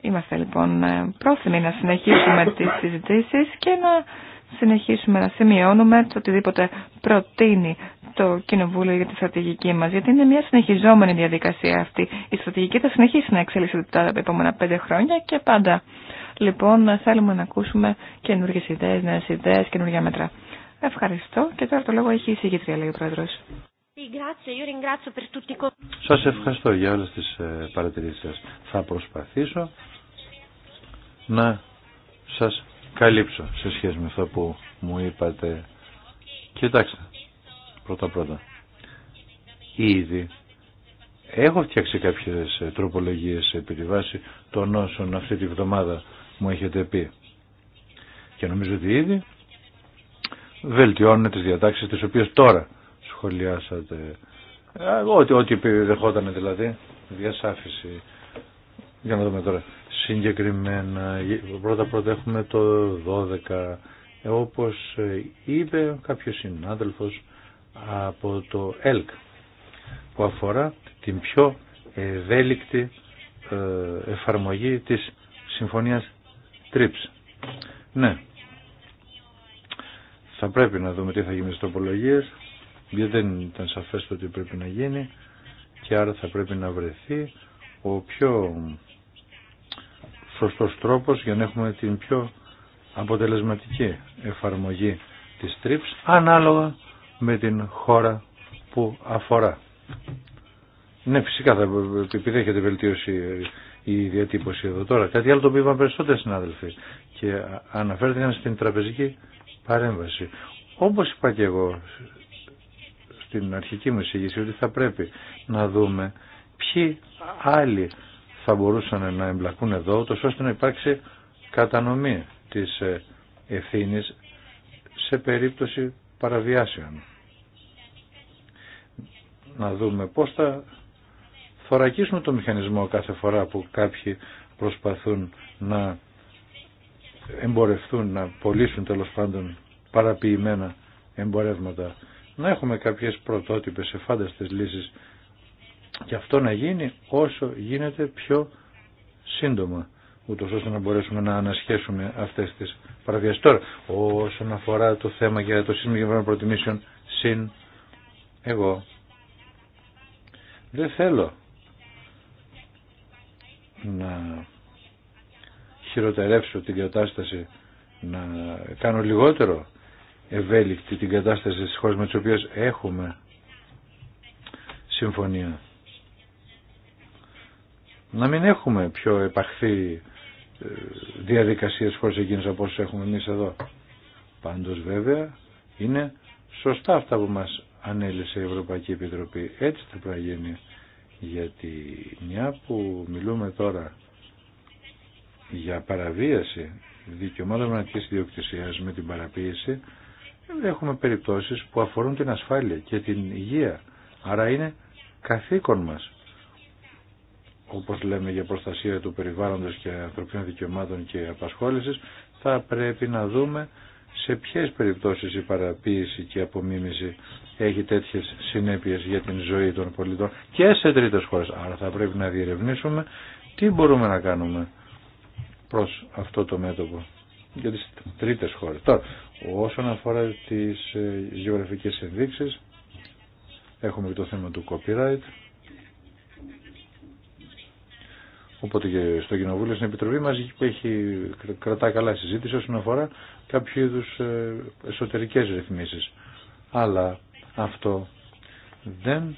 Είμαστε λοιπόν ε, πρόθυμοι να συνεχίσουμε τις συζητήσεις και να συνεχίσουμε να σημειώνουμε το οτιδήποτε προτείνει το Κοινοβούλιο για τη στρατηγική μας, γιατί είναι μια συνεχιζόμενη διαδικασία αυτή. Η στρατηγική θα συνεχίσει να εξελίσσεται τα επόμενα πέντε χρόνια και πάντα. Λοιπόν, θέλουμε να ακούσουμε καινούργιες ιδέες, νέες ιδέες, καινούργια μέτρα. Ευχαριστώ και τώρα το λόγο έχει η συγκεκριά, λέει ο Πρόεδρος. Σας ευχαριστώ για όλες τις ε, παρατηρήσεις σας. Θα προσπαθήσω να σας καλύψω σε σχέση με αυτό που μου είπατε. Κοιτάξτε, πρώτα πρώτα. Ήδη έχω φτιάξει κάποιες ε, τροπολογίες επί τη βάση των όσων αυτή τη βδομάδα μου έχετε πει. Και νομίζω ότι ήδη βελτιώνουν τις διατάξεις τις οποίες τώρα σχολιάσατε. Ό,τι ό,τι δεχόταν δηλαδή διασάφηση. Για να δούμε τώρα συγκεκριμένα. Πρώτα πρώτα έχουμε το 12. Ε, όπως είπε κάποιος συνάδελφος από το ΕΛΚ που αφορά την πιο ευέλικτη ε, εφαρμογή της συμφωνίας TRIPS. Ναι, θα πρέπει να δούμε τι θα γίνει στις τροπολογίες, γιατί δεν ήταν σαφές το τι πρέπει να γίνει και άρα θα πρέπει να βρεθεί ο πιο σωστός τρόπος για να έχουμε την πιο αποτελεσματική εφαρμογή της TRIPS ανάλογα με την χώρα που αφορά. Ναι, φυσικά θα έχετε βελτίωση η διατύπωση εδώ τώρα. Κάτι άλλο το οποίο είπαν περισσότεροι συνάδελφοι και αναφέρθηκαν στην τραπεζική παρέμβαση. Όπως είπα και εγώ στην αρχική μου εισηγήση ότι θα πρέπει να δούμε ποιοι άλλοι θα μπορούσαν να εμπλακούν εδώ, ούτως ώστε να υπάρξει κατανομή της ε, ευθύνη σε περίπτωση παραβιάσεων. Να δούμε πώς θα θωρακίσουμε το μηχανισμό κάθε φορά που κάποιοι προσπαθούν να εμπορευτούν, να πωλήσουν τέλο πάντων παραποιημένα εμπορεύματα. Να έχουμε κάποιες πρωτότυπες εφάνταστες λύσεις και αυτό να γίνει όσο γίνεται πιο σύντομα ούτω ώστε να μπορέσουμε να ανασχέσουμε αυτέ τι παραβιάσει. Τώρα, όσον αφορά το θέμα για το σύστημα προτιμήσεων, συν εγώ δεν θέλω να χειροτερεύσω την κατάσταση, να κάνω λιγότερο ευέλικτη την κατάσταση στις χώρες με τις οποίες έχουμε συμφωνία να μην έχουμε πιο επαχθεί διαδικασίες χωρίς εκείνες από όσους έχουμε εμείς εδώ. Πάντως βέβαια είναι σωστά αυτά που μας ανέλησε η Ευρωπαϊκή Επιτροπή. Έτσι θα πρέπει γίνει. Γιατί μια που μιλούμε τώρα για παραβίαση δικαιωμάτων μοναδικής ιδιοκτησίας με την παραποίηση, έχουμε περιπτώσεις που αφορούν την ασφάλεια και την υγεία. Άρα είναι καθήκον μας όπως λέμε για προστασία του περιβάλλοντος και ανθρωπίνων δικαιωμάτων και απασχόλησης, θα πρέπει να δούμε σε ποιες περιπτώσεις η παραποίηση και η απομίμηση έχει τέτοιες συνέπειες για την ζωή των πολιτών και σε τρίτες χώρες. Άρα θα πρέπει να διερευνήσουμε τι μπορούμε να κάνουμε προς αυτό το μέτωπο για τις τρίτες χώρες. Τώρα, όσον αφορά τις ε, γεωγραφικές ενδείξεις, έχουμε το θέμα του copyright. Οπότε και στο Κοινοβούλιο, στην Επιτροπή μας έχει, κρατά καλά συζήτηση όσον αφορά κάποιου είδου ε, εσωτερικές ρυθμίσεις. Αλλά αυτό δεν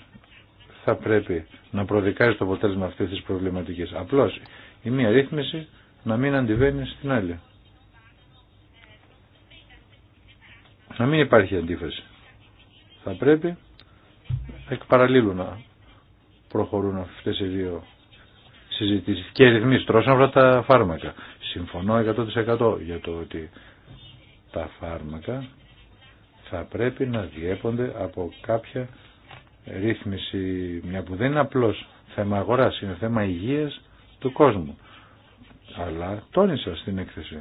θα πρέπει να προδικάζει το αποτέλεσμα αυτής της προβληματικής. Απλώς η μία ρύθμιση να μην αντιβαίνει στην άλλη. Να μην υπάρχει αντίφαση. Θα πρέπει εκ παραλίλου να προχωρούν αυτές οι δύο συζητήσει και ρυθμίσει τρώσαν όλα τα φάρμακα. Συμφωνώ 100% για το ότι τα φάρμακα θα πρέπει να διέπονται από κάποια ρύθμιση, μια που δεν είναι απλώς θέμα αγοράς, είναι θέμα υγείας του κόσμου. Αλλά τόνισα στην έκθεση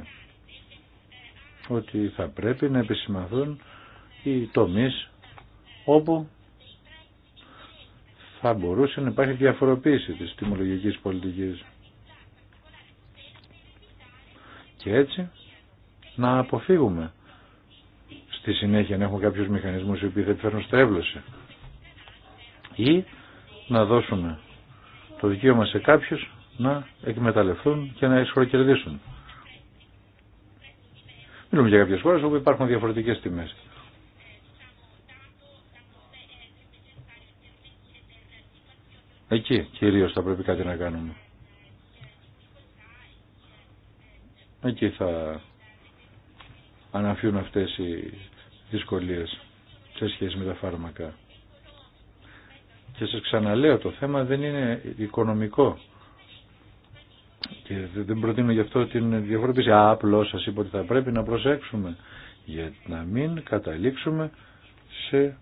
ότι θα πρέπει να επισημαθούν οι τομείς όπου θα μπορούσε να υπάρχει διαφοροποίηση της τιμολογικής πολιτικής. Και έτσι να αποφύγουμε στη συνέχεια να έχουμε κάποιους μηχανισμούς οι οποίοι θα επιφέρουν στρέβλωση ή να δώσουμε το δικαίωμα σε κάποιους να εκμεταλλευτούν και να εισχροκερδίσουν. Μιλούμε για κάποιες χώρες όπου υπάρχουν διαφορετικές τιμές. Εκεί κυρίως θα πρέπει κάτι να κάνουμε. Εκεί θα αναφύουν αυτές οι δυσκολίες σε σχέση με τα φάρμακα. Και σας ξαναλέω, το θέμα δεν είναι οικονομικό. Και δεν προτείνω γι' αυτό την διαφοροποίηση. απλώ σας είπα ότι θα πρέπει να προσέξουμε για να μην καταλήξουμε σε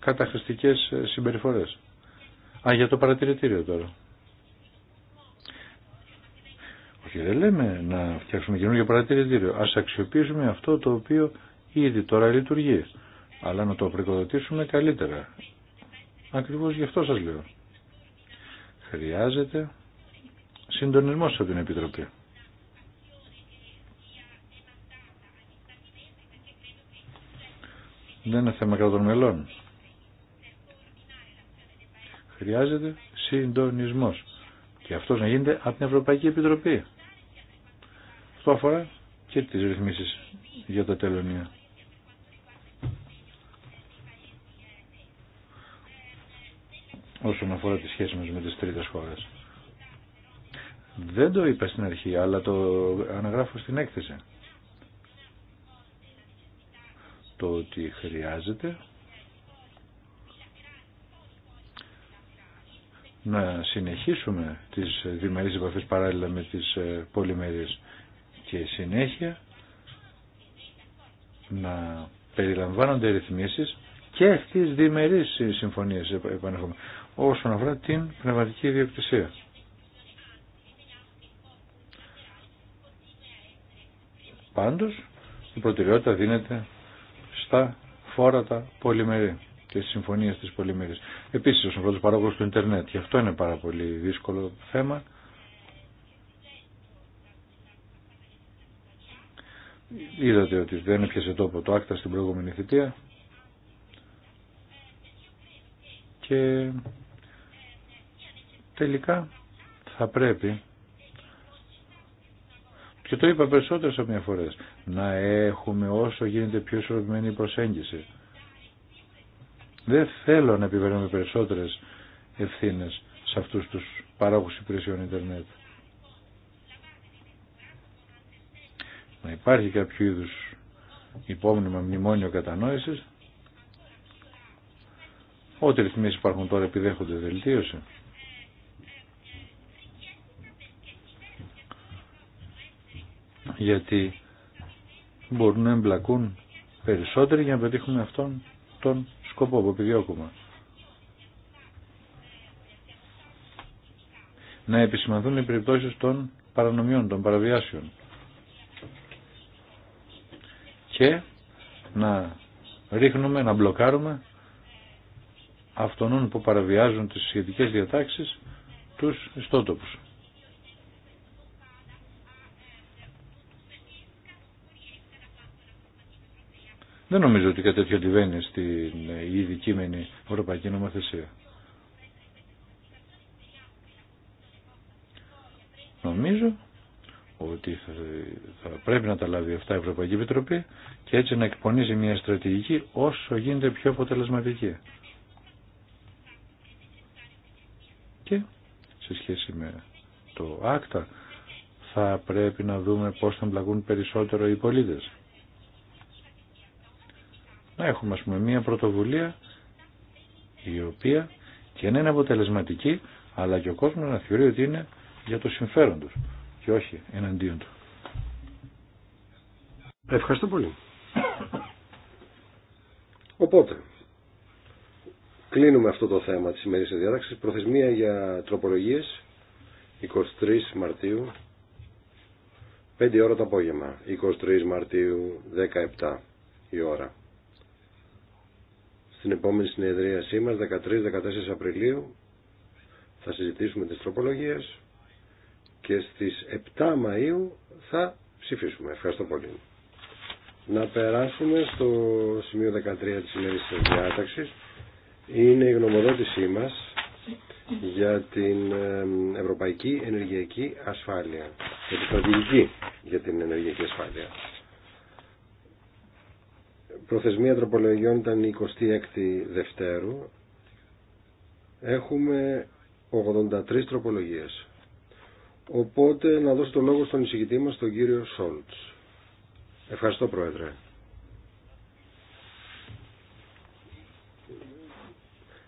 καταχρηστικές ε, συμπεριφορές. Α, για το παρατηρητήριο τώρα. Όχι, δεν λέμε να φτιάξουμε καινούργιο παρατηρητήριο. Ας αξιοποιήσουμε αυτό το οποίο ήδη τώρα λειτουργεί. Αλλά να το προκοδοτήσουμε καλύτερα. Ακριβώς γι' αυτό σας λέω. Χρειάζεται συντονισμός από την Επιτροπή. Δεν είναι θέμα κρατών μελών χρειάζεται συντονισμός και αυτός να γίνεται από την Ευρωπαϊκή Επιτροπή. Αυτό αφορά και τις ρυθμίσεις για τα τελωνία. όσον αφορά τη σχέση μας με τις τρίτες χώρες. Δεν το είπα στην αρχή, αλλά το αναγράφω στην έκθεση. Το ότι χρειάζεται να συνεχίσουμε τις διμερείς επαφές παράλληλα με τις ε, πολυμερείς και συνέχεια να περιλαμβάνονται ρυθμίσεις και στι διμερείς συμφωνίες επανέρχομαι όσον αφορά την πνευματική ιδιοκτησία. Πάντως η προτεραιότητα δίνεται στα φόρατα πολυμερή και στι συμφωνίε τη πολυμερή. Επίση, ο πρώτο του του Ιντερνετ, και αυτό είναι πάρα πολύ δύσκολο θέμα. Είδατε ότι δεν έπιασε τόπο το άκτα στην προηγούμενη θητεία και τελικά θα πρέπει και το είπα περισσότερες από μια φορές να έχουμε όσο γίνεται πιο ισορροπημένη προσέγγιση δεν θέλω να επιβαρύνουμε περισσότερε ευθύνε σε αυτούς τους παράγου υπηρεσιών Ιντερνετ. Να υπάρχει κάποιο είδου υπόμνημα μνημόνιο κατανόηση. Ό,τι ρυθμίσει υπάρχουν τώρα επιδέχονται βελτίωση. Γιατί μπορούν να εμπλακούν περισσότεροι για να πετύχουν αυτόν τον σκοπό που επιδιώκουμε. Να επισημανθούν οι περιπτώσει των παρανομιών, των παραβιάσεων. Και να ρίχνουμε, να μπλοκάρουμε αυτονούν που παραβιάζουν τις σχετικές διατάξεις τους ιστότοπους. Δεν νομίζω ότι κάτι τέτοιο αντιβαίνει στην ήδη κείμενη ευρωπαϊκή νομοθεσία. Νομίζω ότι θα, πρέπει να τα λάβει αυτά η Ευρωπαϊκή Επιτροπή και έτσι να εκπονίζει μια στρατηγική όσο γίνεται πιο αποτελεσματική. Και σε σχέση με το άκτα θα πρέπει να δούμε πώς θα εμπλακούν περισσότερο οι πολίτες να έχουμε ας πούμε μια πρωτοβουλία η οποία και να είναι αποτελεσματική αλλά και ο κόσμος να θεωρεί ότι είναι για το συμφέρον τους και όχι εναντίον του. Ευχαριστώ πολύ. Οπότε, κλείνουμε αυτό το θέμα της σημερινής διάταξης. Προθεσμία για τροπολογίες 23 Μαρτίου 5 ώρα το απόγευμα. 23 Μαρτίου 17 η ώρα. Στην επόμενη συνεδρίασή μας, 13-14 Απριλίου, θα συζητήσουμε τις τροπολογίες και στις 7 Μαΐου θα ψηφίσουμε. Ευχαριστώ πολύ. Να περάσουμε στο σημείο 13 της σημερινής διάταξης. Είναι η γνωμοδότησή μας για την Ευρωπαϊκή Ενεργειακή Ασφάλεια, και την στρατηγική για την ενεργειακή ασφάλεια προθεσμία τροπολογιών ήταν 26 η Δευτέρου. Έχουμε 83 τροπολογίες. Οπότε να δώσω το λόγο στον εισηγητή μας, τον κύριο Σόλτς. Ευχαριστώ Πρόεδρε.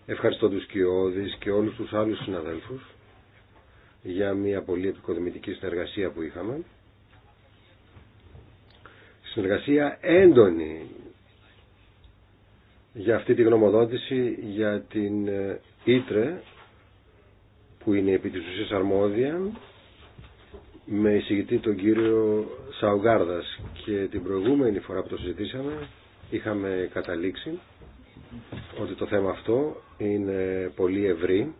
Ευχαριστώ τους Κιώδης και όλους τους άλλους συναδέλφους για μια πολύ επικοδημητική συνεργασία που είχαμε. Συνεργασία έντονη για αυτή τη γνωμοδότηση για την ε, Ήτρε που είναι επί της ουσίας αρμόδια με εισηγητή τον κύριο Σαουγκάρδας και την προηγούμενη φορά που το συζητήσαμε είχαμε καταλήξει ότι το θέμα αυτό είναι πολύ ευρύ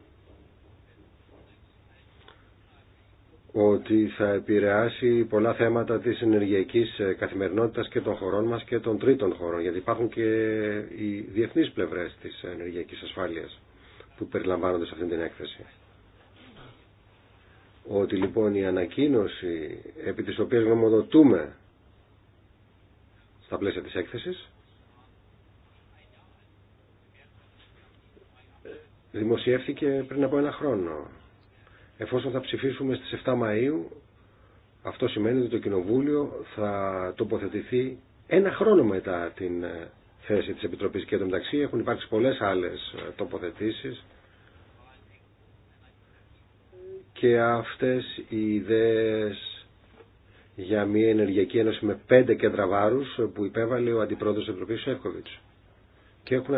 ότι θα επηρεάσει πολλά θέματα της ενεργειακής ε, καθημερινότητας και των χωρών μας και των τρίτων χωρών, γιατί υπάρχουν και οι διεθνείς πλευρές της ενεργειακής ασφάλειας που περιλαμβάνονται σε αυτή την έκθεση. Ότι λοιπόν η ανακοίνωση επί της οποίας γνωμοδοτούμε στα πλαίσια της έκθεσης δημοσιεύθηκε πριν από ένα χρόνο Εφόσον θα ψηφίσουμε στις 7 Μαΐου, αυτό σημαίνει ότι το Κοινοβούλιο θα τοποθετηθεί ένα χρόνο μετά την ε, θέση της Επιτροπής και μεταξύ. έχουν υπάρξει πολλές άλλες ε, τοποθετήσεις και αυτές οι ιδέες για μια ενεργειακή ένωση με πέντε κέντρα βάρου ε, που υπέβαλε ο Αντιπρόεδρος της Επιτροπής Σεύκοβιτς. Και έχουν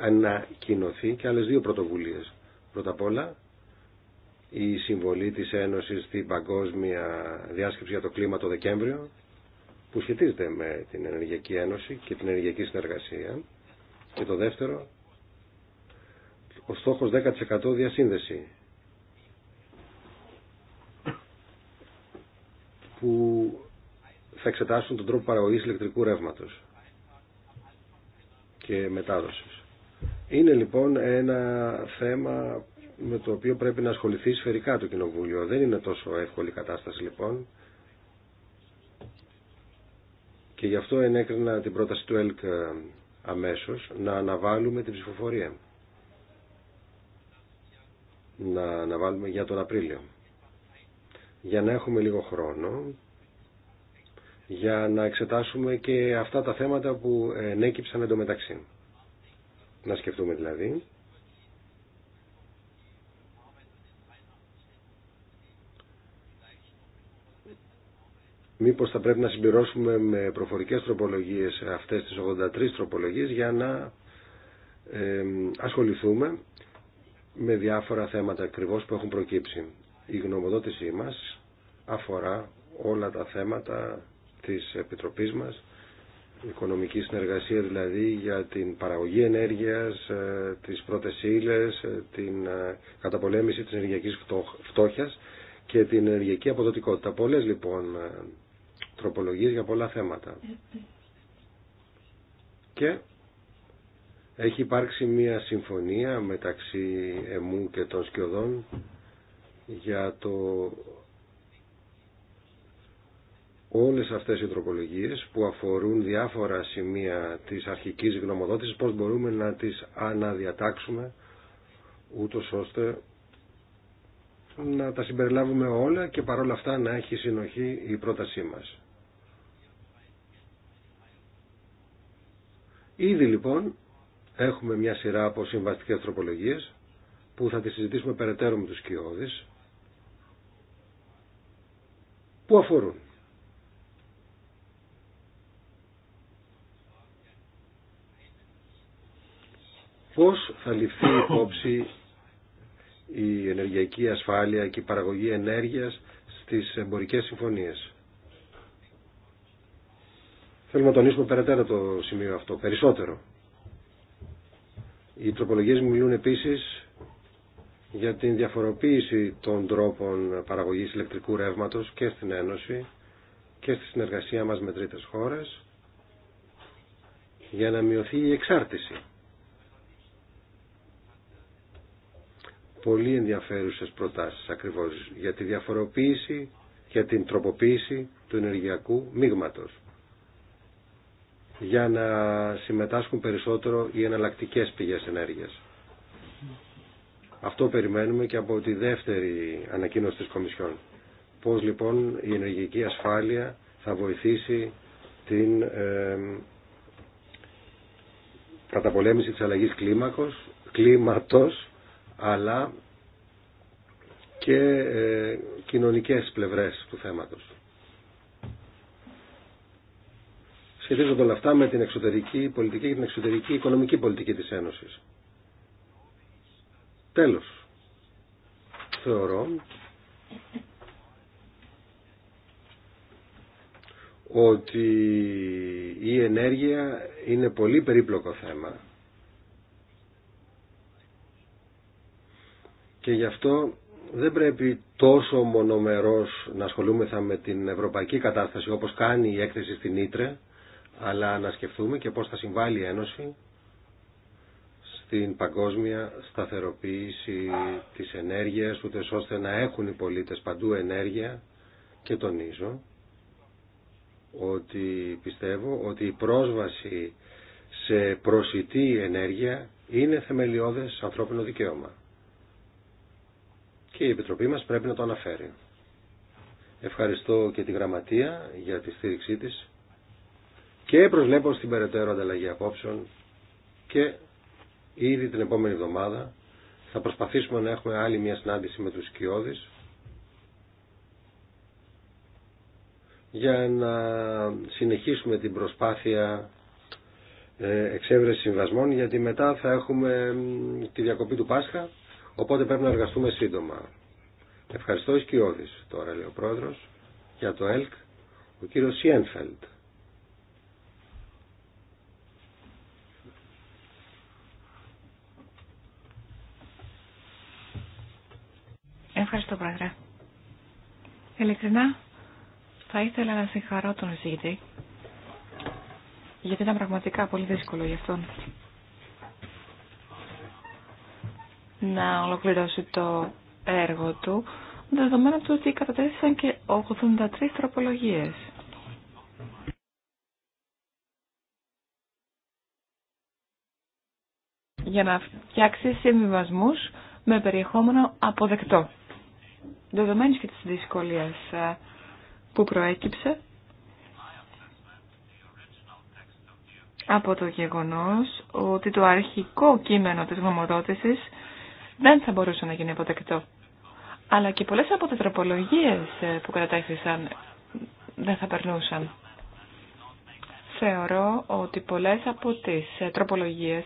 ανακοινωθεί και άλλες δύο πρωτοβουλίες. Πρώτα απ' όλα η συμβολή της Ένωσης στην Παγκόσμια Διάσκεψη για το Κλίμα το Δεκέμβριο που σχετίζεται με την Ενεργειακή Ένωση και την Ενεργειακή Συνεργασία και το δεύτερο ο στόχος 10% διασύνδεση που θα εξετάσουν τον τρόπο παραγωγής ηλεκτρικού ρεύματος και μετάδοσης. Είναι λοιπόν ένα θέμα με το οποίο πρέπει να ασχοληθεί σφαιρικά το Κοινοβούλιο. Δεν είναι τόσο εύκολη κατάσταση λοιπόν. Και γι' αυτό ενέκρινα την πρόταση του ΕΛΚ ε, αμέσως να αναβάλουμε την ψηφοφορία. Να αναβάλουμε για τον Απρίλιο. Για να έχουμε λίγο χρόνο για να εξετάσουμε και αυτά τα θέματα που ενέκυψαν εντωμεταξύ. Να σκεφτούμε δηλαδή μήπως θα πρέπει να συμπληρώσουμε με προφορικές τροπολογίες αυτές τις 83 τροπολογίες για να ασχοληθούμε με διάφορα θέματα ακριβώ που έχουν προκύψει. Η γνωμοδότησή μας αφορά όλα τα θέματα της Επιτροπής μας, οικονομική συνεργασία δηλαδή για την παραγωγή ενέργειας, ε, τις πρώτες ύλες, ε, την ε, καταπολέμηση της ενεργειακής φτώχειας και την ενεργειακή αποδοτικότητα. Πολλές λοιπόν τροπολογίες για πολλά θέματα. Και έχει υπάρξει μια συμφωνία μεταξύ εμού και των σκιωδών για το όλες αυτές οι τροπολογίες που αφορούν διάφορα σημεία της αρχικής γνωμοδότησης, πώς μπορούμε να τις αναδιατάξουμε ούτως ώστε να τα συμπεριλάβουμε όλα και παρόλα αυτά να έχει συνοχή η πρότασή μας. Ήδη λοιπόν έχουμε μια σειρά από συμβαστικές τροπολογίες που θα τις συζητήσουμε περαιτέρω με τους κοιόδης που αφορούν πώς θα ληφθεί υπόψη η ενεργειακή ασφάλεια και η παραγωγή ενέργειας στις εμπορικές συμφωνίες. Θέλουμε να τονίσουμε περαιτέρω το σημείο αυτό, περισσότερο. Οι τροπολογίες μιλούν επίσης για την διαφοροποίηση των τρόπων παραγωγής ηλεκτρικού ρεύματος και στην Ένωση και στη συνεργασία μας με τρίτες χώρες για να μειωθεί η εξάρτηση. Πολύ ενδιαφέρουσες προτάσεις ακριβώς για τη διαφοροποίηση, και την τροποποίηση του ενεργειακού μείγματος για να συμμετάσχουν περισσότερο οι εναλλακτικέ πηγές ενέργειας. Αυτό περιμένουμε και από τη δεύτερη ανακοίνωση της Κομισιόν. Πώς λοιπόν η ενεργειακή ασφάλεια θα βοηθήσει την ε, καταπολέμηση της αλλαγής κλίμακος, κλίματος, αλλά και ε, κοινωνικές πλευρές του θέματος. σχετίζονται όλα αυτά με την εξωτερική πολιτική και την εξωτερική οικονομική πολιτική της Ένωσης. Τέλος, θεωρώ ότι η ενέργεια είναι πολύ περίπλοκο θέμα και γι' αυτό δεν πρέπει τόσο μονομερός να ασχολούμεθα με την ευρωπαϊκή κατάσταση όπως κάνει η έκθεση στην Ήτρε αλλά να σκεφτούμε και πώς θα συμβάλλει η Ένωση στην παγκόσμια σταθεροποίηση της ενέργειας, ούτε ώστε να έχουν οι πολίτες παντού ενέργεια και τονίζω ότι πιστεύω ότι η πρόσβαση σε προσιτή ενέργεια είναι θεμελιώδες ανθρώπινο δικαίωμα. Και η Επιτροπή μας πρέπει να το αναφέρει. Ευχαριστώ και τη Γραμματεία για τη στήριξή της και προσβλέπω στην περαιτέρω ανταλλαγή απόψεων και ήδη την επόμενη εβδομάδα θα προσπαθήσουμε να έχουμε άλλη μια συνάντηση με τους σκιώδεις για να συνεχίσουμε την προσπάθεια ε, εξέβρεση συμβασμών γιατί μετά θα έχουμε τη διακοπή του Πάσχα οπότε πρέπει να εργαστούμε σύντομα. Ευχαριστώ Ισκιώδης τώρα λέει ο Πρόεδρος για το ΕΛΚ ο κύριος Σιένφελτ. Ευχαριστώ, Πρόεδρε. Ειλικρινά, θα ήθελα να συγχαρώ τον εισηγητή, γιατί ήταν πραγματικά πολύ δύσκολο για αυτόν να ολοκληρώσει το έργο του, δεδομένου του ότι κατατέθησαν και 83 τροπολογίες. για να φτιάξει συμβιβασμούς με περιεχόμενο αποδεκτό δεδομένης και της δυσκολίας ε, που προέκυψε από το γεγονός ότι το αρχικό κείμενο της γνωμοδότησης δεν θα μπορούσε να γίνει αποτεκτό. Αλλά και πολλές από τις τροπολογίες ε, που κατατέθησαν δεν θα περνούσαν. Θεωρώ ότι πολλές από τις ε, τροπολογίες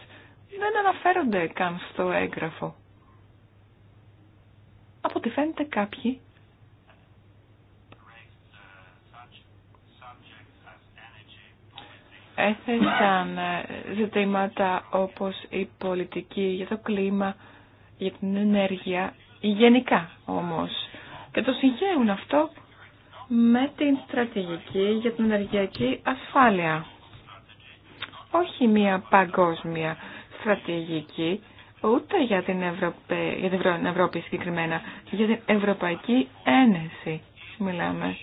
δεν αναφέρονται καν στο έγγραφο. Από ό,τι φαίνεται κάποιοι έθεσαν ε, ζητήματα όπως η πολιτική για το κλίμα, για την ενέργεια, γενικά όμως. Και το συγχαίουν αυτό με την στρατηγική για την ενεργειακή ασφάλεια. Όχι μία παγκόσμια στρατηγική, ούτε για την, για την Ευρώπη συγκεκριμένα, για την Ευρωπαϊκή Ένωση μιλάμε.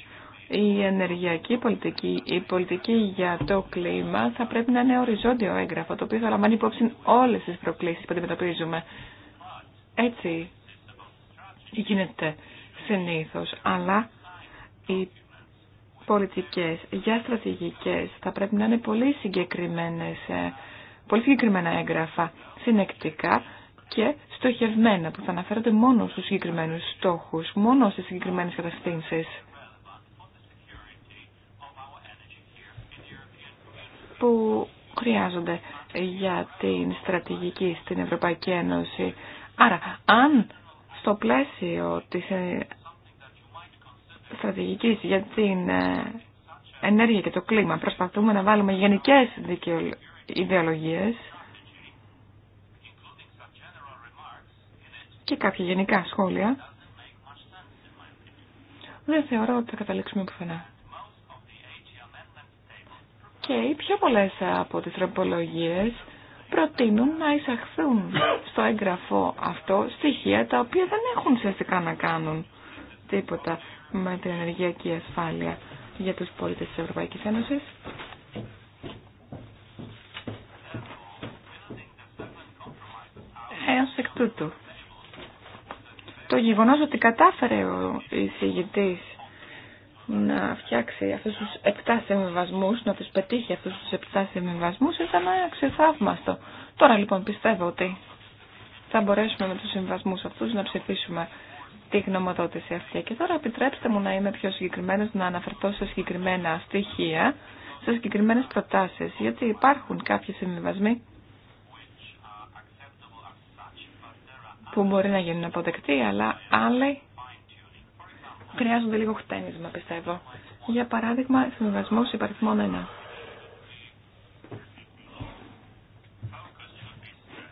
Η ενεργειακή πολιτική, η πολιτική για το κλίμα θα πρέπει να είναι οριζόντιο έγγραφο, το οποίο θα λαμβάνει υπόψη όλες τις προκλήσεις που αντιμετωπίζουμε. Έτσι γίνεται συνήθως, αλλά οι πολιτικές για στρατηγικές θα πρέπει να είναι πολύ συγκεκριμένες ε, πολύ συγκεκριμένα έγγραφα συνεκτικά και στοχευμένα που θα αναφέρονται μόνο στους συγκεκριμένους στόχους, μόνο στις συγκεκριμένες κατευθύνσεις. που χρειάζονται για την στρατηγική στην Ευρωπαϊκή Ένωση. Άρα, αν στο πλαίσιο της ε, στρατηγικής για την ε, ενέργεια και το κλίμα προσπαθούμε να βάλουμε γενικές ιδεολογίες και κάποια γενικά σχόλια, δεν θεωρώ ότι θα καταλήξουμε πουθενά. Και οι πιο πολλές από τις τροπολογίες προτείνουν να εισαχθούν στο έγγραφο αυτό στοιχεία τα οποία δεν έχουν ουσιαστικά να κάνουν τίποτα με την ενεργειακή ασφάλεια για τους πολίτες της Ευρωπαϊκής Ένωσης. γεγονός ότι κατάφερε ο εισηγητής να φτιάξει αυτούς τους επτά συμβιβασμούς, να τους πετύχει αυτούς τους επτά συμβιβασμούς ήταν αξιοθαύμαστο. Τώρα λοιπόν πιστεύω ότι θα μπορέσουμε με τους συμβιβασμούς αυτούς να ψηφίσουμε τη γνωμοδότηση αυτή. Και τώρα επιτρέψτε μου να είμαι πιο συγκεκριμένο να αναφερθώ σε συγκεκριμένα στοιχεία, σε συγκεκριμένες προτάσεις, γιατί υπάρχουν κάποιοι συμβιβασμοί που μπορεί να γίνουν αποδεκτοί, αλλά άλλοι χρειάζονται λίγο χτένισμα, πιστεύω. Για παράδειγμα, συμβιβασμό υπαριθμών 1.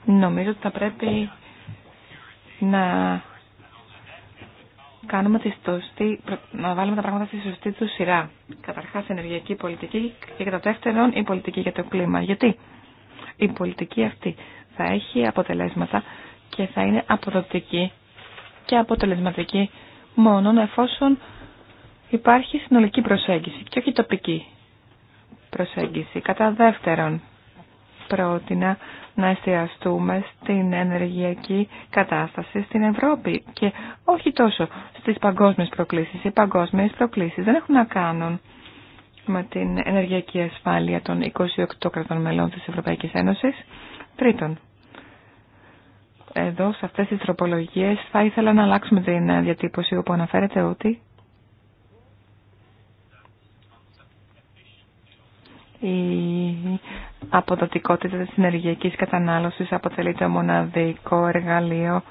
Νομίζω ότι θα πρέπει να κάνουμε τη σωστή, να βάλουμε τα πράγματα στη σωστή του σειρά. Καταρχάς ενεργειακή πολιτική και κατά δεύτερον η πολιτική για το κλίμα. Γιατί η πολιτική αυτή θα έχει αποτελέσματα και θα είναι αποδοτική και αποτελεσματική μόνον εφόσον υπάρχει συνολική προσέγγιση και όχι τοπική προσέγγιση. Κατά δεύτερον, πρότεινα να εστιαστούμε στην ενεργειακή κατάσταση στην Ευρώπη και όχι τόσο στις παγκόσμιες προκλήσεις. Οι παγκόσμιες προκλήσεις δεν έχουν να κάνουν με την ενεργειακή ασφάλεια των 28 κρατών μελών της Ευρωπαϊκής Ένωσης. Τρίτον, εδώ σε αυτές τις τροπολογίες θα ήθελα να αλλάξουμε την ε, διατύπωση όπου αναφέρεται ότι η αποδοτικότητα της ενεργειακής κατανάλωσης αποτελεί το μοναδικό εργαλείο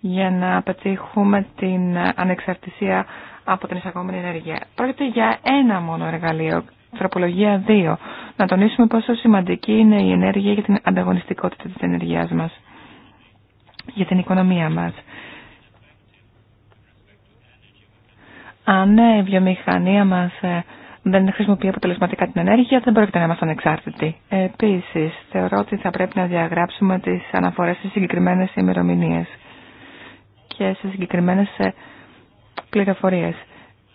για να πετύχουμε την ανεξαρτησία από την εισαγόμενη ενέργεια. Πρόκειται για ένα μόνο εργαλείο Ανθρωπολογία 2. Να τονίσουμε πόσο σημαντική είναι η ενέργεια για την ανταγωνιστικότητα της ενεργειάς μας, για την οικονομία μας. Αν ε, η βιομηχανία μας ε, δεν χρησιμοποιεί αποτελεσματικά την ενέργεια, δεν πρόκειται να είμαστε ανεξάρτητοι. Επίσης, θεωρώ ότι θα πρέπει να διαγράψουμε τις αναφορές σε συγκεκριμένες ημερομηνίες και σε συγκεκριμένες ε, πληροφορίες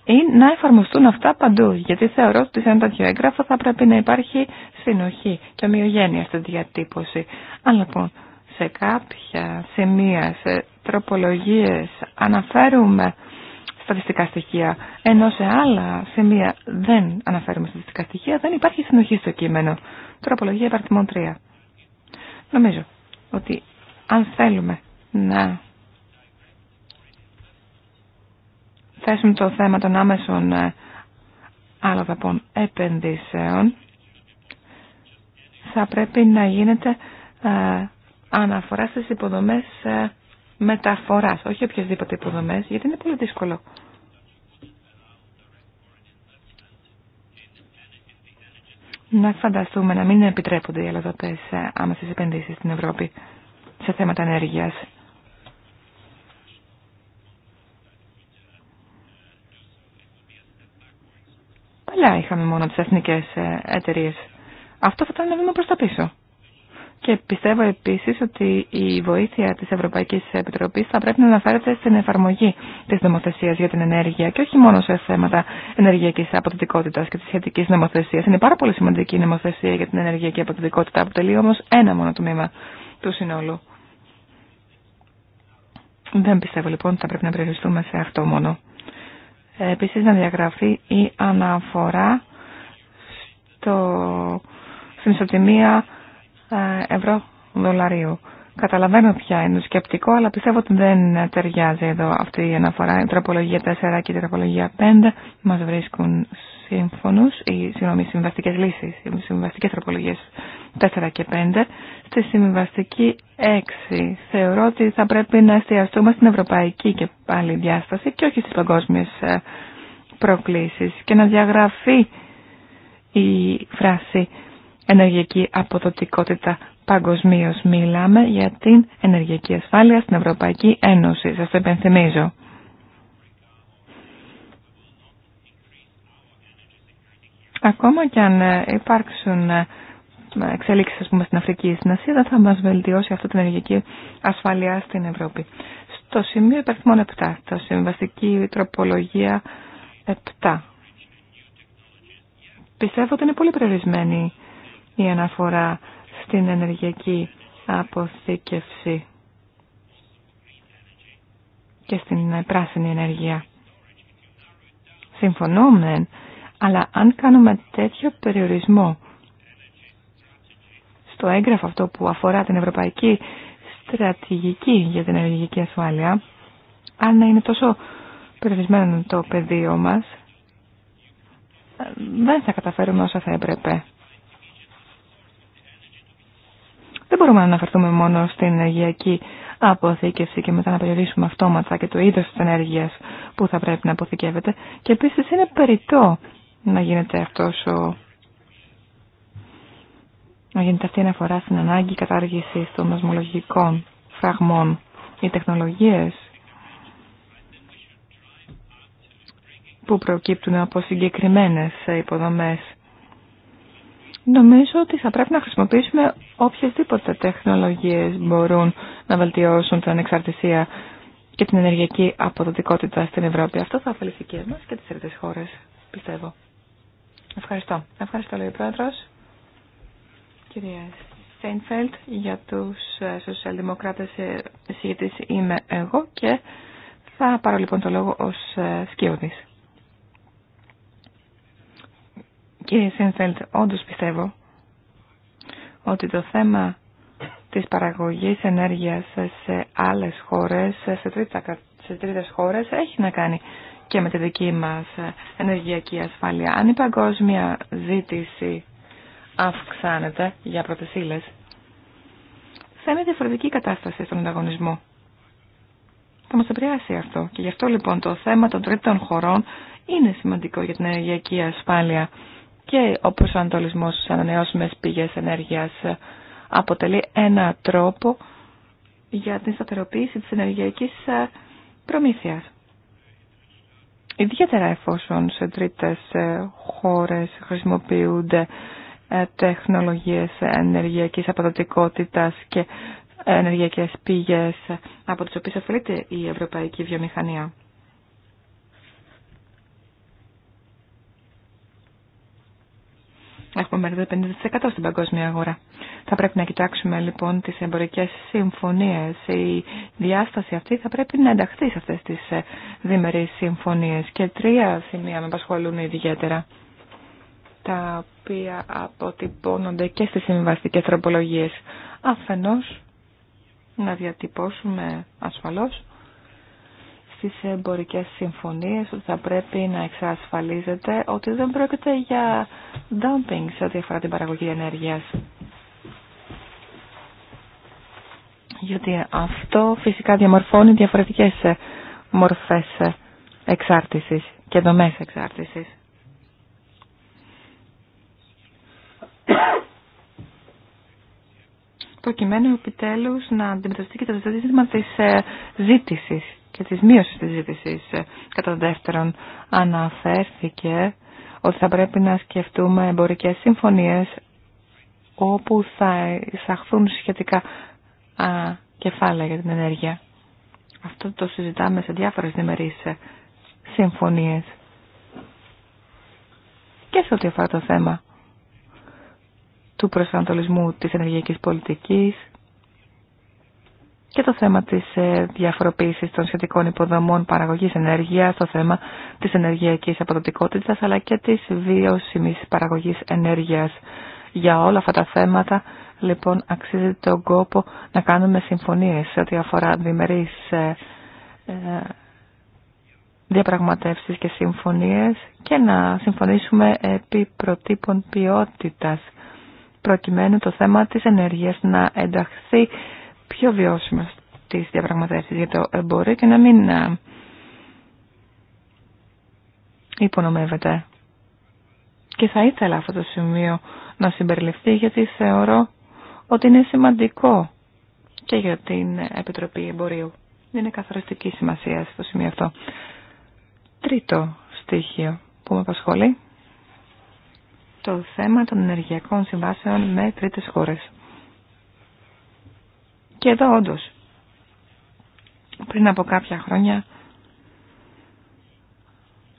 ή να εφαρμοστούν αυτά παντού. Γιατί θεωρώ ότι σε ένα τέτοιο έγγραφο θα πρέπει να υπάρχει συνοχή και ομοιογένεια στη διατύπωση. Αν λοιπόν σε κάποια σημεία, σε τροπολογίες αναφέρουμε στατιστικά στοιχεία, ενώ σε άλλα σημεία δεν αναφέρουμε στατιστικά στοιχεία, δεν υπάρχει συνοχή στο κείμενο. Τροπολογία υπαρτιμών 3. Νομίζω ότι αν θέλουμε να θέσουν το θέμα των άμεσων άλλων ε, επενδύσεων, θα πρέπει να γίνεται ε, αναφορά στις υποδομές ε, μεταφοράς, όχι οποιασδήποτε υποδομές, γιατί είναι πολύ δύσκολο. Να φανταστούμε να μην επιτρέπονται οι αλλαδοτές άμεσες επενδύσεις στην Ευρώπη σε θέματα ενέργειας. Παλιά είχαμε μόνο τις εθνικές ε, εταιρείε. Αυτό θα ήταν ένα βήμα προς τα πίσω. Και πιστεύω επίσης ότι η βοήθεια της Ευρωπαϊκής Επιτροπής θα πρέπει να αναφέρεται στην εφαρμογή της νομοθεσίας για την ενέργεια και όχι μόνο σε θέματα ενεργειακής αποδοτικότητας και της σχετικής νομοθεσίας. Είναι πάρα πολύ σημαντική η νομοθεσία για την ενεργειακή αποδοτικότητα, αποτελεί όμως ένα μόνο το μήμα του συνόλου. Δεν πιστεύω λοιπόν ότι θα πρέπει να περιοριστούμε σε αυτό μόνο. Επίσης να διαγραφεί η αναφορά στο, στην ισοτιμία ε, ευρώ-δολαρίου. Καταλαβαίνω ποια είναι το σκεπτικό, αλλά πιστεύω ότι δεν ταιριάζει εδώ αυτή η αναφορά. Η τροπολογία 4 και η τροπολογία 5 μας βρίσκουν σύμφωνους, ή συγγνώμη, λύσει, λύσεις, συμβαστικές τροπολογίες 4 και 5. Στη συμβαστική 6 θεωρώ ότι θα πρέπει να εστιαστούμε στην ευρωπαϊκή και πάλι διάσταση και όχι στις παγκόσμιες ε, προκλήσεις και να διαγραφεί η φράση ενεργειακή αποδοτικότητα παγκοσμίω. Μιλάμε για την ενεργειακή ασφάλεια στην Ευρωπαϊκή Ένωση. Σας το υπενθυμίζω. Ακόμα και αν ε, υπάρξουν ε, εξελίξεις ας πούμε, στην Αφρική ή στην Ασία, δεν θα μας βελτιώσει αυτή την ενεργειακή ασφαλεία στην Ευρώπη. Στο σημείο μόνο 7, στο συμβαστική τροπολογία 7. Πιστεύω ότι είναι πολύ περιορισμένη η αναφορά στην ενεργειακή αποθήκευση και στην ε, πράσινη ενέργεια. Συμφωνώ μεν αλλά αν κάνουμε τέτοιο περιορισμό στο έγγραφο αυτό που αφορά την ευρωπαϊκή στρατηγική για την ενεργειακή ασφάλεια, αν είναι τόσο περιορισμένο το πεδίο μας, δεν θα καταφέρουμε όσα θα έπρεπε. Δεν μπορούμε να αναφερθούμε μόνο στην ενεργειακή αποθήκευση και μετά να περιορίσουμε αυτόματα και το είδος της ενέργεια που θα πρέπει να αποθηκεύεται. Και επίση είναι περιττό να γίνεται αυτός ο να γίνεται αυτή η αναφορά στην ανάγκη κατάργησης των μασμολογικών φραγμών. Οι τεχνολογίες που προκύπτουν από συγκεκριμένες υποδομές. Νομίζω ότι θα πρέπει να χρησιμοποιήσουμε οποιασδήποτε τεχνολογίες μπορούν να βελτιώσουν την ανεξαρτησία και την ενεργειακή αποδοτικότητα στην Ευρώπη. Αυτό θα ωφεληθεί και εμάς και τις τρίτες χώρες, πιστεύω. Ευχαριστώ. Ευχαριστώ, λέει ο πρόεδρο. Κυρία Σέινφελτ, για τους ε, σοσιαλδημοκράτες ε, εισηγητής είμαι εγώ και θα πάρω λοιπόν το λόγο ως ε, σκιώδη. Κύριε Σέινφελτ, όντως πιστεύω ότι το θέμα της παραγωγής ενέργειας σε άλλες χώρες, σε, σε τρίτες χώρες, έχει να κάνει και με τη δική μας ενεργειακή ασφάλεια. Αν η παγκόσμια ζήτηση αυξάνεται για πρώτες ύλες, θα είναι διαφορετική κατάσταση στον ανταγωνισμό. Θα μας επηρεάσει αυτό. Και γι' αυτό λοιπόν το θέμα των τρίτων χωρών είναι σημαντικό για την ενεργειακή ασφάλεια και ο προσανατολισμός στις ανανεώσιμες πηγές ενέργειας αποτελεί ένα τρόπο για την σταθεροποίηση της ενεργειακής προμήθειας. Ιδιαίτερα εφόσον σε τρίτες ε, χώρες χρησιμοποιούνται ε, τεχνολογίες ενεργειακής αποδοτικότητας και ενεργειακές πήγες ε, από τις οποίες αφαιρείται η ευρωπαϊκή βιομηχανία. Έχουμε μέχρι το 50% στην παγκόσμια αγορά. Θα πρέπει να κοιτάξουμε λοιπόν τις εμπορικές συμφωνίες. Η διάσταση αυτή θα πρέπει να ενταχθεί σε αυτές τις ε, διμερείς συμφωνίες. Και τρία σημεία με απασχολούν ιδιαίτερα τα οποία αποτυπώνονται και στις συμβαστικές τροπολογίες. Αφενός, να διατυπώσουμε ασφαλώς σε εμπορικές συμφωνίες ότι θα πρέπει να εξασφαλίζεται ότι δεν πρόκειται για dumping σε ό,τι αφορά την παραγωγή ενέργειας. Γιατί αυτό φυσικά διαμορφώνει διαφορετικές μορφές εξάρτησης και δομές εξάρτησης. προκειμένου επιτέλου να αντιμετωπιστεί και το ζήτημα τη ε, ζήτηση και της μείωσης της ζήτησης. Ε, κατά δεύτερον, αναφέρθηκε ότι θα πρέπει να σκεφτούμε εμπορικές συμφωνίες όπου θα εισαχθούν σχετικά α, κεφάλαια για την ενέργεια. Αυτό το συζητάμε σε διάφορες διμερείς ε, συμφωνίες και σε ό,τι αφορά το θέμα του προσανατολισμού της ενεργειακής πολιτικής και το θέμα της ε, διαφοροποίησης των σχετικών υποδομών παραγωγής ενέργειας, το θέμα της ενεργειακής αποδοτικότητας αλλά και της βιώσιμης παραγωγής ενέργειας. Για όλα αυτά τα θέματα λοιπόν αξίζει τον κόπο να κάνουμε συμφωνίες σε ό,τι αφορά διμερείς ε, ε, διαπραγματεύσεις και συμφωνίες και να συμφωνήσουμε επί προτύπων ποιότητας προκειμένου το θέμα της ενέργειας να ενταχθεί πιο βιώσιμα στις διαπραγματεύσεις για το εμπόριο και να μην ε, υπονομεύεται. Και θα ήθελα αυτό το σημείο να συμπεριληφθεί γιατί θεωρώ ότι είναι σημαντικό και για την Επιτροπή Εμπορίου. Είναι καθοριστική σημασία στο σημείο αυτό. Τρίτο στοιχείο που με απασχολεί, το θέμα των ενεργειακών συμβάσεων με τρίτες χώρες. Και εδώ όντω. πριν από κάποια χρόνια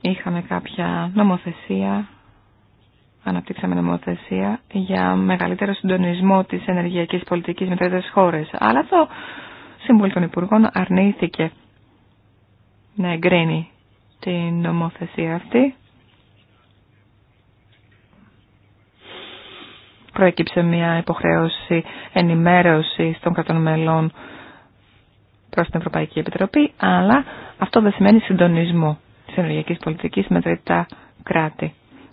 είχαμε κάποια νομοθεσία, αναπτύξαμε νομοθεσία για μεγαλύτερο συντονισμό της ενεργειακής πολιτικής με τέτοιες χώρες. Αλλά το Συμβούλιο των Υπουργών αρνήθηκε να εγκρίνει την νομοθεσία αυτή προέκυψε μια υποχρέωση ενημέρωση των κρατών μελών προ την Ευρωπαϊκή Επιτροπή, αλλά αυτό δεν σημαίνει συντονισμό τη ενεργειακή πολιτική με τρίτα κράτη.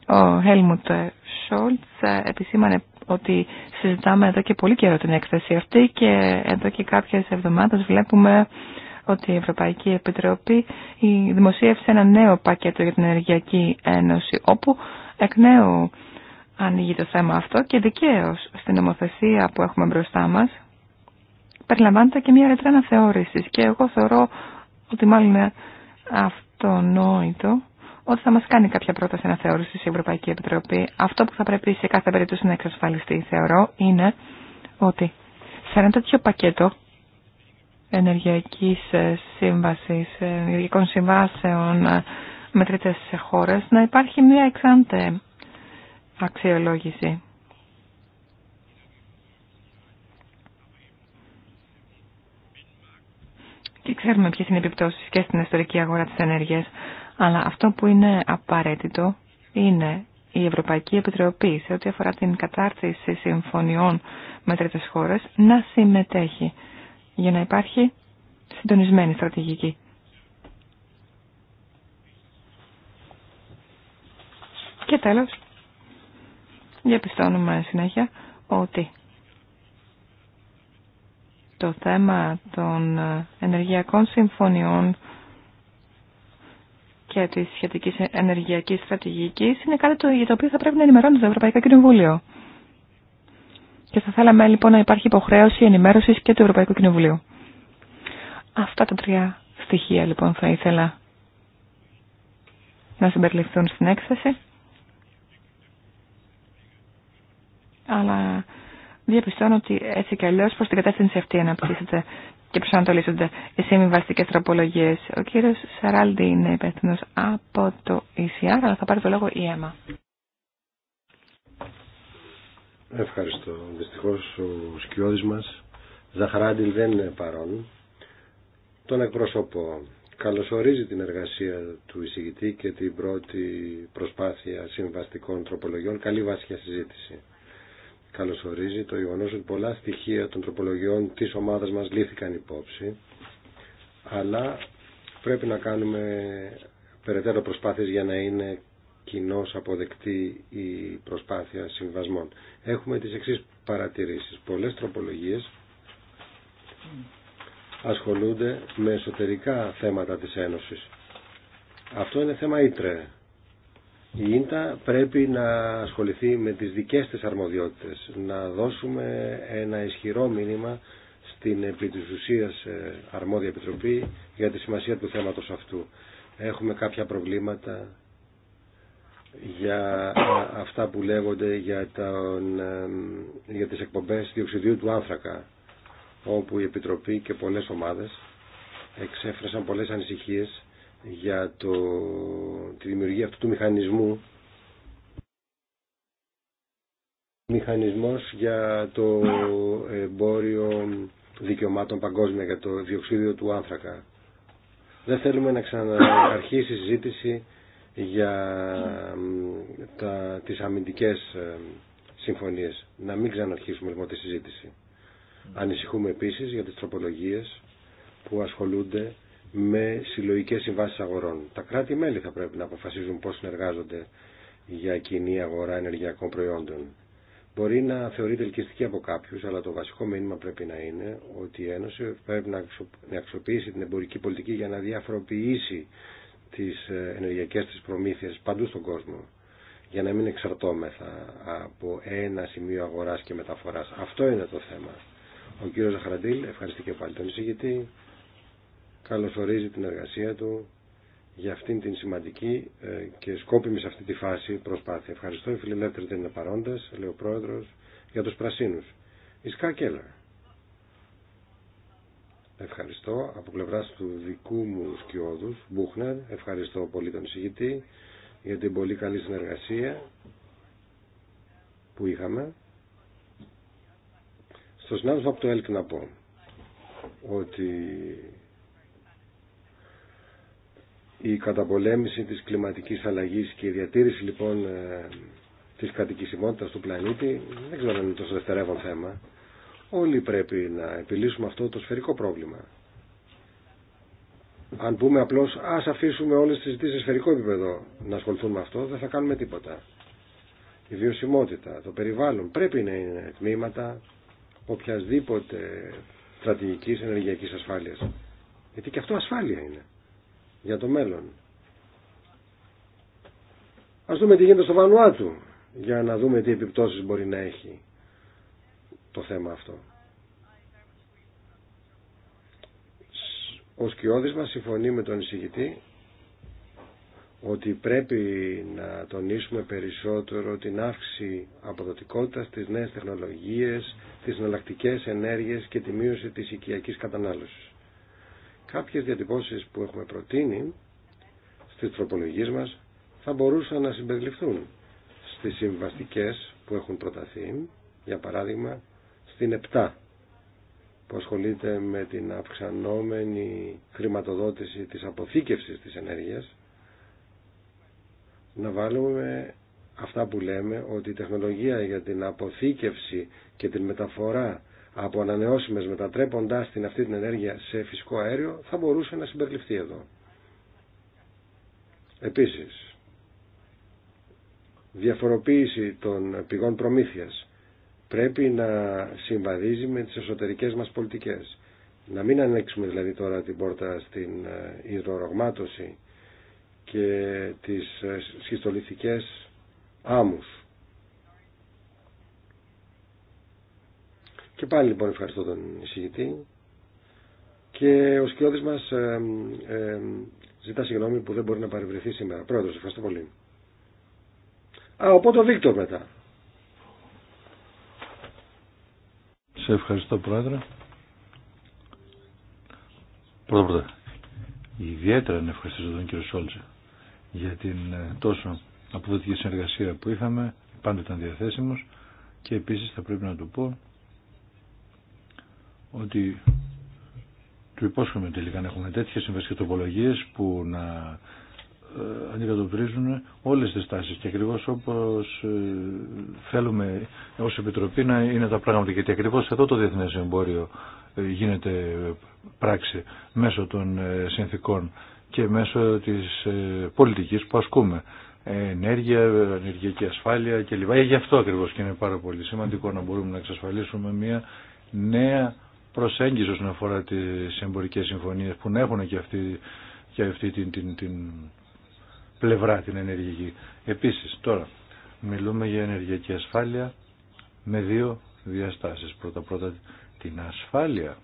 Ο Helmut Σόλτ επισήμανε ότι συζητάμε εδώ και πολύ καιρό την έκθεση αυτή και εδώ και κάποιες εβδομάδες βλέπουμε ότι η Ευρωπαϊκή Επιτροπή δημοσίευσε ένα νέο πακέτο για την Ενεργειακή Ένωση όπου εκ νέου ανοίγει το θέμα αυτό και δικαίω στην νομοθεσία που έχουμε μπροστά μα περιλαμβάνεται και μια ρετρένα θεώρηση. και εγώ θεωρώ ότι μάλλον είναι αυτονόητο ότι θα μα κάνει κάποια πρόταση αναθεώρησης η Ευρωπαϊκή Επιτροπή. Αυτό που θα πρέπει σε κάθε περίπτωση να εξασφαλιστεί, θεωρώ, είναι ότι σε ένα τέτοιο πακέτο ενεργειακής ε, σύμβασης, ε, ενεργειακών συμβάσεων ε, με τρίτες χώρες, να υπάρχει μια εξάντε αξιολόγηση. Και ξέρουμε ποιες είναι οι επιπτώσεις και στην ιστορική αγορά της ενέργειας. Αλλά αυτό που είναι απαραίτητο είναι η Ευρωπαϊκή Επιτροπή σε ό,τι αφορά την κατάρτιση συμφωνιών με τρίτες χώρες να συμμετέχει για να υπάρχει συντονισμένη στρατηγική. Και τέλος, διαπιστώνουμε συνέχεια ότι το θέμα των ενεργειακών συμφωνιών και της σχετικής ενεργειακής στρατηγικής είναι κάτι το, για το οποίο θα πρέπει να ενημερώνει το Ευρωπαϊκό Κοινοβούλιο. Και θα θέλαμε λοιπόν να υπάρχει υποχρέωση ενημέρωσης και του Ευρωπαϊκού Κοινοβουλίου. Αυτά τα τρία στοιχεία λοιπόν θα ήθελα να συμπεριληφθούν στην έκθεση. αλλά διαπιστώνω ότι έτσι κι αλλιώ προ την κατεύθυνση αυτή αναπτύσσεται και προσανατολίζονται οι συμβιβαστικέ τροπολογίε. Ο κύριο Σαράλντι είναι υπεύθυνο από το ECR, αλλά θα πάρει το λόγο η ΕΜΑ. Ευχαριστώ. Δυστυχώ ο σκιώδη μα Ζαχαράντιλ δεν είναι παρόν. Τον εκπροσωπώ. Καλωσορίζει την εργασία του εισηγητή και την πρώτη προσπάθεια συμβαστικών τροπολογιών. Καλή για συζήτηση καλωσορίζει το γεγονός ότι πολλά στοιχεία των τροπολογιών της ομάδας μας λύθηκαν υπόψη, αλλά πρέπει να κάνουμε περαιτέρω προσπάθειες για να είναι κοινώ αποδεκτή η προσπάθεια συμβασμών. Έχουμε τις εξής παρατηρήσεις. Πολλές τροπολογίες ασχολούνται με εσωτερικά θέματα της Ένωσης. Αυτό είναι θέμα ήτρε η ίντα πρέπει να ασχοληθεί με τις δικές της αρμοδιότητες, να δώσουμε ένα ισχυρό μήνυμα στην επί της ε, αρμόδια επιτροπή για τη σημασία του θέματος αυτού. Έχουμε κάποια προβλήματα για αυτά που λέγονται για, τον, για τις εκπομπές διοξιδίου του άνθρακα όπου η Επιτροπή και πολλές ομάδες εξέφρασαν πολλές ανησυχίες για το τη δημιουργία αυτού του μηχανισμού μηχανισμός για το εμπόριο δικαιωμάτων παγκόσμια για το διοξίδιο του άνθρακα. Δεν θέλουμε να ξαναρχίσει η συζήτηση για τα, τις αμυντικές ε, συμφωνίες. Να μην ξαναρχίσουμε λοιπόν τη συζήτηση. Ανησυχούμε επίσης για τις τροπολογίες που ασχολούνται με συλλογικές συμβάσεις αγορών. Τα κράτη-μέλη θα πρέπει να αποφασίζουν πώς συνεργάζονται για κοινή αγορά ενεργειακών προϊόντων. Μπορεί να θεωρείται ελκυστική από κάποιους, αλλά το βασικό μήνυμα πρέπει να είναι ότι η Ένωση πρέπει να αξιοποιήσει την εμπορική πολιτική για να διαφοροποιήσει τις ε, ενεργειακές της προμήθειες παντού στον κόσμο για να μην εξαρτώμεθα από ένα σημείο αγοράς και μεταφοράς. Αυτό είναι το θέμα. Ο κύριος Ζαχαραντήλ, ευχαριστή και πάλι τον εισηγητή καλωσορίζει την εργασία του για αυτήν την σημαντική ε, και σκόπιμη σε αυτή τη φάση προσπάθεια. Ευχαριστώ οι φιλελεύθεροι δεν είναι παρόντες, λέει ο Πρόεδρος, για τους πρασίνους. Ισκά Ευχαριστώ. Από πλευρά του δικού μου σκιώδου, Μπούχνερ, ευχαριστώ πολύ τον εισηγητή για την πολύ καλή συνεργασία που είχαμε. Στο συνάδελφο από το ΕΛΚ να πω ότι η καταπολέμηση της κλιματικής αλλαγής και η διατήρηση λοιπόν ε, της κατοικησιμότητας του πλανήτη δεν ξέρω αν είναι τόσο δευτερεύον θέμα. Όλοι πρέπει να επιλύσουμε αυτό το σφαιρικό πρόβλημα. Αν πούμε απλώς ας αφήσουμε όλες τις ζητήσεις σε σφαιρικό επίπεδο να ασχοληθούν με αυτό δεν θα κάνουμε τίποτα. Η βιωσιμότητα, το περιβάλλον πρέπει να είναι τμήματα οποιασδήποτε στρατηγικής ενεργειακής ασφάλειας. Γιατί και αυτό ασφάλεια είναι για το μέλλον. Ας δούμε τι γίνεται στο Βανουάτου για να δούμε τι επιπτώσεις μπορεί να έχει το θέμα αυτό. Ο Σκιώδης μας συμφωνεί με τον εισηγητή ότι πρέπει να τονίσουμε περισσότερο την αύξηση αποδοτικότητας, της νέες τεχνολογίες, τις εναλλακτικέ ενέργειες και τη μείωση της οικιακής κατανάλωσης. Κάποιες διατυπώσεις που έχουμε προτείνει στις τροπολογίες μας θα μπορούσαν να συμπεριληφθούν στις συμβαστικές που έχουν προταθεί, για παράδειγμα στην 7 που ασχολείται με την αυξανόμενη χρηματοδότηση της αποθήκευσης της ενέργειας, να βάλουμε αυτά που λέμε ότι η τεχνολογία για την αποθήκευση και την μεταφορά από ανανεώσιμες μετατρέποντάς την αυτή την ενέργεια σε φυσικό αέριο θα μπορούσε να συμπεριληφθεί εδώ. Επίσης, διαφοροποίηση των πηγών προμήθειας πρέπει να συμβαδίζει με τις εσωτερικές μας πολιτικές. Να μην ανοίξουμε δηλαδή τώρα την πόρτα στην υδρορογμάτωση ε, και τις ε, σχιστολιθικές άμμους. Και πάλι λοιπόν ευχαριστώ τον εισηγητή και ο σκιώδης μας ε, ε, ζητά συγγνώμη που δεν μπορεί να παρευρεθεί σήμερα. Πρόεδρος, ευχαριστώ πολύ. Α, οπότε ο Βίκτορ μετά. Σε ευχαριστώ πρόεδρε. Πρώτα πρώτα. Ιδιαίτερα να ευχαριστήσω τον κύριο Σόλτζε για την ε, τόσο αποδοτική συνεργασία που είχαμε. Πάντα ήταν διαθέσιμος και επίσης θα πρέπει να του πω ότι του υπόσχομαι τελικά να έχουμε τέτοιες συμβασκετοπολογίες που να ε, αντικατοπτρίζουν όλες τις τάσεις και ακριβώς όπως ε, θέλουμε ως Επιτροπή να είναι τα πράγματα γιατί ακριβώς εδώ το διεθνές εμπόριο ε, γίνεται πράξη μέσω των συνθήκων και μέσω της πολιτικής που ασκούμε ενέργεια, ενεργειακή ασφάλεια κλπ. Γι' αυτό ακριβώς και είναι πάρα πολύ σημαντικό να μπορούμε να εξασφαλίσουμε μια νέα προσέγγιση όσον αφορά τις εμπορικές συμφωνίες που να έχουν και αυτή, την, πλευρά την ενεργειακή. Επίσης τώρα μιλούμε για ενεργειακή ασφάλεια με δύο διαστάσεις. Πρώτα πρώτα την ασφάλεια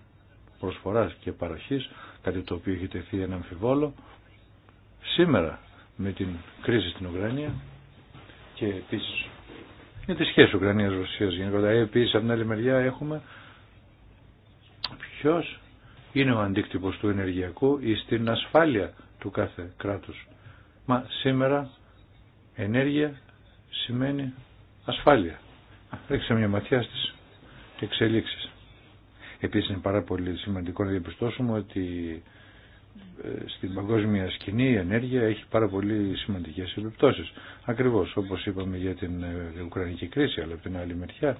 προσφοράς και παροχής, κάτι το οποίο έχει τεθεί ένα αμφιβόλο. Σήμερα με την κρίση στην Ουκρανία και επίσης με τη σχέση Ουκρανίας-Ρωσίας γενικότερα. Ε, επίσης από την άλλη μεριά έχουμε ποιος είναι ο αντίκτυπος του ενεργειακού ή στην ασφάλεια του κάθε κράτους. Μα σήμερα ενέργεια σημαίνει ασφάλεια. Ρίξα μια ματιά στις εξελίξεις. Επίσης είναι πάρα πολύ σημαντικό να διαπιστώσουμε ότι ε, στην παγκόσμια σκηνή η ενέργεια έχει σημαινει ασφαλεια ριξε μια πολύ σημαντικές επιπτώσεις. Ακριβώς όπως είπαμε για ε, την Ουκρανική κρίση, αλλά από την άλλη μεριά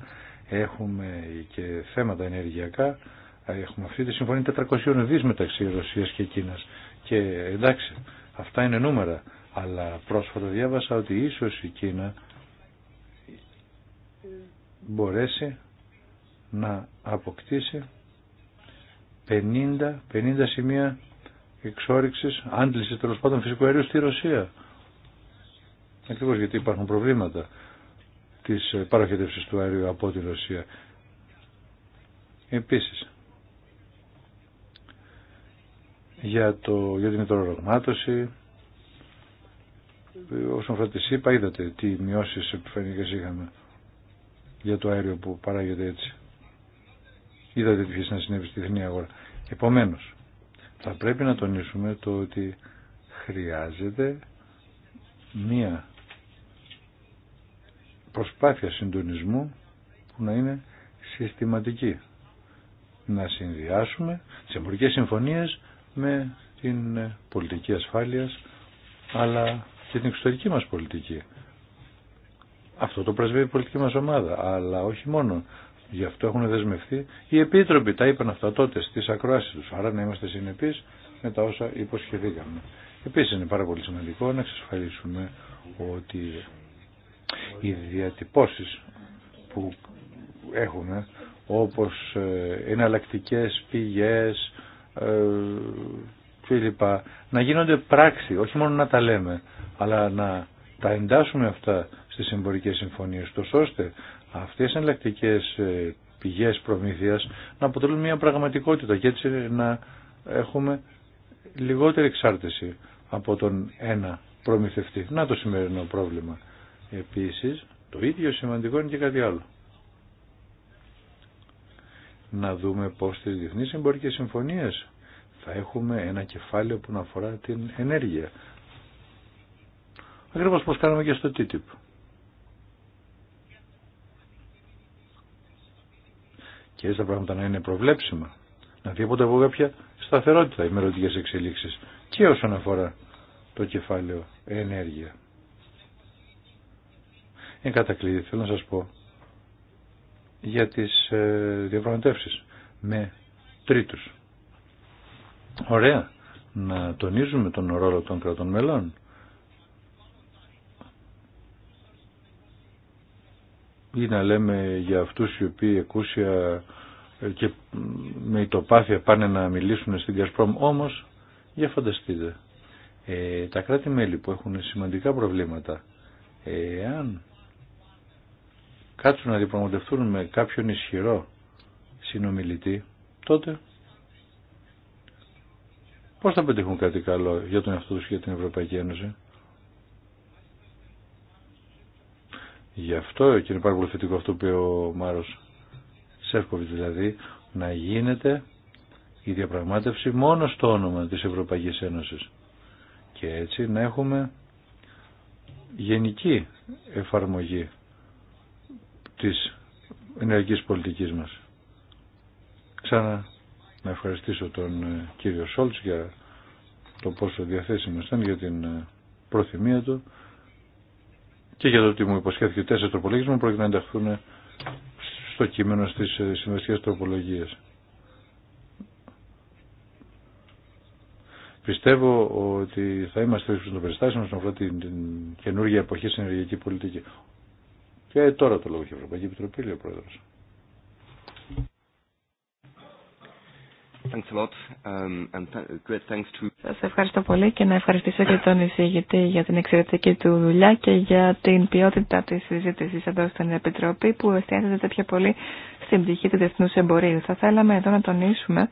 έχουμε και θέματα ενεργειακά Έχουμε αυτή τη συμφωνία 400 δις μεταξύ Ρωσίας και Κίνας. Και εντάξει, αυτά είναι νούμερα. Αλλά πρόσφατα διάβασα ότι ίσως η Κίνα μπορέσει να αποκτήσει 50, 50 σημεία εξόριξης, άντλησης τέλο πάντων φυσικού αερίου στη Ρωσία. Ακριβώς γιατί υπάρχουν προβλήματα της παροχέτευσης του αερίου από τη Ρωσία. Επίσης, για, το, για την υδρορογμάτωση. Όσον αφορά τη ΣΥΠΑ είδατε τι μειώσεις επιφανειακές είχαμε για το αέριο που παράγεται έτσι. Είδατε τι να συνέβη στη διεθνή αγορά. Επομένως, θα πρέπει να τονίσουμε το ότι χρειάζεται μία προσπάθεια συντονισμού που να είναι συστηματική. Να συνδυάσουμε τις εμπορικές συμφωνίες με την ε, πολιτική ασφάλειας αλλά και την εξωτερική μας πολιτική. Αυτό το πρεσβεύει η πολιτική μας ομάδα, αλλά όχι μόνο. Γι' αυτό έχουν δεσμευτεί οι επίτροποι, τα είπαν αυτά τότε στις ακροάσεις τους, άρα να είμαστε συνεπείς με τα όσα υποσχεθήκαμε. Επίσης είναι πάρα πολύ σημαντικό να εξασφαλίσουμε ότι οι διατυπώσεις που έχουμε όπως ε, εναλλακτικέ πηγές, ε, κλπ. Να γίνονται πράξη, όχι μόνο να τα λέμε, αλλά να τα εντάσσουμε αυτά στις εμπορικές συμφωνίες, τόσο ώστε αυτές οι εναλλακτικέ ε, πηγές προμήθειας να αποτελούν μια πραγματικότητα και έτσι να έχουμε λιγότερη εξάρτηση από τον ένα προμηθευτή. Να το σημερινό πρόβλημα. Επίσης, το ίδιο σημαντικό είναι και κάτι άλλο να δούμε πώς στις διεθνείς εμπορικές συμφωνίες θα έχουμε ένα κεφάλαιο που να αφορά την ενέργεια. Ακριβώς πώς κανουμε και στο TTIP. Και έτσι τα πράγματα να είναι προβλέψιμα. Να δει από κάποια σταθερότητα οι μελλοντικέ εξελίξεις και όσον αφορά το κεφάλαιο ενέργεια. Εν κατακλείδη θέλω να σας πω για τις ε, διαπραγματεύσεις με τρίτους. Ωραία να τονίζουμε τον ρόλο των κρατών μελών. Ή να λέμε για αυτούς οι οποίοι εκούσια ε, και με ητοπάθεια πάνε να μιλήσουν στην Κασπρόμ. Όμως, για φανταστείτε, ε, τα κράτη-μέλη που έχουν σημαντικά προβλήματα, εάν κάτσουν να διαπραγματευτούν με κάποιον ισχυρό συνομιλητή, τότε πώς θα πετύχουν κάτι καλό για τον εαυτό και την Ευρωπαϊκή Ένωση. Γι' αυτό και είναι πάρα πολύ θετικό αυτό που είπε ο Μάρος Σεύκοβιτ, δηλαδή να γίνεται η διαπραγμάτευση μόνο στο όνομα της Ευρωπαϊκής Ένωσης και έτσι να έχουμε γενική εφαρμογή της ενεργικής πολιτικής μας. Ξανά να ευχαριστήσω τον ε, κύριο Σόλτς για το πόσο διαθέσιμο ήταν για την ε, προθυμία του και για το ότι μου υποσχέθηκε τέσσερα τροπολογίες μου πρόκειται να ενταχθούν στο κείμενο στις ε, συμβασιές τροπολογίες. Πιστεύω ότι θα είμαστε στο περιστάσιο μας αφορά την, την καινούργια εποχή στην ενεργειακή πολιτική. Και τώρα το λόγο έχει η Ευρωπαϊκή Επιτροπή, λέει ο Πρόεδρος. Um, Σα ευχαριστώ πολύ και να ευχαριστήσω και τον εισηγητή για την εξαιρετική του δουλειά και για την ποιότητα τη συζήτηση εδώ στην Επιτροπή που εστιάζεται τέτοια πολύ στην πτυχή του διεθνού εμπορίου. Θα θέλαμε εδώ να τονίσουμε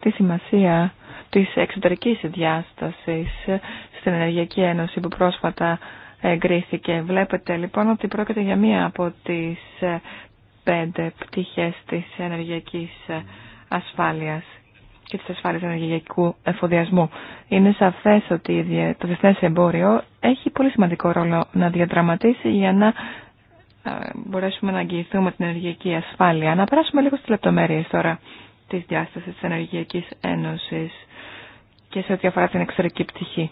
τη σημασία τη εξωτερική διάστασης στην Ενεργειακή Ένωση που πρόσφατα εγκρίθηκε. Βλέπετε λοιπόν ότι πρόκειται για μία από τις ε, πέντε πτυχές της ενεργειακής ε, ασφάλειας και της ασφάλειας ενεργειακού εφοδιασμού. Είναι σαφές ότι το διεθνές εμπόριο έχει πολύ σημαντικό ρόλο να διαδραματίσει για να ε, μπορέσουμε να αγγιηθούμε την ενεργειακή ασφάλεια. Να περάσουμε λίγο στις λεπτομέρειες τώρα της διάστασης της Ενεργειακής Ένωσης και σε ό,τι αφορά την εξωτερική πτυχή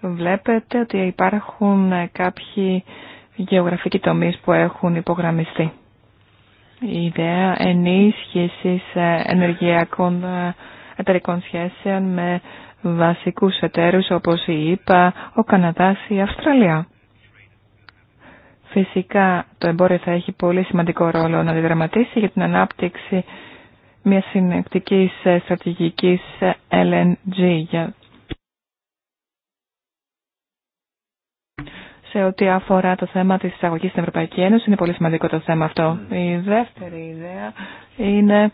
βλέπετε ότι υπάρχουν κάποιοι γεωγραφικοί τομείς που έχουν υπογραμμιστεί. Η ιδέα ενίσχυσης ενεργειακών εταιρικών σχέσεων με βασικούς εταίρους όπως η ΕΠΑ, ο Καναδάς, η Αυστραλία. Φυσικά το εμπόριο θα έχει πολύ σημαντικό ρόλο να διδραματίσει για την ανάπτυξη μια συνεκτικής στρατηγικής LNG σε ό,τι αφορά το θέμα της εισαγωγής στην Ευρωπαϊκή Ένωση. Είναι πολύ σημαντικό το θέμα αυτό. Η δεύτερη ιδέα είναι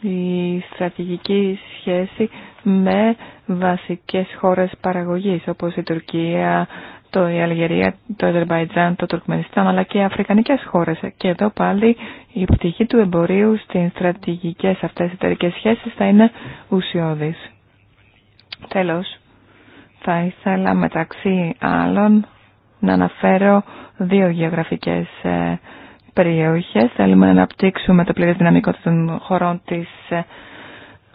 η στρατηγική σχέση με βασικές χώρες παραγωγής όπως η Τουρκία, το, η Αλγερία, το Αζερβαϊτζάν, το Τουρκμενιστάν αλλά και αφρικανικές χώρες. Και εδώ πάλι η πτυχή του εμπορίου στις στρατηγικές αυτές εταιρικέ σχέσεις θα είναι ουσιώδης. Τέλος, θα ήθελα μεταξύ άλλων να αναφέρω δύο γεωγραφικές ε, περιοχές. Θέλουμε να αναπτύξουμε το πλήρες δυναμικό των χωρών της ε,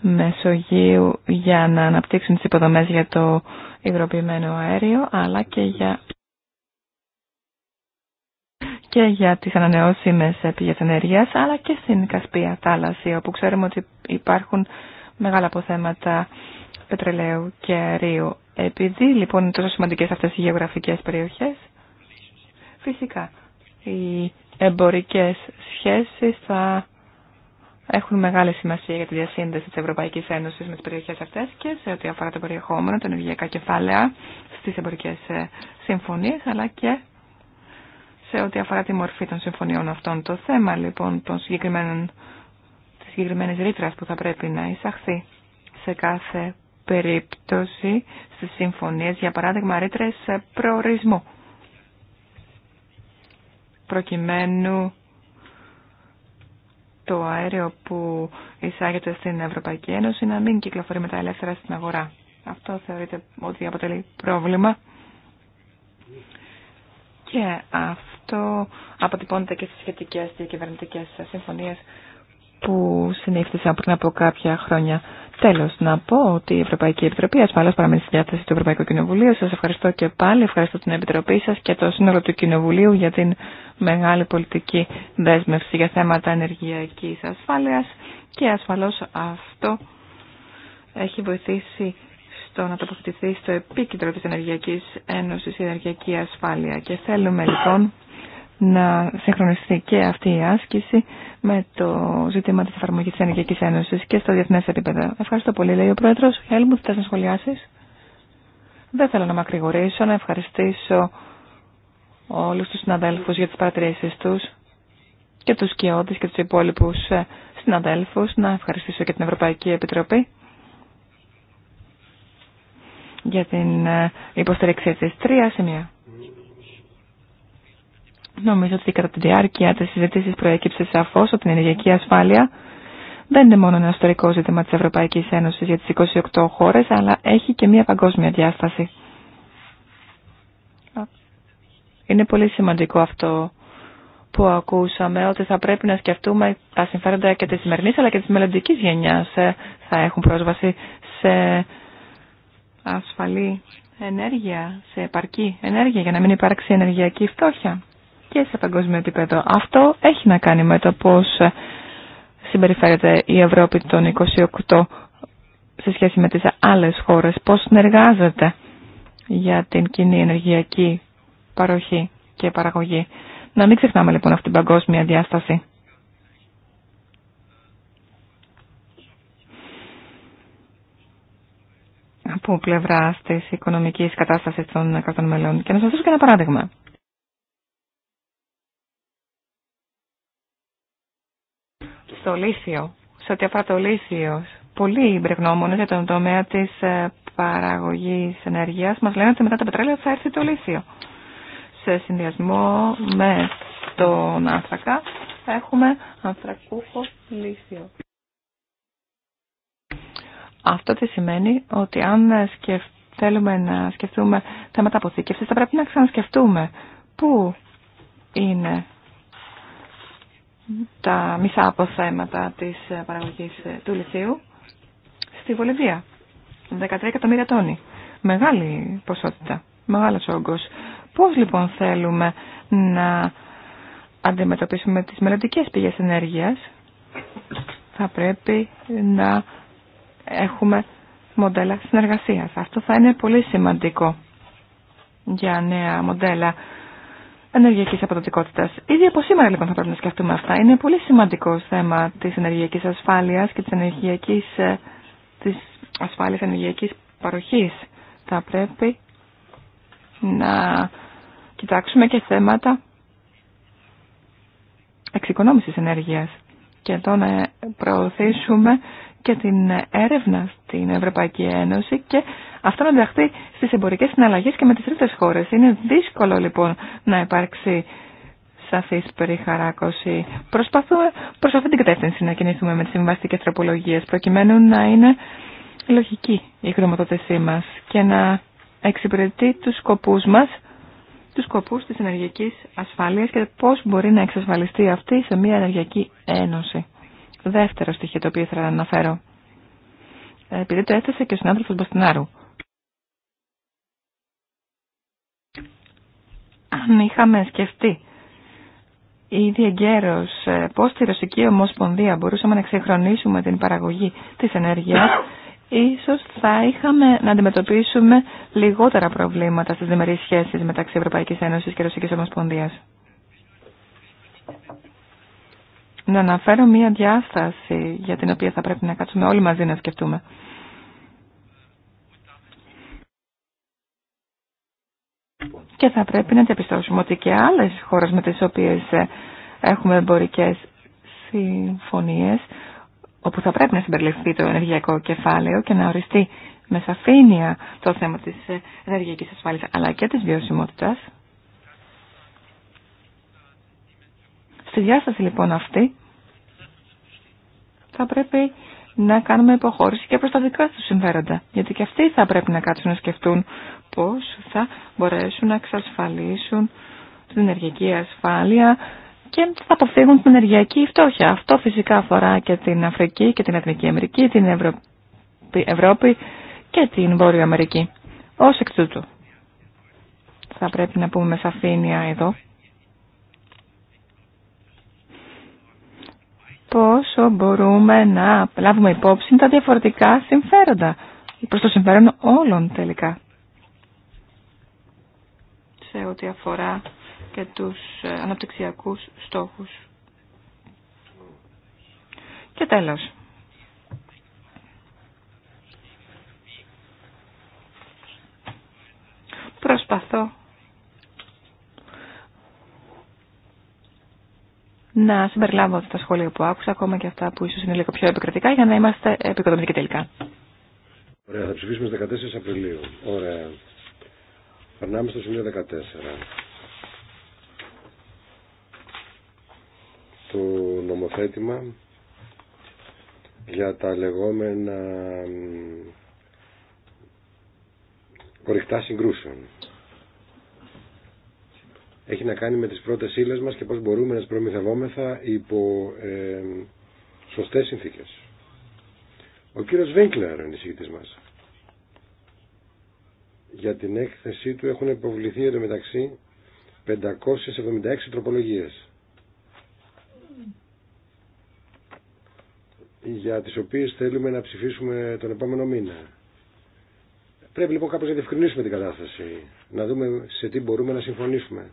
Μεσογείου για να αναπτύξουν τις υποδομές για το υγροποιημένο αέριο, αλλά και για, και για τις ανανεώσιμες πηγές ενέργειας, αλλά και στην Κασπία θάλασσα, όπου ξέρουμε ότι υπάρχουν μεγάλα αποθέματα πετρελαίου και αερίου. Επειδή λοιπόν είναι τόσο σημαντικές αυτές οι γεωγραφικές περιοχές, φυσικά οι εμπορικές σχέσεις θα έχουν μεγάλη σημασία για τη διασύνδεση της Ευρωπαϊκής Ένωσης με τις περιοχές αυτές και σε ό,τι αφορά το περιεχόμενο, τα ενεργειακά κεφάλαια στις εμπορικές ε, συμφωνίες, αλλά και σε ό,τι αφορά τη μορφή των συμφωνιών αυτών. Το θέμα λοιπόν των συγκεκριμένων, της που θα πρέπει να εισαχθεί σε κάθε περίπτωση στις συμφωνίες, για παράδειγμα ρήτρες προορισμού, προκειμένου το αέριο που εισάγεται στην Ευρωπαϊκή Ένωση να μην κυκλοφορεί μετά ελεύθερα στην αγορά. Αυτό θεωρείται ότι αποτελεί πρόβλημα. Και αυτό αποτυπώνεται και στις σχετικές διακυβερνητικές συμφωνίες που συνήθισαν πριν από κάποια χρόνια Τέλο να πω ότι η Ευρωπαϊκή Επιτροπή ασφαλώ παραμένει στη διάθεση του Ευρωπαϊκού Κοινοβουλίου. σα ευχαριστώ και πάλι, ευχαριστώ την Επιτροπή σα και το σύνολο του Κοινοβουλίου για την μεγάλη πολιτική δέσμευση για θέματα ενεργειακή ασφάλεια και ασφαλώ αυτό έχει βοηθήσει στο να τοποθετηθεί στο επίκεντρο τη Ενεργειακή Ένωση, η Ενεργειακή Ασφάλεια. Και θέλουμε λοιπόν να συγχρονιστεί και αυτή η άσκηση με το ζήτημα της εφαρμογής της Ενεργειακής Ένωσης και στα διεθνές επίπεδο. Ευχαριστώ πολύ, λέει ο Πρόεδρος. Χέλμου, θες να σχολιάσεις. Δεν θέλω να με ακρηγορήσω, να ευχαριστήσω όλους τους συναδέλφους για τις παρατηρήσεις τους και τους κοιόντες και τους υπόλοιπους ε, συναδέλφους. Να ευχαριστήσω και την Ευρωπαϊκή Επιτροπή για την ε, υποστήριξή της. Τρία σημεία. Νομίζω ότι κατά τη διάρκεια τη συζήτηση προέκυψε σαφώ ότι η ενεργειακή ασφάλεια δεν είναι μόνο ένα ιστορικό ζήτημα τη Ευρωπαϊκή Ένωση για τι 28 χώρε, αλλά έχει και μια παγκόσμια διάσταση. Είναι πολύ σημαντικό αυτό που ακούσαμε, ότι θα πρέπει να σκεφτούμε τα συμφέροντα και τη σημερινή αλλά και τη μελλοντική γενιά ε, θα έχουν πρόσβαση σε ασφαλή ενέργεια, σε επαρκή ενέργεια για να μην υπάρξει ενεργειακή φτώχεια και σε παγκόσμιο επίπεδο. Αυτό έχει να κάνει με το πώς ε, συμπεριφέρεται η Ευρώπη των 28 σε σχέση με τις άλλες χώρες, πώς συνεργάζεται για την κοινή ενεργειακή παροχή και παραγωγή. Να μην ξεχνάμε λοιπόν αυτή την παγκόσμια διάσταση. από πλευρά τη οικονομική κατάσταση των κρατών μελών. Και να σα δώσω και ένα παράδειγμα. το λύθιο, σε ό,τι αφορά το λύθιο, πολλοί για τον τομέα της ε, παραγωγής ενέργεια μα λένε ότι μετά το πετρέλαιο θα έρθει το λύθιο. Σε συνδυασμό με τον άνθρακα έχουμε ανθρακούχο λύθιο. Αυτό τι σημαίνει ότι αν σκεφ... θέλουμε να σκεφτούμε θέματα αποθήκευσης θα πρέπει να ξανασκεφτούμε πού είναι τα μισά αποθέματα της ε, παραγωγής ε, του λιθίου στη Βολιβία. 13 εκατομμύρια τόνοι. Μεγάλη ποσότητα, μεγάλος όγκος. Πώς λοιπόν θέλουμε να αντιμετωπίσουμε τις μελλοντικέ πηγές ενέργειας, θα πρέπει να έχουμε μοντέλα συνεργασίας. Αυτό θα είναι πολύ σημαντικό για νέα μοντέλα Ενεργειακή αποδοτικότητα. Ήδη από σήμερα λοιπόν θα πρέπει να σκεφτούμε αυτά. Είναι πολύ σημαντικό θέμα τη ενεργειακή ασφάλεια και τη ενεργειακή ε, της ασφάλειας ενεργειακής παροχής. Θα πρέπει να κοιτάξουμε και θέματα εξοικονόμησης ενέργειας και εδώ να προωθήσουμε και την έρευνα στην Ευρωπαϊκή Ένωση και αυτό να ενταχθεί στις εμπορικές συναλλαγές και με τις τρίτες χώρες. Είναι δύσκολο λοιπόν να υπάρξει σαφής περιχαράκωση. Προσπαθούμε προς αυτή την κατεύθυνση να κινηθούμε με τις συμβαστικές τροπολογίες προκειμένου να είναι λογική η χρηματοδότησή μας και να εξυπηρετεί τους σκοπούς μας τους σκοπούς της ενεργειακής ασφάλειας και πώς μπορεί να εξασφαλιστεί αυτή σε μια ενεργειακή ένωση. Δεύτερο στοιχείο το οποίο ήθελα να αναφέρω. Ε, επειδή το έθεσε και ο συνάδελφος Μπαστινάρου. αν είχαμε σκεφτεί ήδη εγκαίρως ε, πώς στη Ρωσική Ομοσπονδία μπορούσαμε να ξεχρονίσουμε την παραγωγή της ενέργειας, ίσως θα είχαμε να αντιμετωπίσουμε λιγότερα προβλήματα στις διμερείς σχέσεις μεταξύ Ευρωπαϊκής Ένωσης και Ρωσικής Ομοσπονδίας. Να αναφέρω μία διάσταση για την οποία θα πρέπει να κάτσουμε όλοι μαζί να σκεφτούμε. Και θα πρέπει να διαπιστώσουμε ότι και άλλες χώρες με τις οποίες ε, έχουμε εμπορικές συμφωνίες, όπου θα πρέπει να συμπεριληφθεί το ενεργειακό κεφάλαιο και να οριστεί με σαφήνεια το θέμα της ε, ενεργειακής ασφάλειας αλλά και της βιωσιμότητας. Στη διάσταση λοιπόν αυτή θα πρέπει να κάνουμε υποχώρηση και προς τα δικά τους συμφέροντα. Γιατί και αυτοί θα πρέπει να κάτσουν να σκεφτούν πώς θα μπορέσουν να εξασφαλίσουν την ενεργειακή ασφάλεια και θα αποφύγουν την ενεργειακή φτώχεια. Αυτό φυσικά αφορά και την Αφρική και την Εθνική Αμερική, την Ευρώπη και την Βόρεια Αμερική. Ως εκ τούτου. Θα πρέπει να πούμε με σαφήνεια εδώ πόσο μπορούμε να λάβουμε υπόψη τα διαφορετικά συμφέροντα προς το συμφέρον όλων τελικά σε ό,τι αφορά και τους ε, αναπτυξιακούς στόχους. Και τέλος. Προσπαθώ να συμπεριλάβω τα σχόλια που άκουσα, ακόμα και αυτά που ίσως είναι λίγο πιο επικρατικά, για να είμαστε επικοδομητικοί τελικά. Ωραία, θα ψηφίσουμε στις 14 Απριλίου. Ωραία. Περνάμε στο σημείο 14. Το νομοθέτημα για τα λεγόμενα κορυφτά συγκρούσεων έχει να κάνει με τις πρώτες ύλες μας και πώς μπορούμε να τις προμηθευόμεθα υπό ε, σωστές συνθήκες. Ο κύριος Βέγκλερ είναι εισηγητής μας. Για την έκθεσή του έχουν υποβληθεί εδώ μεταξύ 576 τροπολογίες. για τις οποίες θέλουμε να ψηφίσουμε τον επόμενο μήνα. Πρέπει λοιπόν κάπως να διευκρινίσουμε την κατάσταση, να δούμε σε τι μπορούμε να συμφωνήσουμε.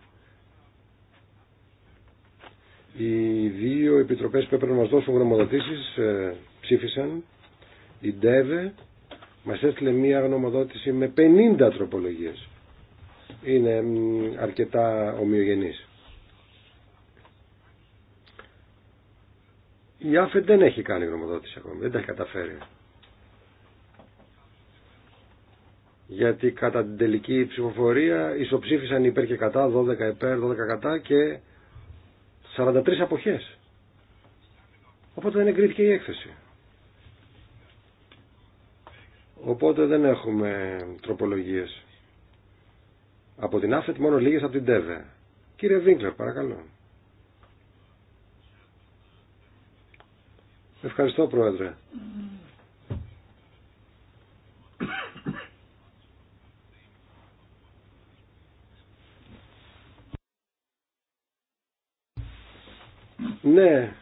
Οι δύο επιτροπές που έπρεπε να μας δώσουν γνωμοδοτήσεις ε, ψήφισαν. Η ΝΤΕΒΕ μας έστειλε μία γνωμοδότηση με 50 τροπολογίες. Είναι αρκετά ομοιογενής. Η ΑΦΕ δεν έχει κάνει γνωμοδότηση ακόμη, δεν τα έχει καταφέρει. Γιατί κατά την τελική ψηφοφορία ισοψήφισαν υπέρ και κατά, 12 υπέρ, 12 κατά και 43 αποχές. Οπότε δεν εγκρίθηκε η έκθεση. Οπότε δεν έχουμε τροπολογίες. Από την Άφετ μόνο λίγες από την ΤΕΒΕ. Κύριε Βίγκλερ, παρακαλώ. Ευχαριστώ, Πρόεδρε. Ναι,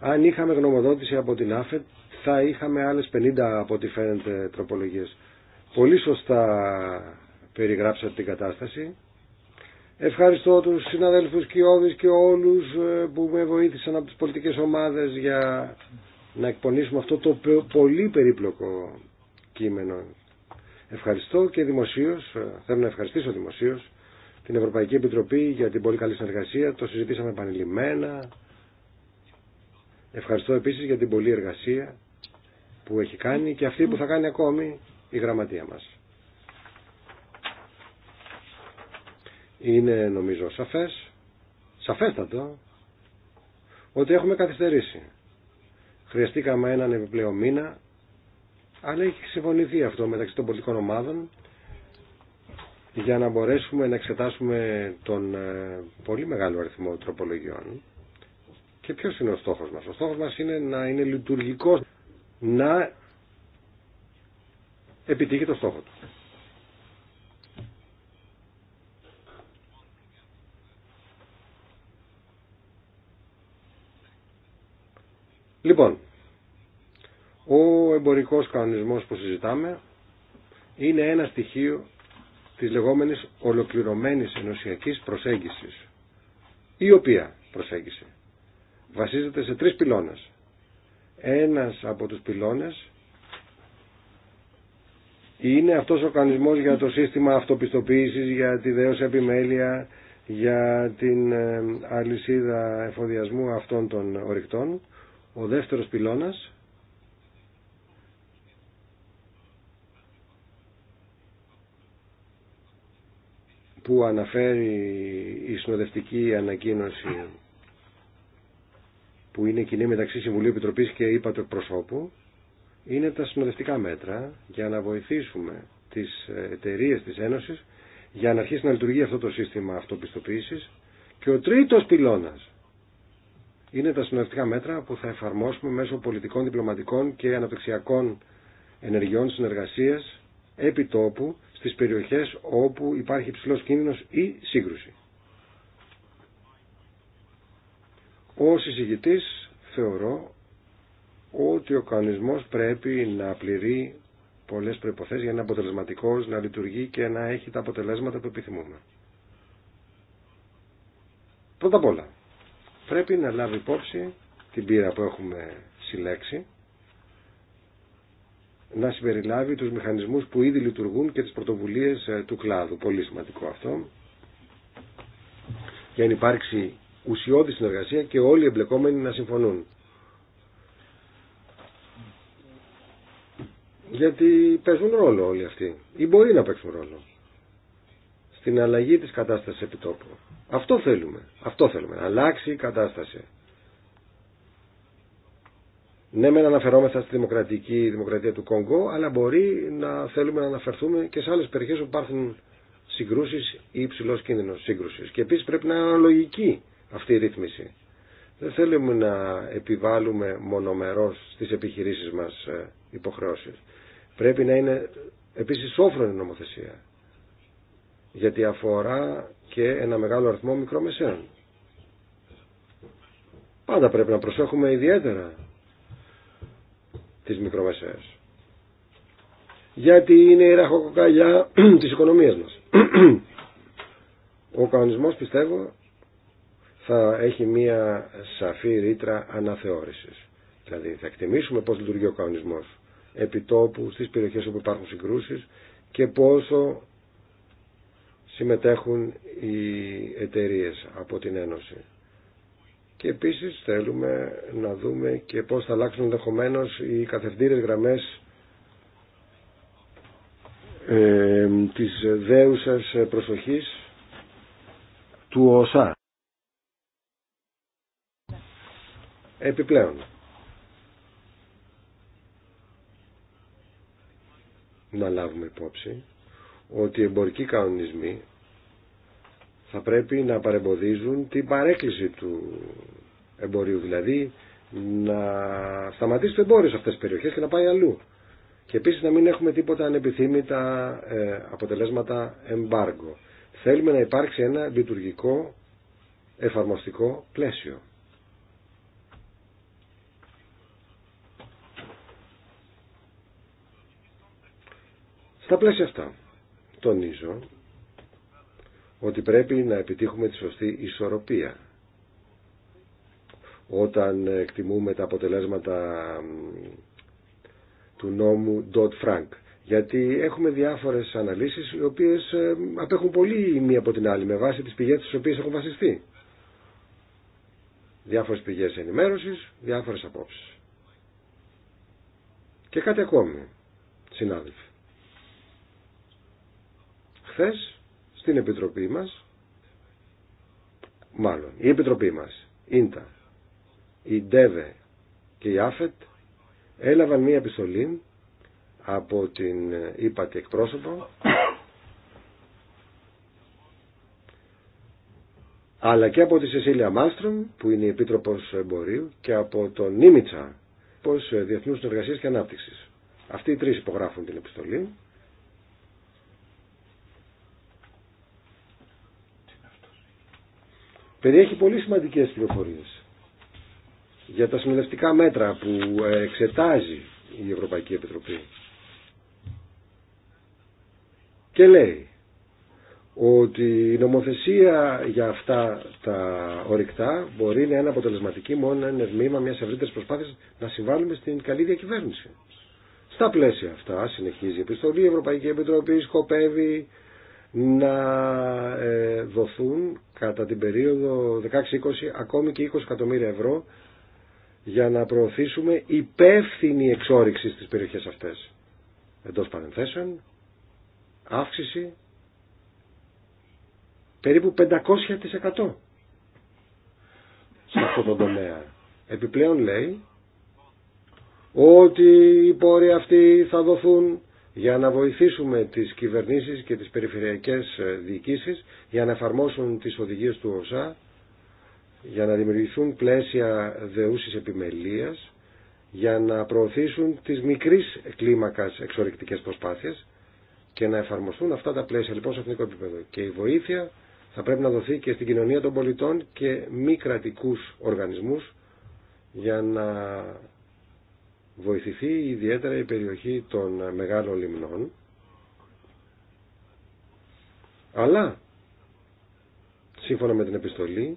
αν είχαμε γνωμοδότηση από την ΑΦΕΤ θα είχαμε άλλες 50 από ό,τι φαίνεται τροπολογίες. Πολύ σωστά περιγράψατε την κατάσταση. Ευχαριστώ τους συναδέλφους Κιώδης και όλους ε, που με βοήθησαν από τις πολιτικές ομάδες για να εκπονήσουμε αυτό το πολύ περίπλοκο κείμενο. Ευχαριστώ και δημοσίως, ε, θέλω να ευχαριστήσω δημοσίως την Ευρωπαϊκή Επιτροπή για την πολύ καλή συνεργασία. Το συζητήσαμε επανειλημμένα. Ευχαριστώ επίσης για την πολλή εργασία που έχει κάνει και αυτή που θα κάνει ακόμη η γραμματεία μας. Είναι νομίζω σαφές, σαφέστατο, ότι έχουμε καθυστερήσει. Χρειαστήκαμε έναν επιπλέον μήνα, αλλά έχει συμφωνηθεί αυτό μεταξύ των πολιτικών ομάδων για να μπορέσουμε να εξετάσουμε τον ε, πολύ μεγάλο αριθμό τροπολογιών. Και ποιος είναι ο στόχος μας. Ο στόχος μας είναι να είναι λειτουργικός, να επιτύχει το στόχο του. Λοιπόν, ο εμπορικός κανονισμός που συζητάμε είναι ένα στοιχείο της λεγόμενης ολοκληρωμένης ενωσιακής προσέγγισης, η οποία προσέγγιση βασίζεται σε τρεις πυλώνες. Ένας από τους πυλώνες είναι αυτός ο οργανισμός για το σύστημα αυτοπιστοποίησης, για τη δέωση επιμέλεια, για την ε, αλυσίδα εφοδιασμού αυτών των ορυκτών. Ο δεύτερος πυλώνας που αναφέρει η συνοδευτική ανακοίνωση που είναι κοινή μεταξύ Συμβουλίου Επιτροπής και του προσώπου είναι τα συνοδευτικά μέτρα για να βοηθήσουμε τις εταιρείε της Ένωσης για να αρχίσει να λειτουργεί αυτό το σύστημα αυτοπιστοποίησης και ο τρίτος πυλώνας είναι τα συνοδευτικά μέτρα που θα εφαρμόσουμε μέσω πολιτικών, διπλωματικών και αναπτυξιακών ενεργειών συνεργασίας επί τόπου στις περιοχές όπου υπάρχει υψηλό κίνδυνος ή σύγκρουση. Ως εισηγητής θεωρώ ότι ο κανονισμός πρέπει να πληρεί πολλές προϋποθέσεις για να είναι αποτελεσματικός, να λειτουργεί και να έχει τα αποτελέσματα που επιθυμούμε. Πρώτα απ' όλα, πρέπει να λάβει υπόψη την πείρα που έχουμε συλλέξει να συμπεριλάβει τους μηχανισμούς που ήδη λειτουργούν και τις πρωτοβουλίες ε, του κλάδου. Πολύ σημαντικό αυτό. Για να υπάρξει ουσιώδη συνεργασία και όλοι οι εμπλεκόμενοι να συμφωνούν. Γιατί παίζουν ρόλο όλοι αυτοί ή μπορεί να παίξουν ρόλο στην αλλαγή της κατάστασης επιτόπου. Αυτό θέλουμε. Αυτό θέλουμε. Να αλλάξει η κατάσταση. Ναι, μεν αναφερόμεθα στη δημοκρατική δημοκρατία του Κόγκο, αλλά μπορεί να θέλουμε να αναφερθούμε και σε άλλε περιοχέ όπου υπάρχουν συγκρούσει ή υψηλό κίνδυνο σύγκρουση. Και επίση πρέπει να είναι αναλογική αυτή η ρύθμιση. Δεν θέλουμε να επιβάλλουμε μονομερό στι επιχειρήσει μα ε, υποχρεώσει. Πρέπει να είναι επίση όφρονη νομοθεσία. Γιατί αφορά και ένα μεγάλο αριθμό μικρομεσαίων. Πάντα πρέπει να προσέχουμε ιδιαίτερα της μικρομεσαίας, Γιατί είναι η ραχοκοκαλιά της οικονομίας μας. Ο κανονισμός πιστεύω θα έχει μία σαφή ρήτρα αναθεώρησης. Δηλαδή θα εκτιμήσουμε πώς λειτουργεί ο κανονισμός επιτόπου στις περιοχές όπου υπάρχουν συγκρούσεις και πόσο συμμετέχουν οι εταιρείες από την Ένωση. Και επίσης θέλουμε να δούμε και πώς θα αλλάξουν ενδεχομένω οι καθευτήρες γραμμές ε, της δέουσας προσοχής του ΟΣΑ. Επιπλέον. Να λάβουμε υπόψη ότι οι εμπορικοί κανονισμοί θα πρέπει να παρεμποδίζουν την παρέκκληση του εμπορίου. Δηλαδή να σταματήσει το εμπόριο σε αυτές τις περιοχές και να πάει αλλού. Και επίσης να μην έχουμε τίποτα ανεπιθύμητα ε, αποτελέσματα εμπάργκο. Θέλουμε να υπάρξει ένα λειτουργικό εφαρμοστικό πλαίσιο. Στα πλαίσια αυτά τονίζω ότι πρέπει να επιτύχουμε τη σωστή ισορροπία όταν εκτιμούμε τα αποτελέσματα του νόμου Dodd-Frank. Γιατί έχουμε διάφορες αναλύσεις οι οποίες ε, απέχουν πολύ η μία από την άλλη με βάση τις πηγές τις οποίες έχουν βασιστεί. Διάφορες πηγές ενημέρωσης, διάφορες απόψεις. Και κάτι ακόμη, συνάδελφοι. Χθες στην Επιτροπή μας, μάλλον η Επιτροπή μας, Ίντα, η Ντέβε και η Άφετ έλαβαν μία επιστολή από την ύπατη εκπρόσωπο αλλά και από τη Σεσίλια Μάστρον, που είναι η Επίτροπος Εμπορίου και από τον Νίμιτσα πως Διεθνούς Συνεργασίας και Ανάπτυξης. Αυτοί οι τρεις υπογράφουν την επιστολή περιέχει πολύ σημαντικές πληροφορίες για τα συνοδευτικά μέτρα που εξετάζει η Ευρωπαϊκή Επιτροπή. Και λέει ότι η νομοθεσία για αυτά τα ορυκτά μπορεί να είναι αποτελεσματική μόνο αν είναι μια μιας ευρύτερης προσπάθειας να συμβάλλουμε στην καλή διακυβέρνηση. Στα πλαίσια αυτά συνεχίζει η επιστολή, η Ευρωπαϊκή Επιτροπή σκοπεύει να ε, δοθούν κατά την περίοδο 16-20 ακόμη και 20 εκατομμύρια ευρώ για να προωθήσουμε υπεύθυνη εξόριξη στις περιοχές αυτές. Εντός παρενθέσεων, αύξηση περίπου 500% σε αυτό το τομέα. Επιπλέον λέει ότι οι πόροι αυτοί θα δοθούν για να βοηθήσουμε τις κυβερνήσεις και τις περιφερειακές ε, διοικήσεις για να εφαρμόσουν τις οδηγίες του ΟΣΑ, για να δημιουργηθούν πλαίσια δεούσης επιμελίας, για να προωθήσουν τις μικρής κλίμακας εξορρυκτικές προσπάθειες και να εφαρμοστούν αυτά τα πλαίσια λοιπόν σε εθνικό επίπεδο. Και η βοήθεια θα πρέπει να δοθεί και στην κοινωνία των πολιτών και μη κρατικού οργανισμούς για να βοηθηθεί ιδιαίτερα η περιοχή των μεγάλων λιμνών αλλά σύμφωνα με την επιστολή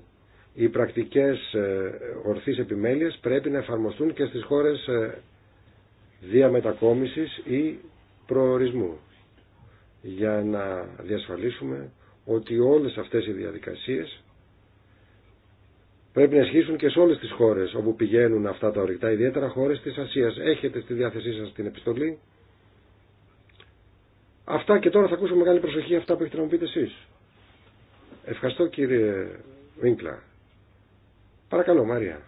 οι πρακτικές ε, ορθής επιμέλειας πρέπει να εφαρμοστούν και στις χώρες ε, διαμετακόμισης ή προορισμού για να διασφαλίσουμε ότι όλες αυτές οι διαδικασίες πρέπει να ισχύσουν και σε όλες τις χώρες όπου πηγαίνουν αυτά τα ορυκτά, ιδιαίτερα χώρες της Ασίας. Έχετε στη διάθεσή σα την επιστολή. Αυτά και τώρα θα ακούσω μεγάλη προσοχή αυτά που έχετε να μου πείτε εσείς. Ευχαριστώ κύριε Βίνκλα. Παρακαλώ Μάρια.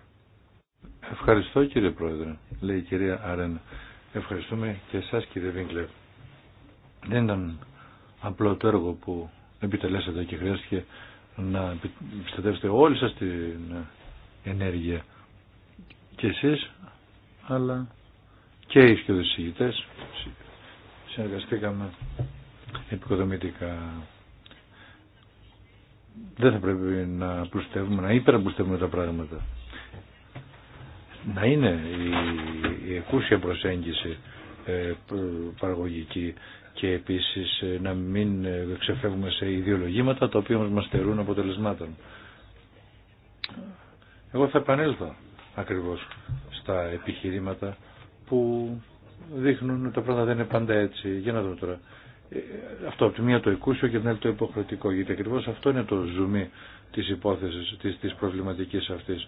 Ευχαριστώ κύριε Πρόεδρε, λέει η κυρία Αρένα. Ευχαριστούμε και εσά, κύριε Βίνκλε. Δεν ήταν απλό το έργο που επιτελέσατε και χρειάστηκε να επιστατεύσετε όλοι σας την ενέργεια και εσείς αλλά και οι σχεδοσυγητές συνεργαστήκαμε επικοδομητικά δεν θα πρέπει να πλουστεύουμε, να υπεραπλουστεύουμε τα πράγματα. Να είναι η, η εκούσια προσέγγιση ε, παραγωγική και επίσης ε, να μην ε, ξεφεύγουμε σε ιδεολογήματα τα οποία μας στερούν αποτελεσμάτων. Εγώ θα επανέλθω ακριβώς στα επιχειρήματα που δείχνουν ότι τα πράγματα δεν είναι πάντα έτσι. Για να δω τώρα. Ε, αυτό από τη μία το εκούσιο και την άλλη το υποχρεωτικό. Γιατί ακριβώς αυτό είναι το ζουμί της υπόθεσης, της, της προβληματικής αυτής.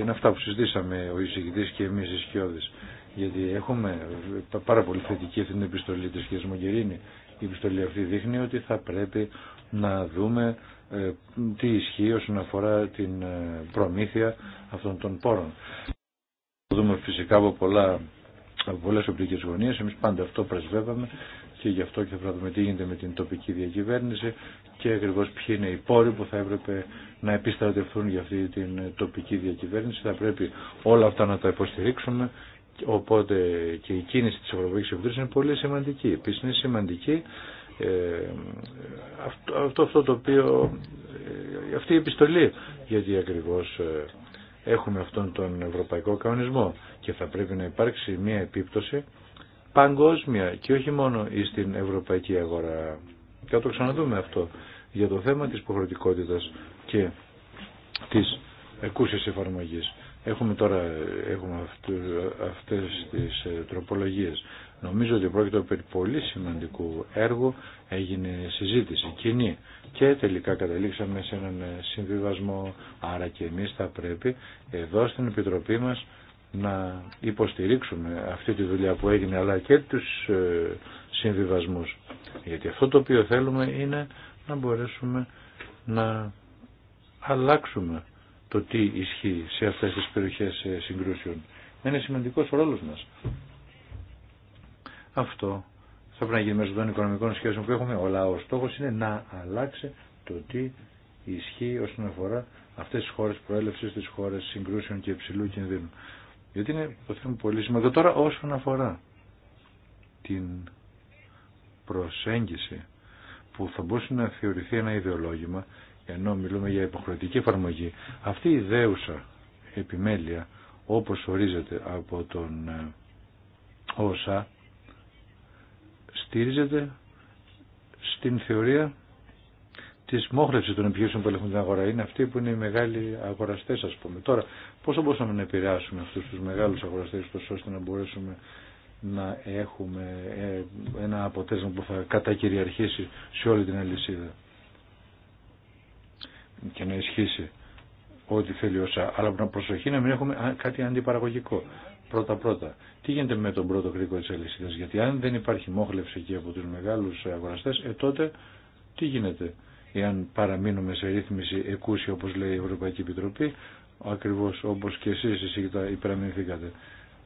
είναι αυτά που συζητήσαμε ο εισηγητής και εμείς οι σκιώδεις γιατί έχουμε πάρα πολύ θετική αυτή την επιστολή της κ. Μογκερίνη. Η επιστολή αυτή δείχνει ότι θα πρέπει να δούμε ε, τι ισχύει όσον αφορά την ε, προμήθεια αυτών των πόρων. Θα δούμε φυσικά από, πολλά, από πολλές οπτικές γωνίες, εμείς πάντα αυτό πρεσβεύαμε και γι' αυτό και θα δούμε τι γίνεται με την τοπική διακυβέρνηση και ακριβώ ποιοι είναι οι πόροι που θα έπρεπε να επιστρατευτούν για αυτή την τοπική διακυβέρνηση. Θα πρέπει όλα αυτά να τα υποστηρίξουμε Οπότε και η κίνηση της Ευρωπαϊκής Επιτροπής είναι πολύ σημαντική. Επίσης είναι σημαντική ε, αυτό, αυτό το οποίο, ε, αυτή η επιστολή, γιατί ακριβώς ε, έχουμε αυτόν τον ευρωπαϊκό κανονισμό και θα πρέπει να υπάρξει μια επίπτωση παγκόσμια και όχι μόνο στην ευρωπαϊκή αγορά. Θα το ξαναδούμε αυτό για το θέμα της υποχρεωτικότητας και της εκούσιας εφαρμογής. Έχουμε τώρα έχουμε αυτού, αυτές τις ε, τροπολογίες. Νομίζω ότι πρόκειται περί πολύ σημαντικού έργου. Έγινε συζήτηση κοινή και τελικά καταλήξαμε σε έναν ε, συμβιβασμό. Άρα και εμείς θα πρέπει εδώ στην Επιτροπή μας να υποστηρίξουμε αυτή τη δουλειά που έγινε αλλά και τους ε, συμβιβασμούς. Γιατί αυτό το οποίο θέλουμε είναι να μπορέσουμε να αλλάξουμε το τι ισχύει σε αυτές τις περιοχές ε, συγκρούσεων. Είναι σημαντικός ο ρόλος μας. Αυτό θα πρέπει να γίνει μέσω των οικονομικών σχέσεων που έχουμε. Αλλά ο στόχος είναι να αλλάξει το τι ισχύει όσον αφορά αυτές τις χώρες προέλευσης, τις χώρες συγκρούσεων και υψηλού κινδύνου. Γιατί είναι το θέμα πολύ σημαντικό. Τώρα όσον αφορά την προσέγγιση που θα μπορούσε να θεωρηθεί ένα ιδεολόγημα ενώ μιλούμε για υποχρεωτική εφαρμογή, αυτή η δέουσα επιμέλεια, όπως ορίζεται από τον ε, όσα, στήριζεται στην θεωρία της μόχρευσης των επιχειρήσεων που ελέγχουν την αγορά. Είναι αυτοί που είναι οι μεγάλοι αγοραστές ας πούμε. Τώρα, πόσο μπορούσαμε να επηρεάσουμε αυτού του μεγάλου αγοραστέ, ώστε να μπορέσουμε να έχουμε ε, ένα αποτέλεσμα που θα κατακυριαρχήσει σε όλη την αλυσίδα και να ισχύσει ό,τι θέλει όσα. Αλλά να προσοχή να μην έχουμε κάτι αντιπαραγωγικό. Πρώτα-πρώτα, τι γίνεται με τον πρώτο κρίκο τη αλυσίδας γιατί αν δεν υπάρχει μόχλευση εκεί από τους μεγάλους αγοραστές ε, τότε τι γίνεται. Εάν παραμείνουμε σε ρύθμιση εκούσια, όπως λέει η Ευρωπαϊκή Επιτροπή, ακριβώς όπως και εσείς τα υπεραμεινθήκατε.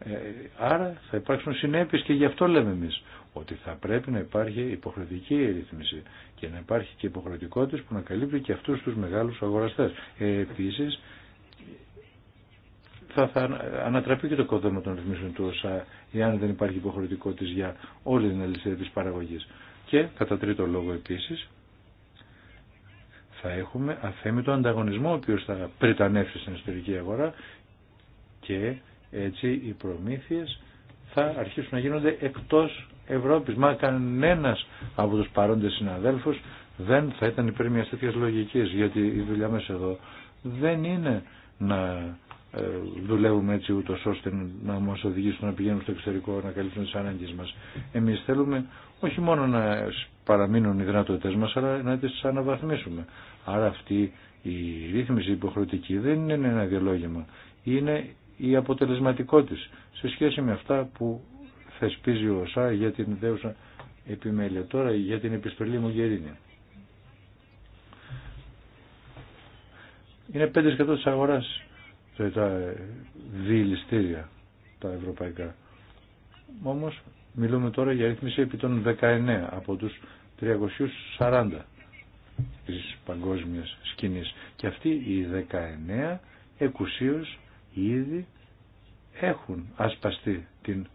Ε, άρα θα υπάρξουν συνέπειες και γι' αυτό λέμε εμείς ότι θα πρέπει να υπάρχει υποχρεωτική ρύθμιση και να υπάρχει και υποχρεωτικότητες που να καλύπτει και αυτούς τους μεγάλους αγοραστές. Ε, επίσης, θα, θα ανατραπεί και το κόδωμα των ρυθμίσεων του ΩΣΑ εάν δεν υπάρχει υποχρεωτικότητες για όλη την αλυσίδα της παραγωγής. Και, κατά τρίτο λόγο επίσης, θα έχουμε αθέμητο ανταγωνισμό ο οποίος θα πριτανεύσει στην ιστορική αγορά και έτσι οι προμήθειες θα αρχίσουν να γίνονται εκτός Ευρώπης. Μα κανένας από τους παρόντες συναδέλφους δεν θα ήταν υπέρ μιας τέτοιας λογικής, γιατί η δουλειά μας εδώ δεν είναι να ε, δουλεύουμε έτσι ούτω ώστε να μας οδηγήσουν να πηγαίνουμε στο εξωτερικό να καλύψουμε τις ανάγκες μας. Εμείς θέλουμε όχι μόνο να παραμείνουν οι δυνατότητες μας, αλλά να τις αναβαθμίσουμε. Άρα αυτή η ρύθμιση υποχρεωτική δεν είναι ένα διαλόγημα. Είναι η αποτελεσματικό σε σχέση με αυτά που θεσπίζει ο ΩΣΑ για την δέουσα επιμέλεια. Τώρα για την επιστολή μου Γερίνη. Είναι 5% της αγοράς τα διηληστήρια τα ευρωπαϊκά. Όμως μιλούμε τώρα για ρύθμιση επί των 19 από τους 340 της παγκόσμιας σκηνής. Και αυτή η 19 εκουσίως ήδη έχουν ασπαστεί την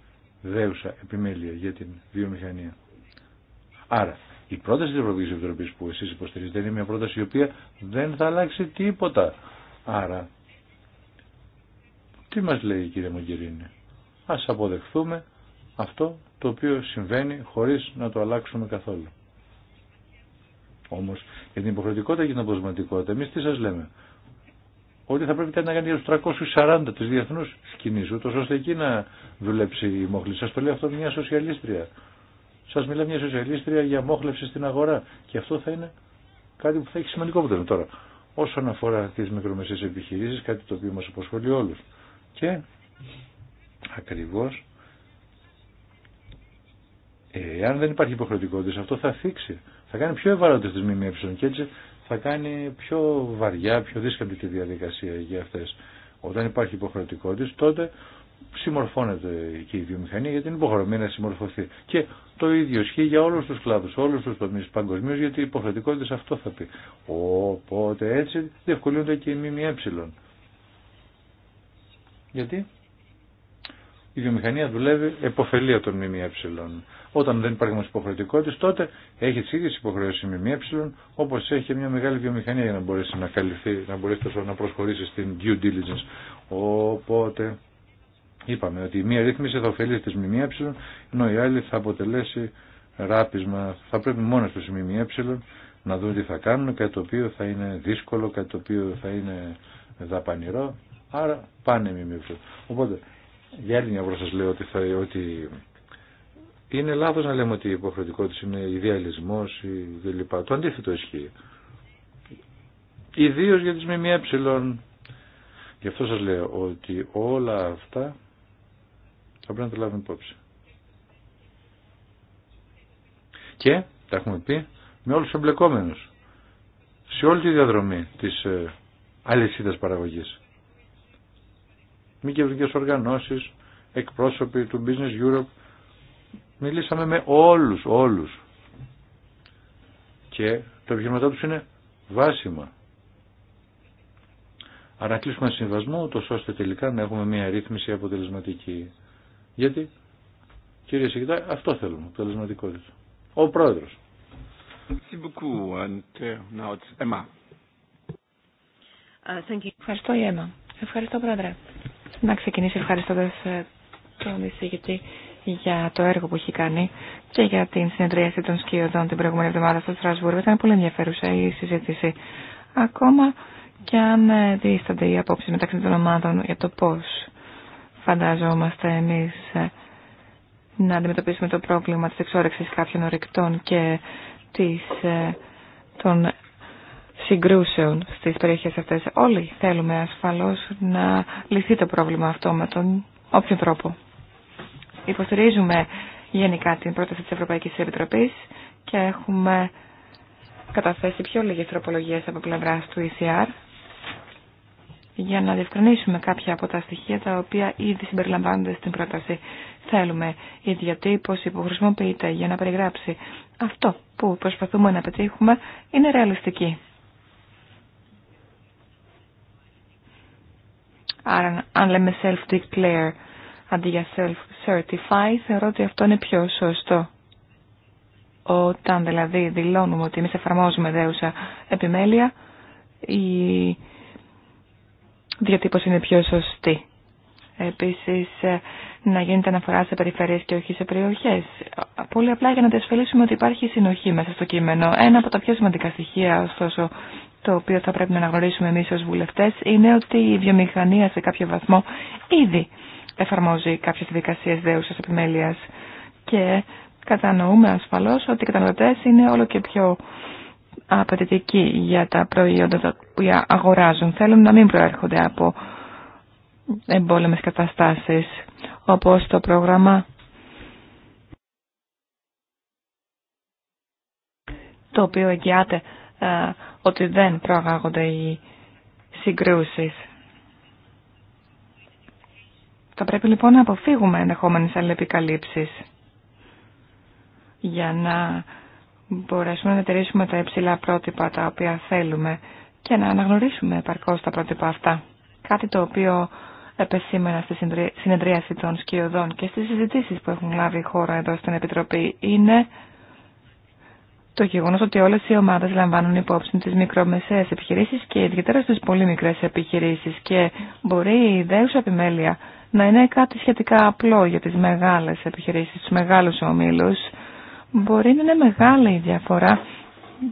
δέουσα επιμέλεια για την βιομηχανία. Άρα, η πρόταση της Ευρωπαϊκής Επιτροπής που εσείς υποστηρίζετε είναι μια πρόταση η οποία δεν θα αλλάξει τίποτα. Άρα, τι μας λέει η κυρία Μογκερίνη. Ας αποδεχθούμε αυτό το οποίο συμβαίνει χωρίς να το αλλάξουμε καθόλου. Όμως, για την υποχρεωτικότητα και την αποσματικότητα, εμείς τι σας λέμε ότι θα πρέπει κάτι να κάνει για του 340 τη διεθνού σκηνή, ούτω ώστε εκεί να δουλέψει η μόχλη. Σα το λέει αυτό μια σοσιαλίστρια. Σα μιλά μια σοσιαλίστρια για μόχλευση στην αγορά. Και αυτό θα είναι κάτι που θα έχει σημαντικό αποτέλεσμα τώρα. Όσον αφορά τι μικρομεσαίες επιχειρήσει, κάτι το οποίο μα απασχολεί όλου. Και ακριβώ εάν δεν υπάρχει υποχρεωτικότητα, αυτό θα θίξει. Θα κάνει πιο ευάλωτε τι ΜΜΕ και έτσι θα κάνει πιο βαριά, πιο δύσκολη τη διαδικασία για αυτές. Όταν υπάρχει υποχρεωτικότητα, τότε συμμορφώνεται και η βιομηχανία γιατί είναι υποχρεωμένη να συμμορφωθεί. Και το ίδιο ισχύει για όλου του κλάδου, όλου του τομεί παγκοσμίω, γιατί υποχρεωτικότητα αυτό θα πει. Οπότε έτσι διευκολύνονται και οι ΜΜΕ. Γιατί η βιομηχανία δουλεύει επωφελία των ΜΜΕ. Όταν δεν υπάρχει όμως υποχρεωτικότητες τότε έχει τις ίδιες υποχρεώσει με ΜΜΕ, όπω έχει και μια μεγάλη βιομηχανία για να μπορέσει να καλυφθεί, να μπορέσει τόσο να προσχωρήσει στην due diligence. Οπότε είπαμε ότι η μία ρύθμιση θα ωφελεί τι ΜΜΕ, ενώ η άλλη θα αποτελέσει ράπισμα. Θα πρέπει μόνο στους ΜΜΕ να δουν τι θα κάνουν, κάτι το οποίο θα είναι δύσκολο, κάτι το οποίο θα είναι δαπανηρό. Άρα πάνε ΜΜΕ. Οπότε για άλλη μια φορά σας λέω ότι, θα, ότι είναι λάθο να λέμε ότι η υποχρεωτικότητα είναι ιδεαλισμός ή κλπ. Το αντίθετο ισχύει. Ιδίω για τις ΜΜΕ. Γι' αυτό σα λέω ότι όλα αυτά θα πρέπει να τα λάβουμε υπόψη. Και τα έχουμε πει με όλου τους εμπλεκόμενου σε όλη τη διαδρομή της ε, αλυσίδα παραγωγής. Μη και οργανώσεις, εκπρόσωποι του Business Europe, Μιλήσαμε με όλους, όλους. Και τα επιχειρηματά τους είναι βάσιμα. Άρα κλείσουμε ένα συμβασμό, το ώστε τελικά να έχουμε μια ρύθμιση αποτελεσματική. Γιατί, κύριε Σιγητά, αυτό θέλουμε, αποτελεσματικότητα. Ο πρόεδρος. Uh, uh, Ευχαριστώ, έμα. Ευχαριστώ, πρόεδρε. Να ξεκινήσει ευχαριστώντας ε, τον εισηγητή για το έργο που έχει κάνει και για την συνεδρίαση των σκιωδών την προηγούμενη εβδομάδα στο Στρασβούργο. Ήταν πολύ ενδιαφέρουσα η συζήτηση. Ακόμα και αν ε, δίστανται οι απόψει μεταξύ των ομάδων για το πώ φανταζόμαστε εμεί ε, να αντιμετωπίσουμε το πρόβλημα τη εξόρεξη κάποιων ορεικτών και της, ε, των συγκρούσεων στι περιοχέ αυτέ. Όλοι θέλουμε ασφαλώ να λυθεί το πρόβλημα αυτό με τον όποιον τρόπο. Υποστηρίζουμε γενικά την πρόταση της Ευρωπαϊκής Επιτροπής και έχουμε καταθέσει πιο λίγες τροπολογίες από πλευρά του ECR για να διευκρινίσουμε κάποια από τα στοιχεία τα οποία ήδη συμπεριλαμβάνονται στην πρόταση. Θέλουμε η διατύπωση που χρησιμοποιείται για να περιγράψει αυτό που προσπαθούμε να πετύχουμε είναι ρεαλιστική. Άρα αν λέμε self-declare αντί για self-certify, θεωρώ ότι αυτό είναι πιο σωστό. Όταν δηλαδή δηλώνουμε ότι εμείς εφαρμόζουμε δέουσα επιμέλεια, η διατύπωση είναι πιο σωστή. Επίσης, ε, να γίνεται αναφορά σε περιφερειές και όχι σε περιοχές. Πολύ απλά για να διασφαλίσουμε ότι υπάρχει συνοχή μέσα στο κείμενο. Ένα από τα πιο σημαντικά στοιχεία, ωστόσο, το οποίο θα πρέπει να αναγνωρίσουμε εμείς ως βουλευτές, είναι ότι η βιομηχανία σε κάποιο βαθμό ήδη εφαρμόζει κάποιες δικασίες δέουσας επιμέλειας. Και κατανοούμε ασφαλώς ότι οι καταναλωτές είναι όλο και πιο απαιτητικοί για τα προϊόντα που αγοράζουν. Θέλουν να μην προέρχονται από εμπόλεμες καταστάσεις, όπως το πρόγραμμα το οποίο εγγυάται ε, ότι δεν προαγάγονται οι συγκρούσεις. Θα πρέπει λοιπόν να αποφύγουμε ενδεχόμενες αλληλεπικαλύψεις για να μπορέσουμε να τηρήσουμε τα υψηλά πρότυπα τα οποία θέλουμε και να αναγνωρίσουμε επαρκώς τα πρότυπα αυτά. Κάτι το οποίο επεσήμενα στη συνεδρίαση των σκιωδών και στις συζητήσεις που έχουν λάβει η χώρα εδώ στην Επιτροπή είναι το γεγονός ότι όλες οι ομάδες λαμβάνουν υπόψη τις μικρομεσαίες επιχειρήσεις και ιδιαίτερα στις πολύ μικρές επιχειρήσεις και μπορεί η ιδέουσα επιμέλεια να είναι κάτι σχετικά απλό για τις μεγάλες επιχειρήσεις, τους μεγάλους ομίλους. Μπορεί να είναι μεγάλη η διαφορά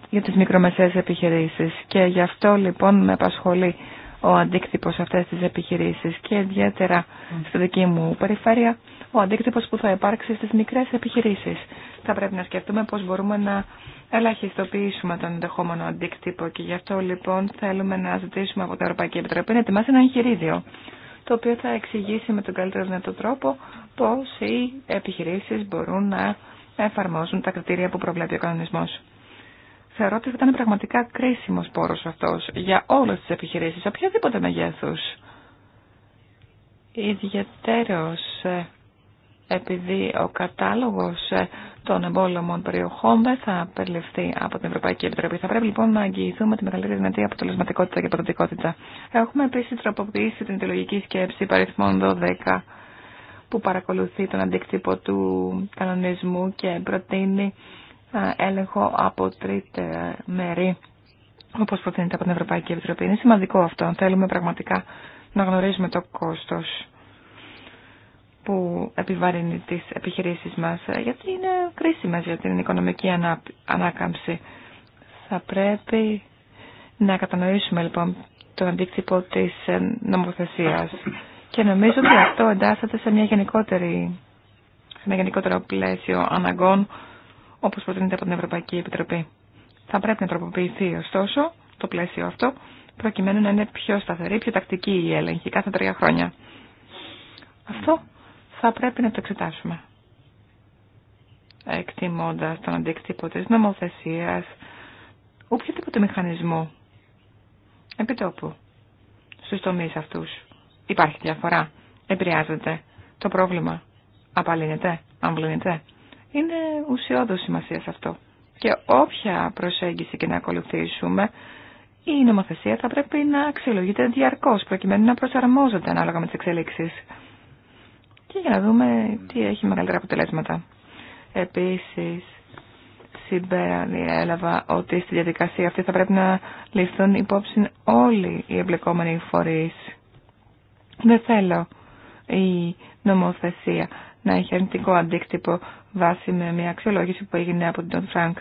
για τις μικρομεσαίες επιχειρήσεις και γι' αυτό λοιπόν με απασχολεί ο αντίκτυπος αυτές τις επιχειρήσεις και ιδιαίτερα στη δική μου περιφέρεια ο αντίκτυπος που θα υπάρξει στις μικρές επιχειρήσεις. Θα πρέπει να σκεφτούμε πώς μπορούμε να ελαχιστοποιήσουμε τον ενδεχόμενο αντίκτυπο και γι' αυτό λοιπόν θέλουμε να ζητήσουμε από την Ευρωπαϊκή Επιτροπή να ετοιμάσει ένα εγχειρίδιο το οποίο θα εξηγήσει με τον καλύτερο δυνατό τρόπο πώς οι επιχειρήσεις μπορούν να εφαρμόζουν τα κριτήρια που προβλέπει ο κανονισμός. Θεωρώ ότι θα ήταν πραγματικά κρίσιμος πόρος αυτός για όλες τις επιχειρήσεις, οποιαδήποτε μεγέθους. Ιδιαίτερος ε, επειδή ο κατάλογος ε, των εμπόλεμων περιοχών δεν θα περιληφθεί από την Ευρωπαϊκή Επιτροπή. Θα πρέπει λοιπόν να αγγιηθούμε τη μεγαλύτερη δυνατή αποτελεσματικότητα και αποδοτικότητα. Έχουμε επίση τροποποιήσει την ιδεολογική σκέψη παριθμών 12 που παρακολουθεί τον αντίκτυπο του κανονισμού και προτείνει έλεγχο από τρίτη μέρη, όπως προτείνεται από την Ευρωπαϊκή Επιτροπή. Είναι σημαντικό αυτό, θέλουμε πραγματικά να γνωρίζουμε το κόστος που επιβαρύνει τις επιχειρήσεις μας, ε, γιατί είναι κρίσιμες για την οικονομική ανάκαμψη. Θα πρέπει να κατανοήσουμε λοιπόν τον αντίκτυπο της ε, νομοθεσία. Και νομίζω ότι αυτό εντάσσεται σε, μια γενικότερη, σε ένα γενικότερο πλαίσιο αναγκών, όπως προτείνεται από την Ευρωπαϊκή Επιτροπή. Θα πρέπει να τροποποιηθεί ωστόσο το πλαίσιο αυτό, προκειμένου να είναι πιο σταθερή, πιο τακτική η έλεγχη κάθε τρία χρόνια. Αυτό θα πρέπει να το εξετάσουμε. εκτιμώντα τον αντίκτυπο της νομοθεσίας, οποιοδήποτε μηχανισμό, επιτόπου, στους τομείς αυτού. Υπάρχει διαφορά, επηρεάζεται, το πρόβλημα απαλύνεται, αμβλύνεται. Είναι ουσιώδος σημασία σε αυτό. Και όποια προσέγγιση και να ακολουθήσουμε, η νομοθεσία θα πρέπει να αξιολογείται διαρκώς, προκειμένου να προσαρμόζεται ανάλογα με τι εξελίξει και για να δούμε τι έχει μεγαλύτερα αποτελέσματα. Επίσης, διέλαβα ότι στη διαδικασία αυτή θα πρέπει να ληφθούν υπόψη όλοι οι εμπλεκόμενοι φορείς. Δεν θέλω η νομοθεσία να έχει αρνητικό αντίκτυπο βάσει με μια αξιολόγηση που έγινε από τον Φρανκ.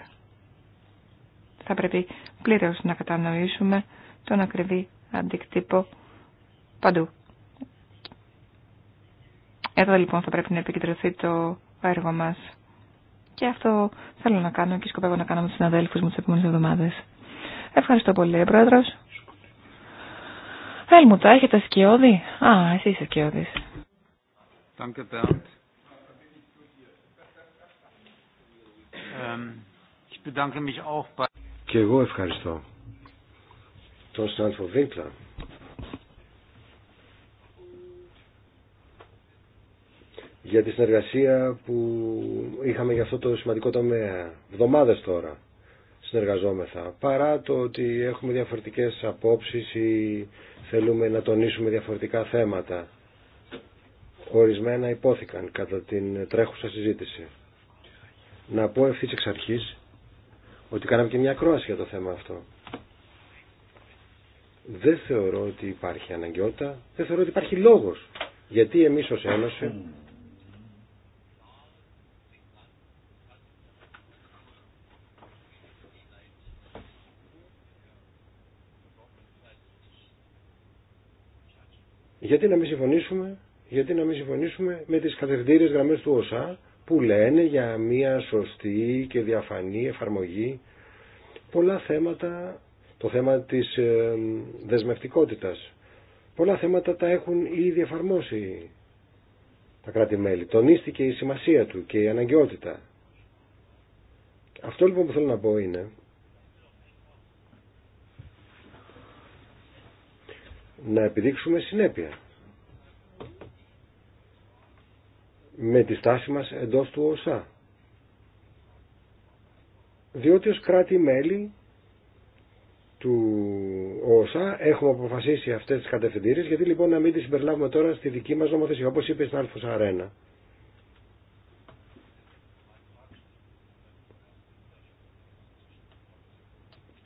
Θα πρέπει πλήρως να κατανοήσουμε τον ακριβή αντίκτυπο παντού εδώ λοιπόν θα πρέπει να επικεντρωθεί το έργο μα. Και αυτό θέλω να κάνω και σκοπεύω να κάνω με τους συναδέλφου μου τις επόμενες εβδομάδες. Ευχαριστώ πολύ, ε, Πρόεδρος. Έλμουτα, έχετε σκιώδη. Α, εσύ είσαι σκιώδη. Ähm, και εγώ ευχαριστώ. Τον Σαλφο Βίγκλα για τη συνεργασία που είχαμε για αυτό το σημαντικό τομέα. Βδομάδες τώρα συνεργαζόμεθα. Παρά το ότι έχουμε διαφορετικές απόψεις ή θέλουμε να τονίσουμε διαφορετικά θέματα. Ορισμένα υπόθηκαν κατά την τρέχουσα συζήτηση. Να πω ευθύ εξ αρχής ότι κάναμε και μια κρόαση για το θέμα αυτό. Δεν θεωρώ ότι υπάρχει αναγκαιότητα, δεν θεωρώ ότι υπάρχει λόγος. Γιατί εμείς ως Ένωση γιατί να μην συμφωνήσουμε, γιατί να μην συμφωνήσουμε με τις κατευθύνες γραμμές του ΩΣΑ που λένε για μια σωστή και διαφανή εφαρμογή πολλά θέματα, το θέμα της ε, δεσμευτικότητας. Πολλά θέματα τα έχουν ήδη εφαρμόσει τα κράτη-μέλη. Τονίστηκε η σημασία του και η αναγκαιότητα. Αυτό λοιπόν που θέλω να πω είναι να επιδείξουμε συνέπεια με τη στάση μας εντός του ΟΣΑ. Διότι ως κράτη-μέλη του ΟΣΑ έχουμε αποφασίσει αυτές τις κατευθυντήρες, γιατί λοιπόν να μην τις συμπεριλάβουμε τώρα στη δική μας νομοθεσία, όπως είπε η Αλφουσα Αρένα.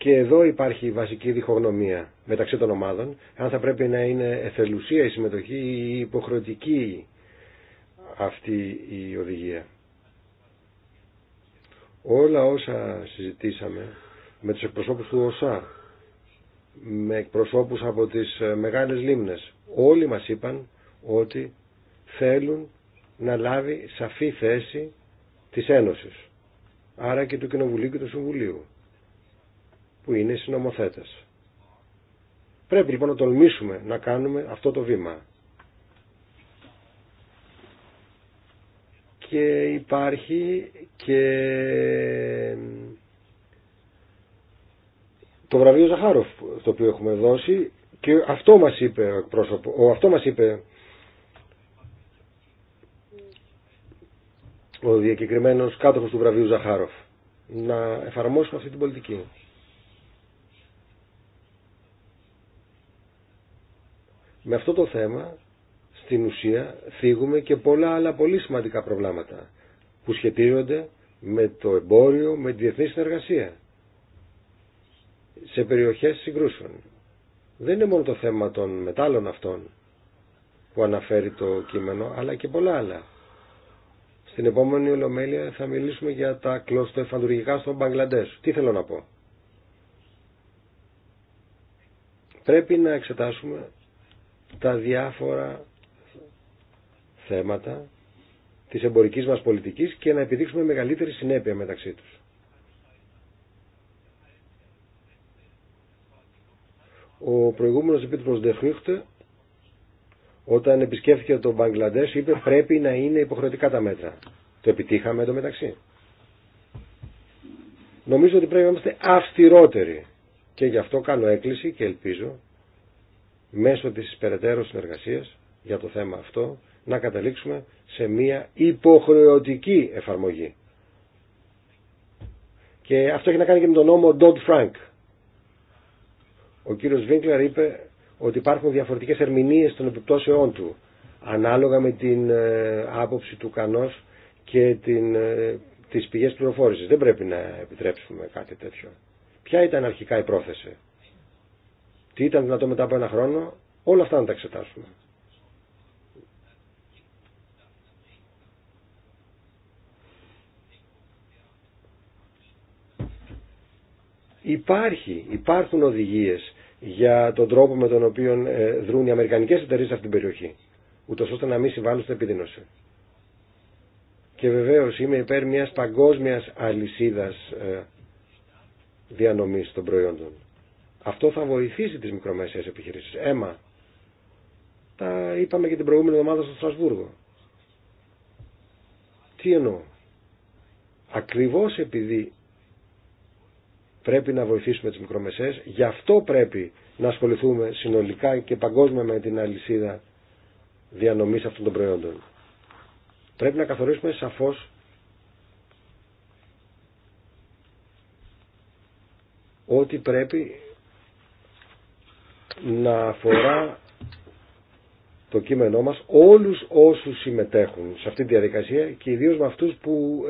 Και εδώ υπάρχει η βασική διχογνωμία μεταξύ των ομάδων, αν θα πρέπει να είναι εθελουσία η συμμετοχή ή υποχρεωτική αυτή η οδηγία. Όλα όσα συζητήσαμε με τους εκπροσώπους του ΟΣΑ, με εκπροσώπους από τις ε, μεγάλες λίμνες, όλοι μας είπαν ότι θέλουν να λάβει σαφή θέση της Ένωσης, άρα και του Κοινοβουλίου και του Συμβουλίου που είναι οι συνομοθέτες. Πρέπει λοιπόν να τολμήσουμε να κάνουμε αυτό το βήμα. Και υπάρχει και το βραβείο Ζαχάροφ το οποίο έχουμε δώσει και αυτό μας είπε ο εκπρόσωπο, ο, αυτό μας είπε ο διακεκριμένος κάτοχος του βραβείου Ζαχάροφ να εφαρμόσουμε αυτή την πολιτική. Με αυτό το θέμα, στην ουσία, θίγουμε και πολλά άλλα πολύ σημαντικά προβλήματα που σχετίζονται με το εμπόριο, με τη διεθνή συνεργασία σε περιοχές συγκρούσεων. Δεν είναι μόνο το θέμα των μετάλλων αυτών που αναφέρει το κείμενο, αλλά και πολλά άλλα. Στην επόμενη ολομέλεια θα μιλήσουμε για τα κλωστοεφαντουργικά στον Μπαγκλαντές. Τι θέλω να πω. Πρέπει να εξετάσουμε τα διάφορα θέματα της εμπορικής μας πολιτικής και να επιδείξουμε μεγαλύτερη συνέπεια μεταξύ τους. Ο προηγούμενος επίτροπος Ντεχνίχτε όταν επισκέφθηκε τον Μπαγκλαντές είπε πρέπει να είναι υποχρεωτικά τα μέτρα. Το επιτύχαμε εδώ μεταξύ. Νομίζω ότι πρέπει να είμαστε αυστηρότεροι και γι' αυτό κάνω έκκληση και ελπίζω μέσω της περαιτέρω συνεργασίας για το θέμα αυτό να καταλήξουμε σε μια υποχρεωτική εφαρμογή. Και αυτό έχει να κάνει και με τον νόμο Dodd-Frank. Ο κύριος Βίνκλερ είπε ότι υπάρχουν διαφορετικές ερμηνείες των επιπτώσεών του ανάλογα με την ε, άποψη του κανός και την, ε, τις πηγές πληροφόρησης. Δεν πρέπει να επιτρέψουμε κάτι τέτοιο. Ποια ήταν αρχικά η πρόθεση τι ήταν δυνατό μετά από ένα χρόνο, όλα αυτά να τα εξετάσουμε. Υπάρχει, υπάρχουν οδηγίες για τον τρόπο με τον οποίο ε, δρούν οι αμερικανικές εταιρείες σε αυτήν την περιοχή, ούτως ώστε να μην συμβάλλουν στην επιδείνωση. Και βεβαίως είμαι υπέρ μιας παγκόσμιας αλυσίδας ε, διανομής των προϊόντων. Αυτό θα βοηθήσει τις μικρομεσαίες επιχειρήσεις. Έμα, τα είπαμε και την προηγούμενη εβδομάδα στο Στρασβούργο. Τι εννοώ. Ακριβώς επειδή πρέπει να βοηθήσουμε τις μικρομεσαίες, γι' αυτό πρέπει να ασχοληθούμε συνολικά και παγκόσμια με την αλυσίδα διανομής αυτών των προϊόντων. Πρέπει να καθορίσουμε σαφώς ότι πρέπει να αφορά το κείμενό μας όλους όσους συμμετέχουν σε αυτή τη διαδικασία και ιδίως με αυτούς που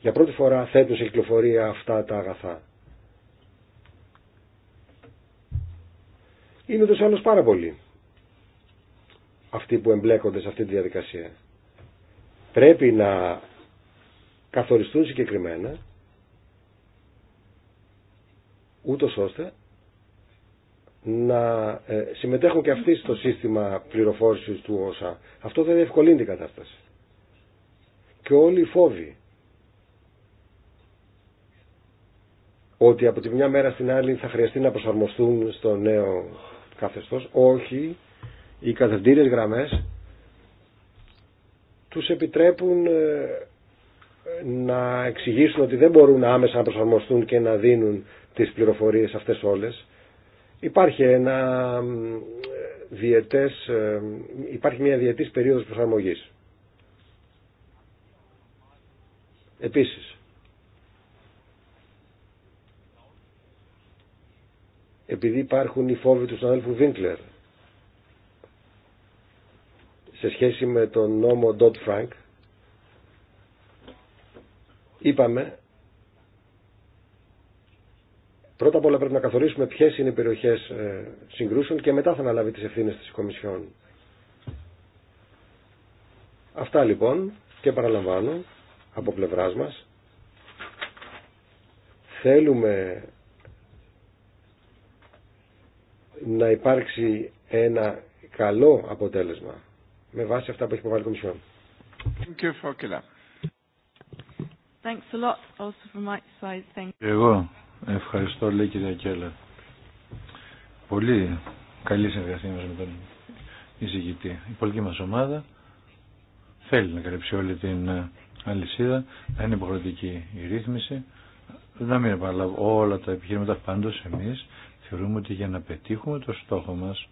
για πρώτη φορά θέτουν σε κυκλοφορία αυτά τα αγαθά. Είναι ούτως άλλως πάρα πολλοί αυτοί που εμπλέκονται σε αυτή τη διαδικασία. Πρέπει να καθοριστούν συγκεκριμένα ούτως ώστε να ε, συμμετέχουν και αυτοί στο σύστημα πληροφόρησης του ΩΣΑ. Αυτό θα διευκολύνει την κατάσταση. Και όλοι οι φόβοι ότι από τη μια μέρα στην άλλη θα χρειαστεί να προσαρμοστούν στο νέο καθεστώς. Όχι, οι καθευτήρες γραμμές τους επιτρέπουν ε, να εξηγήσουν ότι δεν μπορούν άμεσα να προσαρμοστούν και να δίνουν τις πληροφορίες αυτές όλες Υπάρχει ένα διετές, ε, υπάρχει μια διετής περίοδος προσαρμογής. Επίσης, επειδή υπάρχουν οι φόβοι του συναδέλφου Βίνκλερ σε σχέση με τον νόμο Dodd Frank, είπαμε Πρώτα απ' όλα πρέπει να καθορίσουμε ποιε είναι οι περιοχέ ε, συγκρούσεων και μετά θα αναλάβει τι ευθύνε τη Κομισιόν. Αυτά λοιπόν και παραλαμβάνω από πλευρά μα. Θέλουμε να υπάρξει ένα καλό αποτέλεσμα με βάση αυτά που έχει υποβάλει η Κομισιόν. Thanks a Ευχαριστώ, λέει κυρία Κέλλα. Πολύ καλή συνεργασία μας με τον εισηγητή. Η πολιτική μας ομάδα θέλει να καλύψει όλη την ε, αλυσίδα, να είναι υποχρεωτική η ρύθμιση, να μην επαναλάβω όλα τα επιχειρήματα. Πάντως εμείς θεωρούμε ότι για να πετύχουμε το στόχο μας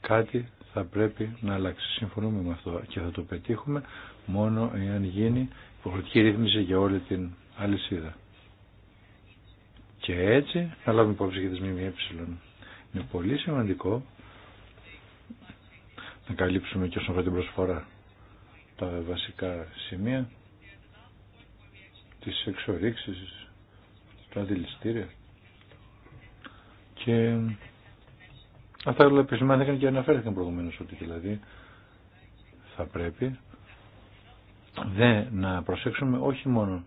κάτι θα πρέπει να αλλάξει. Συμφωνούμε με αυτό και θα το πετύχουμε μόνο εάν γίνει υποχρεωτική ρύθμιση για όλη την αλυσίδα. Και έτσι να λάβουμε υπόψη για τις ΜΜΕ. Είναι πολύ σημαντικό να καλύψουμε και όσον αφορά την προσφορά τα βασικά σημεία τις εξορίξεις, τα δηληστήρια και αυτά όλα επισημάνθηκαν και αναφέρθηκαν προηγουμένως ότι δηλαδή θα πρέπει δε να προσέξουμε όχι μόνο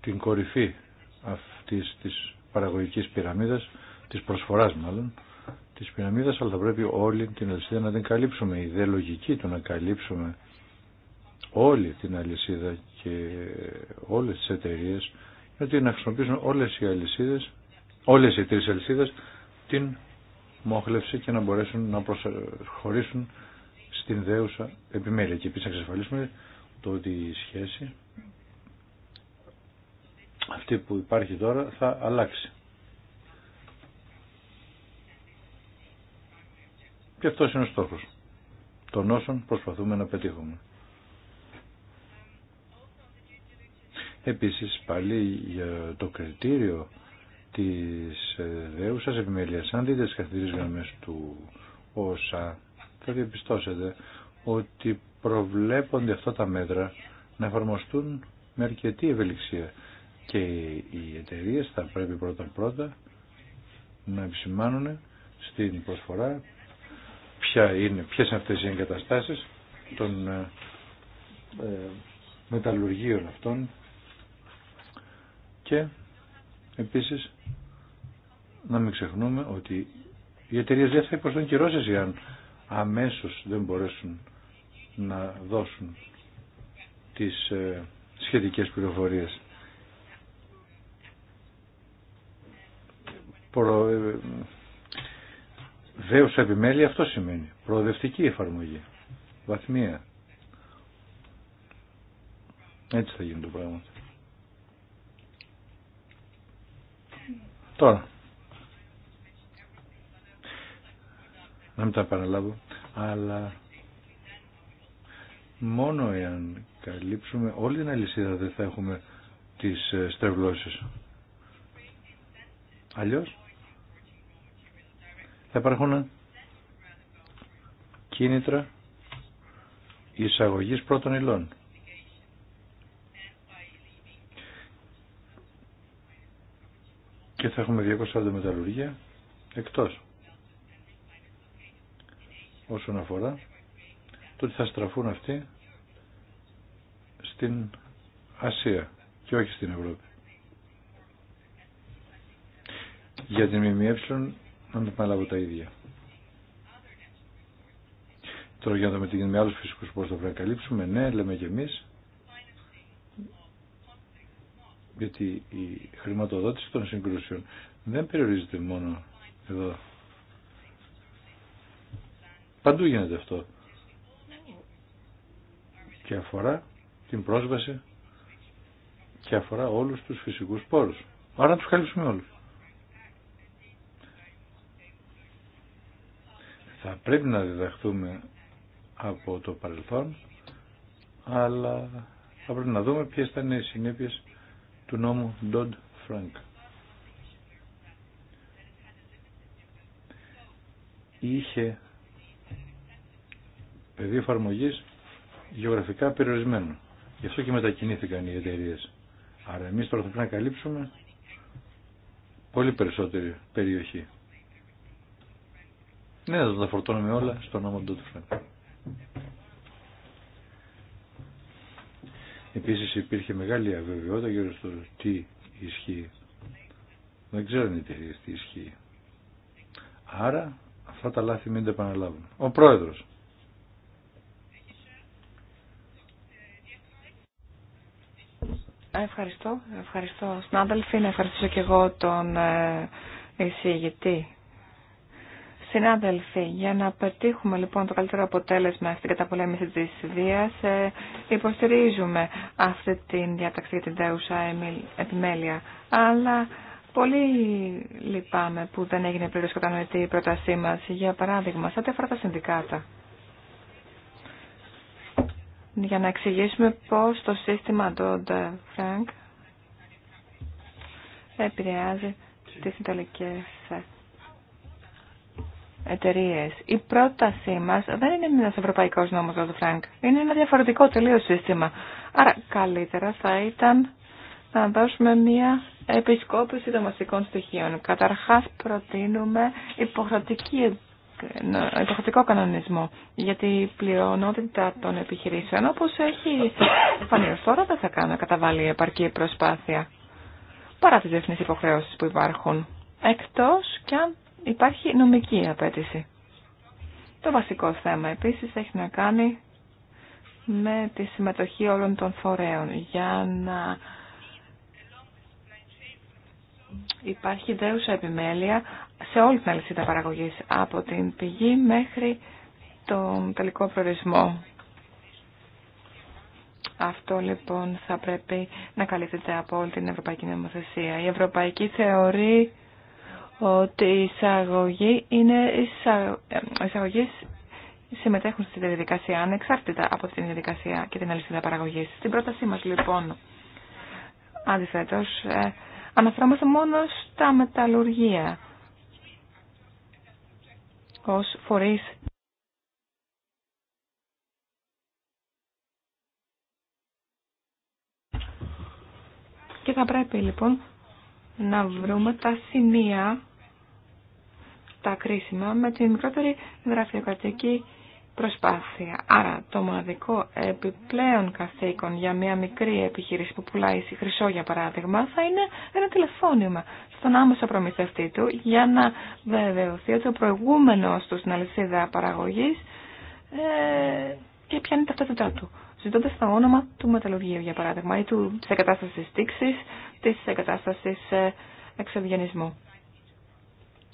την κορυφή της της παραγωγικής πυραμίδας, της προσφοράς μάλλον, της πυραμίδας, αλλά θα πρέπει όλη την αλυσίδα να την καλύψουμε. Η ιδέα λογική του να καλύψουμε όλη την αλυσίδα και όλες τις εταιρείε ότι να χρησιμοποιήσουν όλες οι αλυσίδες, όλες οι τρεις αλυσίδες, την μόχλευση και να μπορέσουν να προσχωρήσουν στην δέουσα επιμέλεια. Και επίσης να εξασφαλίσουμε το ότι η σχέση αυτή που υπάρχει τώρα θα αλλάξει. Και αυτό είναι ο στόχος των όσων προσπαθούμε να πετύχουμε. Επίσης πάλι για το κριτήριο της ε, δέουσας επιμέλειας, αν δείτε τις καθηγητές γραμμές του ΩΣΑ, θα διαπιστώσετε ότι προβλέπονται αυτά τα μέτρα να εφαρμοστούν με αρκετή ευελιξία και οι εταιρείε θα πρέπει πρώτα πρώτα να επισημάνουν στην προσφορά ποια είναι, ποιες είναι αυτές οι εγκαταστάσεις των ε, ε, μεταλλουργίων αυτών και επίσης να μην ξεχνούμε ότι οι εταιρείε δεν θα υποστούν κυρώσεις αν αμέσως δεν μπορέσουν να δώσουν τις ε, σχετικές πληροφορίες. προ... Ε, δέουσα επιμέλεια αυτό σημαίνει. Προοδευτική εφαρμογή. Βαθμία. Έτσι θα γίνει το πράγμα. Τώρα. Να μην τα παραλάβω, αλλά μόνο εάν καλύψουμε όλη την αλυσίδα δεν θα έχουμε τις ε, στρεβλώσεις. Αλλιώς θα υπάρχουν κίνητρα εισαγωγής πρώτων υλών. Και θα έχουμε 240 μεταλλουργία εκτός. Όσον αφορά το ότι θα στραφούν αυτοί στην Ασία και όχι στην Ευρώπη. Για την ΜΜΕ να επαναλάβω τα ίδια. Τώρα για να δούμε τι γίνεται με άλλους φυσικούς πόρου θα πρέπει να καλύψουμε. Ναι, λέμε και εμείς Γιατί η χρηματοδότηση των συγκρούσεων δεν περιορίζεται μόνο εδώ. Παντού γίνεται αυτό. Και αφορά την πρόσβαση και αφορά όλους τους φυσικούς πόρους. Άρα να τους καλύψουμε όλους. Θα πρέπει να διδαχθούμε από το παρελθόν, αλλά θα πρέπει να δούμε ποιες ήταν οι συνέπειες του νόμου Dodd Frank. Είχε πεδίο εφαρμογή γεωγραφικά περιορισμένο. Γι' αυτό και μετακινήθηκαν οι εταιρείε. Άρα εμείς τώρα θα πρέπει να καλύψουμε πολύ περισσότερη περιοχή. Ναι, θα τα φορτώνουμε όλα στο όνομα του Τούτφρεν. Επίσης υπήρχε μεγάλη αβεβαιότητα γύρω στο τι ισχύει. Δεν ξέρω οι τι ισχύει. Άρα αυτά τα λάθη μην τα επαναλάβουν. Ο πρόεδρο. Ευχαριστώ, ευχαριστώ συνάδελφοι, να ευχαριστήσω και εγώ τον ε, εισηγητή Συνάδελφοι, για να πετύχουμε λοιπόν το καλύτερο αποτέλεσμα στην καταπολέμηση της βίας, ε, υποστηρίζουμε αυτή την διάταξη για την τέουσα επιμέλεια. Αλλά πολύ λυπάμαι που δεν έγινε πλήρως κατανοητή η πρότασή μας. Για παράδειγμα, σαν αφορά τα συνδικάτα. Για να εξηγήσουμε πώς το σύστημα των Frank επηρεάζει τις Ιταλικές εταιρείε. Η πρότασή μα δεν είναι ένα ευρωπαϊκό νόμο, Ρόδο Φρανκ. Είναι ένα διαφορετικό τελείω σύστημα. Άρα, καλύτερα θα ήταν να δώσουμε μία επισκόπηση δομαστικών στοιχείων. Καταρχά, προτείνουμε υποχρεωτικό κανονισμό. για την πλειονότητα των επιχειρήσεων, όπω έχει φανεί τώρα, δεν θα κάνω καταβάλει επαρκή προσπάθεια παρά τις διεθνείς υποχρεώσεις που υπάρχουν. Εκτός και αν υπάρχει νομική απέτηση. Το βασικό θέμα επίσης έχει να κάνει με τη συμμετοχή όλων των φορέων για να υπάρχει δέουσα επιμέλεια σε όλη την αλυσίδα παραγωγής από την πηγή μέχρι τον τελικό προορισμό. Αυτό λοιπόν θα πρέπει να καλύπτεται από όλη την Ευρωπαϊκή Νομοθεσία. Η Ευρωπαϊκή θεωρεί ότι οι εισαγωγή είναι ε, εισαγωγή συμμετέχουν στη διαδικασία ανεξάρτητα από την διαδικασία και την αλυσίδα παραγωγή. Στην πρότασή μα, λοιπόν, Αντιθέτω. ε, αναφερόμαστε μόνο στα μεταλλουργία Ω φορεί. Και θα πρέπει λοιπόν να βρούμε τα σημεία τα κρίσιμα με την μικρότερη γραφειοκρατική προσπάθεια. Άρα το μοναδικό επιπλέον καθήκον για μια μικρή επιχείρηση που πουλάει σε χρυσό για παράδειγμα θα είναι ένα τηλεφώνημα στον άμεσο προμηθευτή του για να βεβαιωθεί ότι ο προηγούμενο του στην αλυσίδα παραγωγή ε, και πιάνει ταυτότητά του. Ζητώντα το όνομα του μεταλλουργίου, για παράδειγμα, ή τη εγκατάσταση τήξη, τη εγκατάσταση ε, εξευγενισμού.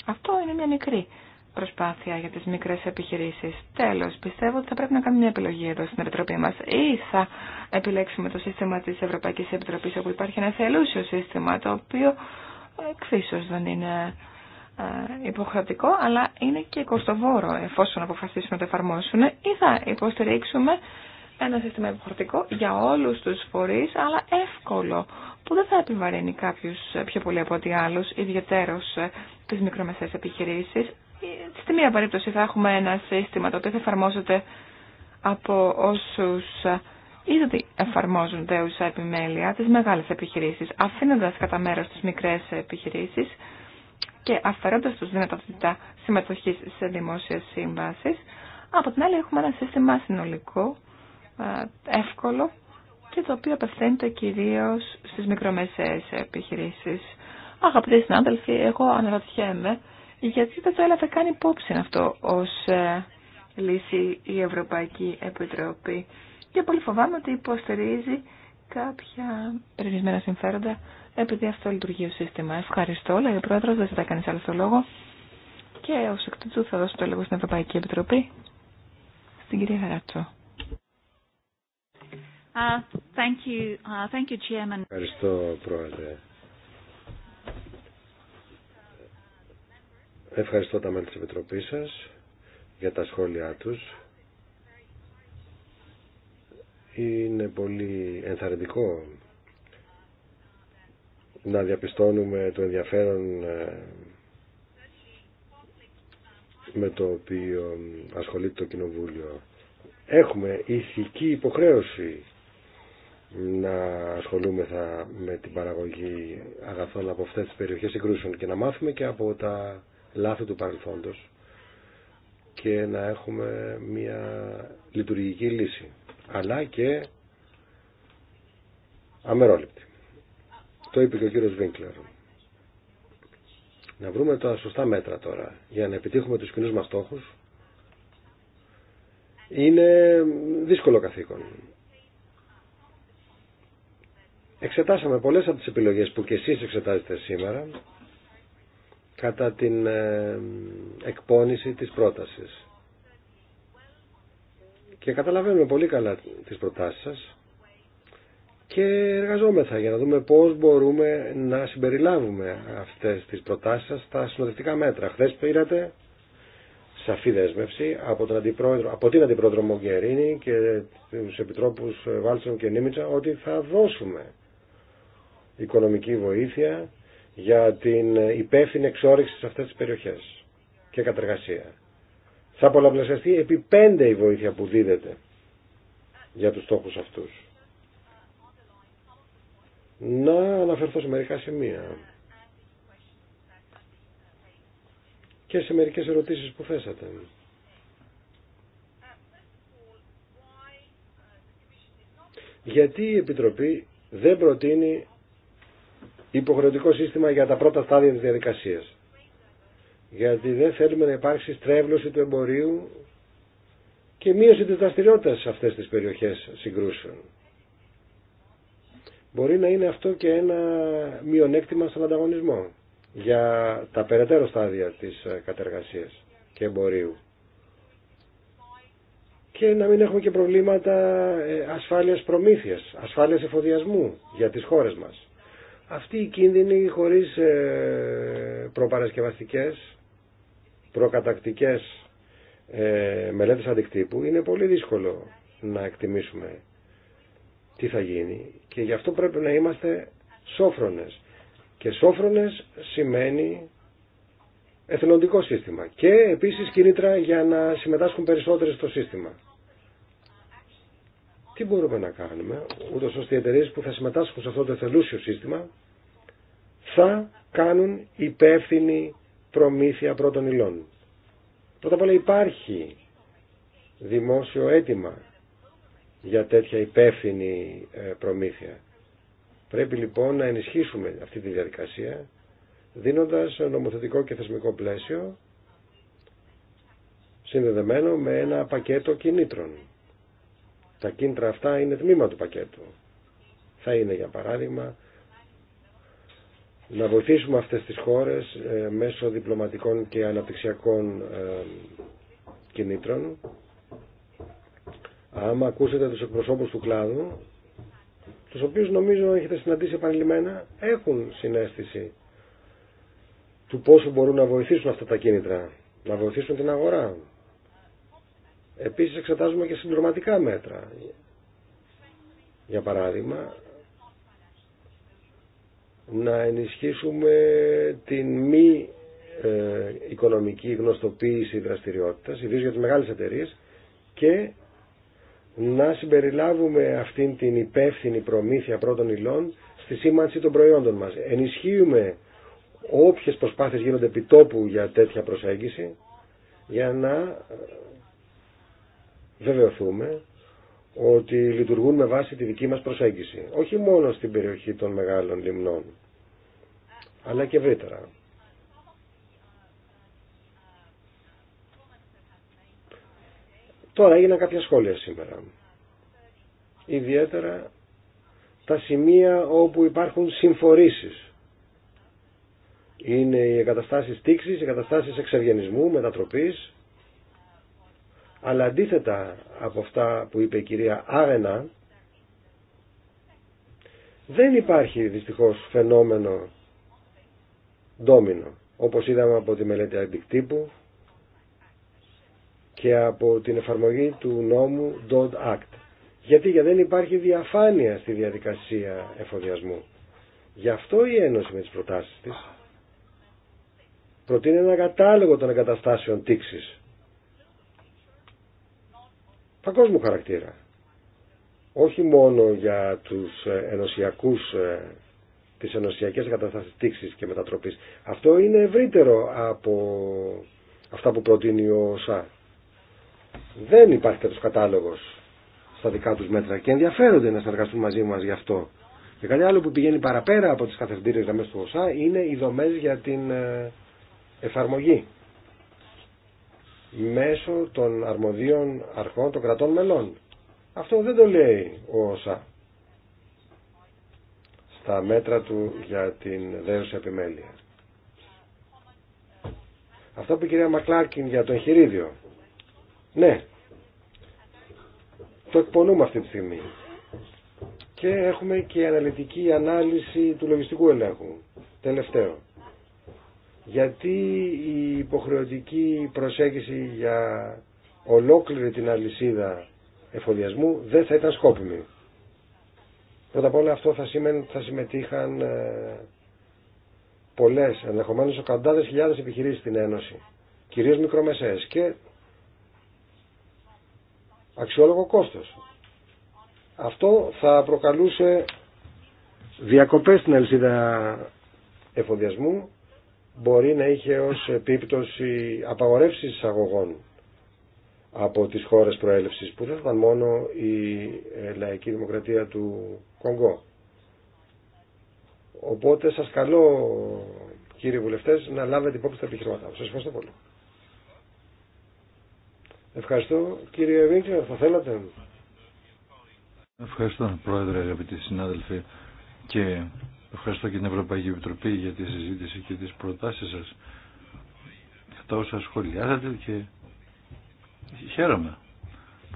Αυτό είναι μια μικρή προσπάθεια για τις μικρές επιχειρήσεις. Τέλος, πιστεύω ότι θα πρέπει να κάνουμε μια επιλογή εδώ στην Επιτροπή μας. Ή θα επιλέξουμε το σύστημα της Ευρωπαϊκής Επιτροπής όπου υπάρχει ένα θελούσιο σύστημα το οποίο εκφίσως δεν είναι ε, υποχρεωτικό αλλά είναι και κοστοβόρο εφόσον αποφασίσουν να το εφαρμόσουν ή θα υποστηρίξουμε ένα σύστημα υποχρεωτικό για όλου του φορεί, αλλά εύκολο, που δεν θα επιβαρύνει κάποιου πιο πολύ από ό,τι άλλου, ιδιαίτερω ε, τι μικρομεσαίες επιχειρήσει. Ε, στη μία περίπτωση θα έχουμε ένα σύστημα το οποίο θα εφαρμόζεται από όσου ε, ήδη εφαρμόζονται δέουσα επιμέλεια τι μεγάλε επιχειρήσει, αφήνοντα κατά μέρο τι μικρέ επιχειρήσει και αφαιρώντα του δυνατότητα συμμετοχή σε δημόσιε συμβάσει, Από την άλλη έχουμε ένα σύστημα συνολικό ε, εύκολο και το οποίο απευθύνεται κυρίως στις μικρομεσαίες επιχειρήσεις. Αγαπητοί συνάδελφοι, εγώ αναρωτιέμαι γιατί δεν το έλαβε καν υπόψη αυτό ως ε, λύση η Ευρωπαϊκή Επιτροπή και πολύ φοβάμαι ότι υποστηρίζει κάποια περιορισμένα συμφέροντα επειδή αυτό λειτουργεί ο σύστημα. Ευχαριστώ, λέει ο πρόεδρο, δεν θα κανεί άλλο το λόγο. Και ω εκ τούτου θα δώσω το λόγο στην Ευρωπαϊκή Επιτροπή, στην κυρία Χαράτσο. Uh, uh, Ευχαριστώ, Πρόεδρε. Ευχαριστώ τα μέλη της Επιτροπής σας για τα σχόλιά τους. Είναι πολύ ενθαρρυντικό να διαπιστώνουμε το ενδιαφέρον ε, με το οποίο ασχολείται το Κοινοβούλιο. Έχουμε ηθική υποχρέωση να ασχολούμεθα με την παραγωγή αγαθών από αυτές τις περιοχές συγκρούσεων και να μάθουμε και από τα λάθη του παρελθόντος και να έχουμε μια λειτουργική λύση αλλά και αμερόληπτη. Το είπε και ο κύριος Βίνκλερ. Να βρούμε τα σωστά μέτρα τώρα για να επιτύχουμε τους κοινούς μας στόχους είναι δύσκολο καθήκον. Εξετάσαμε πολλές από τις επιλογές που και εσείς εξετάζετε σήμερα κατά την ε, εκπόνηση της πρότασης. Και καταλαβαίνουμε πολύ καλά τις προτάσεις σας και εργαζόμεθα για να δούμε πώς μπορούμε να συμπεριλάβουμε αυτές τις προτάσεις σας στα συνοδευτικά μέτρα. Χθες πήρατε σαφή δέσμευση από, τον αντιπρόεδρο, από την Αντιπρόεδρο Μογκερίνη και τους Επιτρόπους Βάλτσον και Νίμιτσα ότι θα δώσουμε οικονομική βοήθεια για την υπεύθυνη εξόριξη σε αυτές τις περιοχές και κατεργασία. Θα πολλαπλασιαστεί επί πέντε η βοήθεια που δίδεται για τους στόχους αυτούς. Να αναφερθώ σε μερικά σημεία και σε μερικές ερωτήσεις που θέσατε. Γιατί η Επιτροπή δεν προτείνει υποχρεωτικό σύστημα για τα πρώτα στάδια της διαδικασίας. Γιατί δεν θέλουμε να υπάρξει στρέβλωση του εμπορίου και μείωση της δραστηριότητα σε αυτές τις περιοχές συγκρούσεων. Μπορεί να είναι αυτό και ένα μειονέκτημα στον ανταγωνισμό για τα περαιτέρω στάδια της κατεργασίας και εμπορίου. Και να μην έχουμε και προβλήματα ε, ασφάλειας προμήθειας, ασφάλειας εφοδιασμού για τις χώρες μας. Αυτή η κίνδυνοι χωρίς ε, προπαρασκευαστικές, προκατακτικές ε, μελέτες αντικτύπου είναι πολύ δύσκολο να εκτιμήσουμε τι θα γίνει και γι' αυτό πρέπει να είμαστε σόφρονες. Και σόφρονες σημαίνει εθελοντικό σύστημα και επίσης κίνητρα για να συμμετάσχουν περισσότερες στο σύστημα. Τι μπορούμε να κάνουμε, ούτως ώστε οι εταιρείε που θα συμμετάσχουν σε αυτό το εθελούσιο σύστημα θα κάνουν υπεύθυνη προμήθεια πρώτων υλών. Πρώτα απ' όλα υπάρχει δημόσιο αίτημα για τέτοια υπεύθυνη ε, προμήθεια. Πρέπει λοιπόν να ενισχύσουμε αυτή τη διαδικασία δίνοντας νομοθετικό και θεσμικό πλαίσιο συνδεδεμένο με ένα πακέτο κινήτρων τα κίνητρα αυτά είναι τμήμα του πακέτου. Θα είναι για παράδειγμα να βοηθήσουμε αυτές τις χώρες ε, μέσω διπλωματικών και αναπτυξιακών ε, κινήτρων. Άμα ακούσετε τους εκπροσώπους του κλάδου, τους οποίους νομίζω έχετε συναντήσει επανειλημμένα, έχουν συνέστηση του πόσο μπορούν να βοηθήσουν αυτά τα κίνητρα, να βοηθήσουν την αγορά. Επίσης εξετάζουμε και συμπληρωματικά μέτρα. Για παράδειγμα, να ενισχύσουμε την μη ε, οικονομική γνωστοποίηση δραστηριότητας, ιδίως για τις μεγάλες εταιρείες, και να συμπεριλάβουμε αυτήν την υπεύθυνη προμήθεια πρώτων υλών στη σήμανση των προϊόντων μας. Ενισχύουμε όποιες προσπάθειες γίνονται επιτόπου για τέτοια προσέγγιση για να βεβαιωθούμε ότι λειτουργούν με βάση τη δική μας προσέγγιση. Όχι μόνο στην περιοχή των μεγάλων λιμνών, αλλά και ευρύτερα. Τώρα έγιναν κάποια σχόλια σήμερα. Ιδιαίτερα τα σημεία όπου υπάρχουν συμφορήσεις. Είναι οι εγκαταστάσεις τήξης, οι εγκαταστάσεις εξεργενισμού, μετατροπής, αλλά αντίθετα από αυτά που είπε η κυρία Άγενα, δεν υπάρχει δυστυχώς φαινόμενο ντόμινο, όπως είδαμε από τη μελέτη αντικτύπου και από την εφαρμογή του νόμου Dodd Act. Γιατί, γιατί δεν υπάρχει διαφάνεια στη διαδικασία εφοδιασμού. Γι' αυτό η Ένωση με τις προτάσεις της προτείνει ένα κατάλογο των εγκαταστάσεων τήξης Παγκόσμιο χαρακτήρα. Όχι μόνο για τους ε, ενωσιακούς, ε, τις ενωσιακές τήξης και μετατροπής. Αυτό είναι ευρύτερο από αυτά που προτείνει ο ΣΑ. Δεν υπάρχει τέτοιος κατάλογος στα δικά τους μέτρα και ενδιαφέρονται να συνεργαστούν μαζί μας γι' αυτό. Και κάτι άλλο που πηγαίνει παραπέρα από τις καθευτήριες γραμμές του ΩΣΑ είναι οι δομές για την ε, εφαρμογή μέσω των αρμοδίων αρχών των κρατών μελών. Αυτό δεν το λέει ο ΩΣΑ στα μέτρα του για την δεωση επιμέλεια. Αυτό που η κυρία Μακλάρκιν για το εγχειρίδιο. Ναι, το εκπονούμε αυτή τη στιγμή. Και έχουμε και αναλυτική ανάλυση του λογιστικού ελέγχου. Τελευταίο γιατί η υποχρεωτική προσέγγιση για ολόκληρη την αλυσίδα εφοδιασμού δεν θα ήταν σκόπιμη. Πρώτα απ' όλα αυτό θα σημαίνει ότι θα συμμετείχαν ε, πολλές, ενδεχομένω εκατοντάδες χιλιάδες επιχειρήσεις στην Ένωση, κυρίως μικρομεσαίες και αξιόλογο κόστος. Αυτό θα προκαλούσε διακοπές στην αλυσίδα εφοδιασμού μπορεί να είχε ως επίπτωση απαγορεύσεις εισαγωγών από τις χώρες προέλευσης που δεν ήταν μόνο η ε, λαϊκή δημοκρατία του Κονγκό. Οπότε σας καλώ κύριοι βουλευτές να λάβετε υπόψη τα επιχειρηματά Σας ευχαριστώ πολύ. Ευχαριστώ κύριε Βίγκλερ, θα θέλατε. Ευχαριστώ πρόεδρε αγαπητοί συνάδελφοι και Ευχαριστώ και την Ευρωπαϊκή Επιτροπή για τη συζήτηση και τις προτάσεις σας για τα όσα σχολιάζατε και χαίρομαι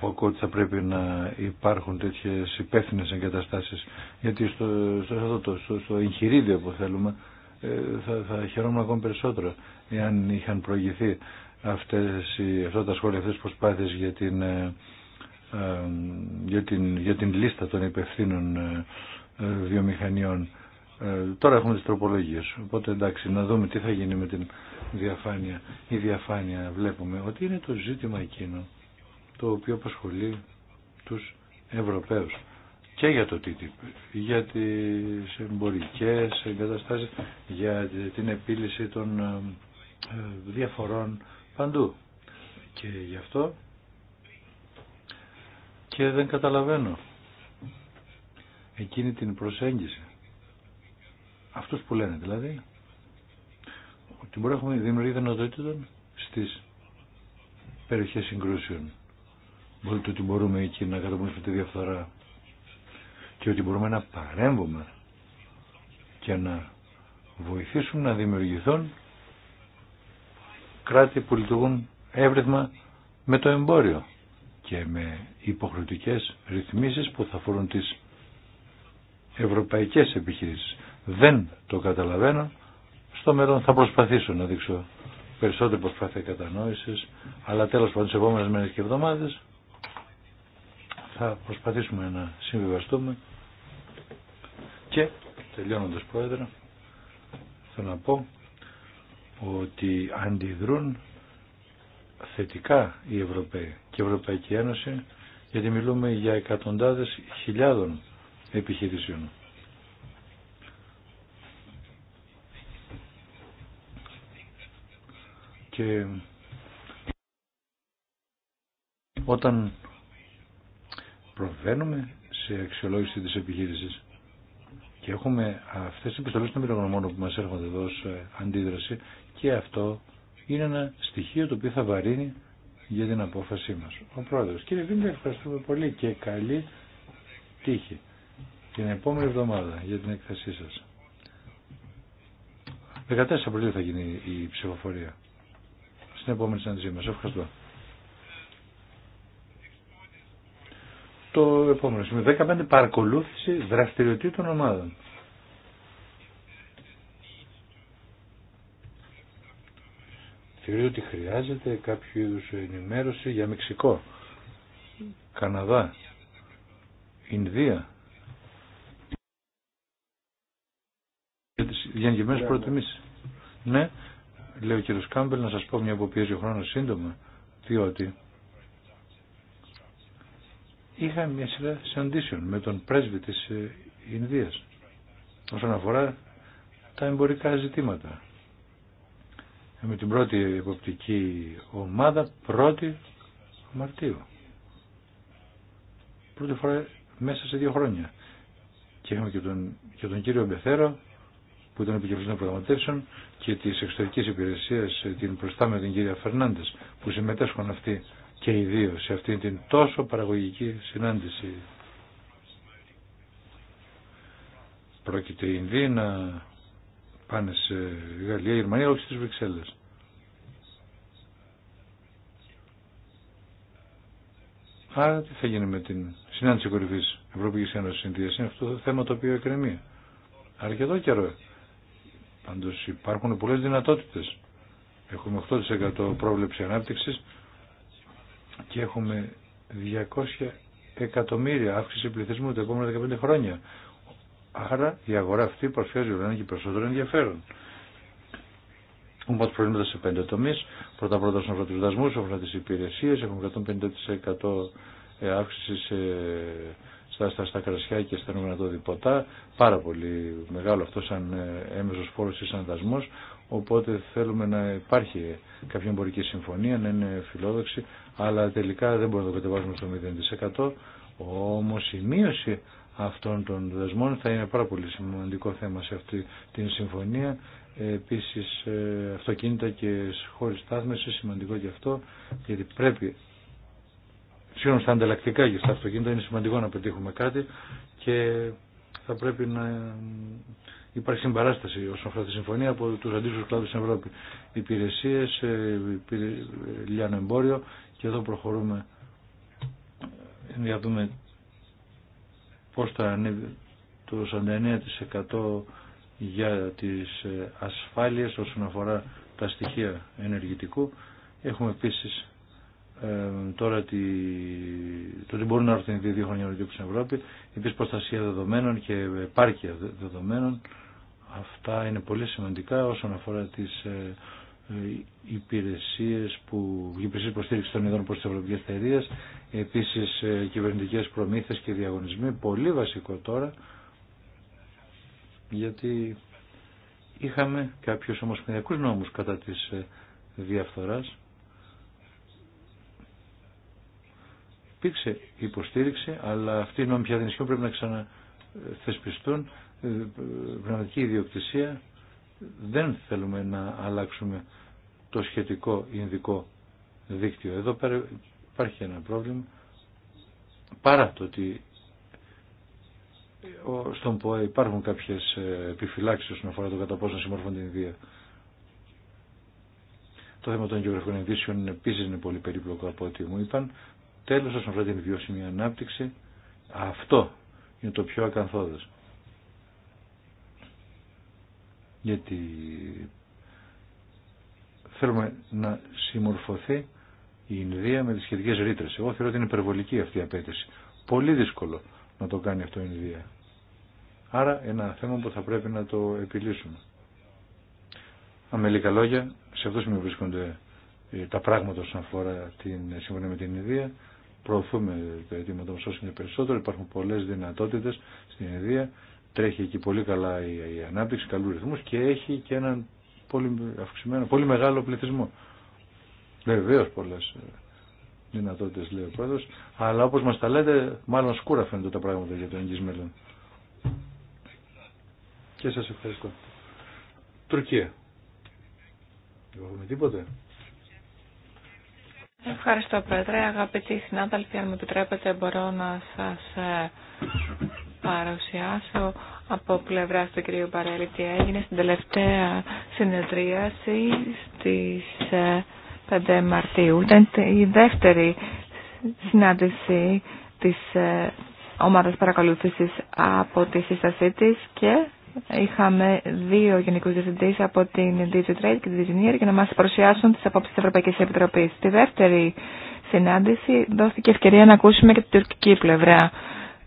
που ακούω ότι θα πρέπει να υπάρχουν τέτοιες υπεύθυνε εγκαταστάσεις γιατί στο, στο, στο, στο εγχειρίδιο που θέλουμε ε, θα, θα χαιρόμουν ακόμη περισσότερο εάν είχαν προηγηθεί αυτές, αυτά τα σχόλια, αυτές τις προσπάθειες για την, ε, ε, για την, για την λίστα των υπευθύνων βιομηχανιών ε, τώρα έχουμε τις τροπολογίες, οπότε εντάξει, να δούμε τι θα γίνει με την διαφάνεια. Η διαφάνεια βλέπουμε ότι είναι το ζήτημα εκείνο το οποίο απασχολεί τους Ευρωπαίους και για το TTIP, για τις εμπορικές εγκαταστάσεις, για την επίλυση των ε, ε, διαφορών παντού. Και γι' αυτό και δεν καταλαβαίνω εκείνη την προσέγγιση αυτούς που λένε δηλαδή ότι μπορούμε να έχουμε δημιουργεί δυνατότητα στις περιοχές συγκρούσεων. Μπορείτε ότι μπορούμε εκεί να καταπολεμήσουμε τη διαφθορά και ότι μπορούμε να παρέμβουμε και να βοηθήσουμε να δημιουργηθούν κράτη που λειτουργούν εύρυθμα με το εμπόριο και με υποχρεωτικές ρυθμίσεις που θα φορούν τις ευρωπαϊκές επιχειρήσεις δεν το καταλαβαίνω, στο μέλλον θα προσπαθήσω να δείξω περισσότερη προσπάθεια κατανόησης, αλλά τέλος πάντων τις επόμενες μέρες και εβδομάδες θα προσπαθήσουμε να συμβιβαστούμε και τελειώνοντας πρόεδρε θέλω να πω ότι αντιδρούν θετικά οι Ευρωπαίοι και η Ευρωπαϊκή Ένωση γιατί μιλούμε για εκατοντάδες χιλιάδων επιχειρήσεων Και όταν προβαίνουμε σε αξιολόγηση της επιχείρησης και έχουμε αυτές τις επιστολές των πυρογνωμών που μας έρχονται εδώ σε αντίδραση και αυτό είναι ένα στοιχείο το οποίο θα βαρύνει για την απόφασή μας. Ο πρόεδρος. Κύριε Βίντε, ευχαριστούμε πολύ και καλή τύχη την επόμενη εβδομάδα για την έκθεσή σας. 14 Απριλίου θα γίνει η ψηφοφορία στην επόμενη συνάντησή μας. Ευχαριστώ. Το επόμενο σημείο. 15. Παρακολούθηση δραστηριοτήτων ομάδων. Θεωρεί ότι χρειάζεται κάποιο είδου ενημέρωση για Μεξικό, Καναδά, Ινδία. Για τις Ναι, λέει ο κύριος Κάμπελ, να σας πω μια που πιέζει ο χρόνος σύντομα, διότι είχα μια σειρά συναντήσεων με τον πρέσβη της ε, Ινδίας όσον αφορά τα εμπορικά ζητήματα. Ε, με την πρώτη εποπτική ομάδα, πρώτη Μαρτίου. Πρώτη φορά μέσα σε δύο χρόνια. Και είχαμε και τον, και τον κύριο Μπεθέρο που ήταν επικεφαλή των προγραμματεύσεων και τη εξωτερική υπηρεσία ε, την προστάμε την κυρία Φερνάντες που συμμετέσχουν αυτοί και οι δύο σε αυτήν την τόσο παραγωγική συνάντηση. Πρόκειται οι Ινδοί να πάνε σε Γαλλία, Γερμανία, όχι στις Βρυξέλλε. Άρα τι θα γίνει με την συνάντηση κορυφής Ευρωπαϊκής Ένωση Ινδία, Είναι αυτό το θέμα το οποίο εκκρεμεί. Αρκετό καιρό Πάντω υπάρχουν πολλέ δυνατότητες. Έχουμε 8% πρόβλεψη ανάπτυξη και έχουμε 200 εκατομμύρια αύξηση πληθυσμού τα επόμενα 15 χρόνια. Άρα η αγορά αυτή προσφέρει όλο και περισσότερο ενδιαφέρον. Οπότε προβλήματα σε πέντε τομεί. Πρώτα-πρώτα στου του δασμού, τι υπηρεσίε, έχουμε 150% ε, αύξηση σε στα, στα, στα κρασιά και στα το δίποτα. Πάρα πολύ μεγάλο αυτό σαν ε, έμεσος φόρος ή σαν δασμός. Οπότε θέλουμε να υπάρχει κάποια εμπορική συμφωνία, να είναι φιλόδοξη, αλλά τελικά δεν μπορούμε να το κατεβάσουμε στο 0%. Όμως η μείωση αυτών των δασμών θα είναι πάρα πολύ σημαντικό θέμα σε αυτή την συμφωνία. Επίσης ε, αυτοκίνητα και χώρες στάθμευση σημαντικό και αυτό, γιατί πρέπει Σύγχρονα στα ανταλλακτικά και στα αυτοκίνητα είναι σημαντικό να πετύχουμε κάτι και θα πρέπει να υπάρξει συμπαράσταση όσον αφορά τη συμφωνία από τους αντίστοιχους κλάδους στην Ευρώπη. Υπηρεσίες, ε, λιάνο εμπόριο και εδώ προχωρούμε για να δούμε πώς θα ανέβει το 49% για τις ε, ασφάλειες όσον αφορά τα στοιχεία ενεργητικού. Έχουμε επίσης ε, τώρα τη, το ότι μπορούν να έρθουν δύο, δύο χρόνια στην Ευρώπη, επίσης προστασία δεδομένων και επάρκεια δεδομένων. Αυτά είναι πολύ σημαντικά όσον αφορά τις ε, ε υπηρεσίες που υπηρεσίες υποστήριξη των ειδών προ τι Ευρωπαϊκέ Εταιρείε, επίσης ε, κυβερνητικές προμήθειες και διαγωνισμοί, πολύ βασικό τώρα, γιατί είχαμε κάποιους ομοσπονδιακούς νόμους κατά της ε, διαφθοράς υπήρξε υποστήριξη, αλλά αυτή η δεν αδυνησία πρέπει να ξαναθεσπιστούν, ε, πνευματική ιδιοκτησία. Δεν θέλουμε να αλλάξουμε το σχετικό ινδικό δίκτυο. Εδώ πέρα υπάρχει ένα πρόβλημα, παρά το ότι ε, στον ΠΟΕ υπάρχουν κάποιες ε, επιφυλάξεις όσον αφορά το κατά πόσο συμμόρφωνται την Ινδία. Το θέμα των γεωγραφικών ειδήσεων επίσης είναι πολύ περίπλοκο από ό,τι μου είπαν. Τέλος, όσον αφορά την βιώσιμη ανάπτυξη, αυτό είναι το πιο ακαθόδες. Γιατί θέλουμε να συμμορφωθεί η Ινδία με τις σχετικές ρήτρες. Εγώ θεωρώ ότι είναι υπερβολική αυτή η απέτηση. Πολύ δύσκολο να το κάνει αυτό η Ινδία. Άρα ένα θέμα που θα πρέπει να το επιλύσουμε. Αμελικά λόγια, σε αυτό σημείο βρίσκονται ε, τα πράγματα όσον αφορά την συμφωνία με την Ιδία Προωθούμε το αιτήμα των όσων είναι περισσότερο. Υπάρχουν πολλέ δυνατότητε στην Ιδία Τρέχει εκεί πολύ καλά η, ανάπτυξη, καλού ρυθμού και έχει και έναν πολύ, αυξημένο, πολύ μεγάλο πληθυσμό. Ε, Βεβαίω πολλέ ε, δυνατότητε, λέει ο πρόεδρο. Αλλά όπω μα τα λέτε, μάλλον σκούρα φαίνονται τα πράγματα για το εγγύ μέλλον. Και σα ευχαριστώ. Τουρκία. Εγώ έχουμε τίποτε. Ευχαριστώ, Πρόεδρε. Αγαπητοί συνάδελφοι, αν μου επιτρέπετε, μπορώ να σας ε, παρουσιάσω από πλευρά του κυρίου Παρέλη τι έγινε στην τελευταία συνεδρίαση στις 5 ε, Μαρτίου. Ήταν η δεύτερη συνάντηση της ε, ομάδας παρακολούθησης από τη σύστασή της και Είχαμε δύο γενικού διευθυντέ από την DigiTrade και την Digineer για να μα παρουσιάσουν τι απόψει τη Ευρωπαϊκή Επιτροπή. Στη δεύτερη συνάντηση δόθηκε ευκαιρία να ακούσουμε και την τουρκική πλευρά.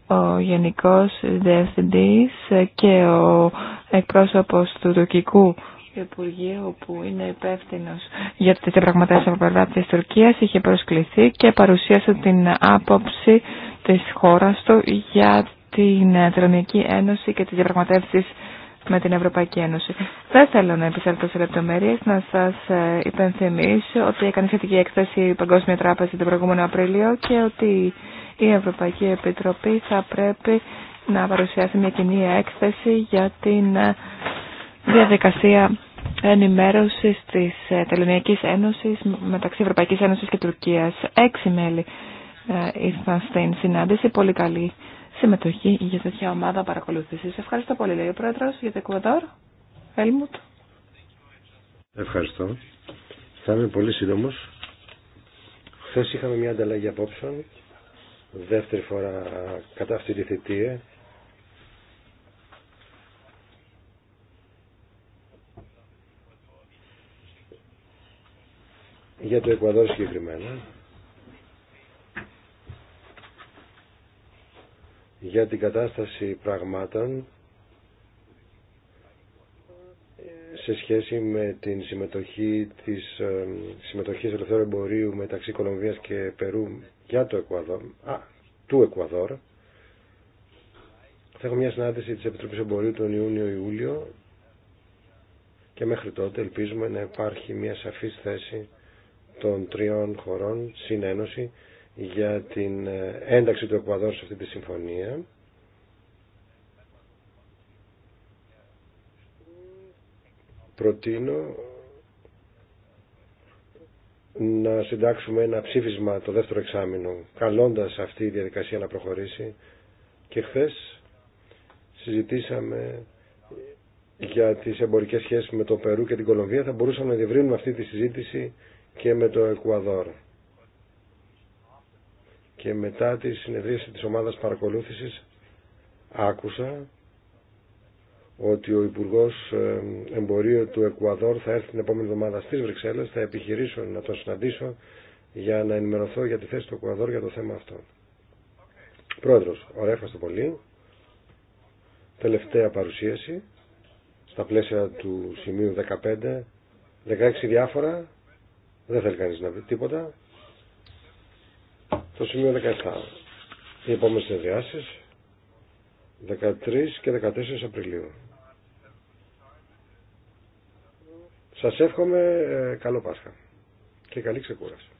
Ο γενικό διευθυντή και ο εκπρόσωπο του τουρκικού Υπουργείου που είναι υπεύθυνο για τι διαπραγματεύσει από πλευρά της Τουρκία. είχε προσκληθεί και παρουσίασε την άποψη τη χώρα του για την Τελωνιακή Ένωση και τις διαπραγματεύσεις με την Ευρωπαϊκή Ένωση. Δεν θέλω να επισέλθω σε λεπτομέρειες, να σας ε, υπενθυμίσω ότι έκανε σχετική έκθεση η Παγκόσμια Τράπεζα τον προηγούμενο Απρίλιο και ότι η Ευρωπαϊκή Επιτροπή θα πρέπει να παρουσιάσει μια κοινή έκθεση για την ε, διαδικασία ενημέρωσης της ε, Τελωνιακή Ένωσης μεταξύ Ευρωπαϊκής Ένωσης και Τουρκίας. Έξι μέλη ήρθαν στην συνάντηση, πολύ καλή συμμετοχή για τέτοια ομάδα παρακολουθήσει. Ευχαριστώ πολύ, λέει ο πρόεδρο για το Εκουαδόρ. Έλμουτ. Ευχαριστώ. Θα είμαι πολύ σύντομο. Χθε είχαμε μια ανταλλαγή απόψεων. Δεύτερη φορά κατά αυτή τη θητεία. Για το Εκουαδόρ συγκεκριμένα. για την κατάσταση πραγμάτων σε σχέση με την συμμετοχή της ε, συμμετοχής ελευθέρου εμπορίου μεταξύ Κολομβίας και Περού για το Εκουαδόρ, α, του Εκουαδόρ. Θα έχω μια συνάντηση της Επιτροπής Εμπορίου τον Ιούνιο-Ιούλιο και μέχρι τότε ελπίζουμε να υπάρχει μια σαφής θέση των τριών χωρών συνένωση για την ε, ένταξη του Εκουαδόρ σε αυτή τη συμφωνία. Προτείνω να συντάξουμε ένα ψήφισμα το δεύτερο εξάμεινο, καλώντας αυτή η διαδικασία να προχωρήσει. Και χθε συζητήσαμε για τις εμπορικές σχέσεις με το Περού και την Κολομβία. Θα μπορούσαμε να διευρύνουμε αυτή τη συζήτηση και με το Εκουαδόρ και μετά τη συνεδρίαση της ομάδας παρακολούθησης άκουσα ότι ο Υπουργός ε, Εμπορίου του Εκουαδόρ θα έρθει την επόμενη εβδομάδα στις Βρυξέλλες, θα επιχειρήσω να τον συναντήσω για να ενημερωθώ για τη θέση του Εκουαδόρ για το θέμα αυτό. Okay. Πρόεδρος, ωραία ευχαριστώ πολύ. Τελευταία παρουσίαση στα πλαίσια του σημείου 15, 16 διάφορα, δεν θέλει κανείς να βρει τίποτα. Το σημείο 17. Οι επόμενες συνεδριάσεις 13 και 14 Απριλίου. Σας εύχομαι ε, καλό Πάσχα και καλή ξεκούραση.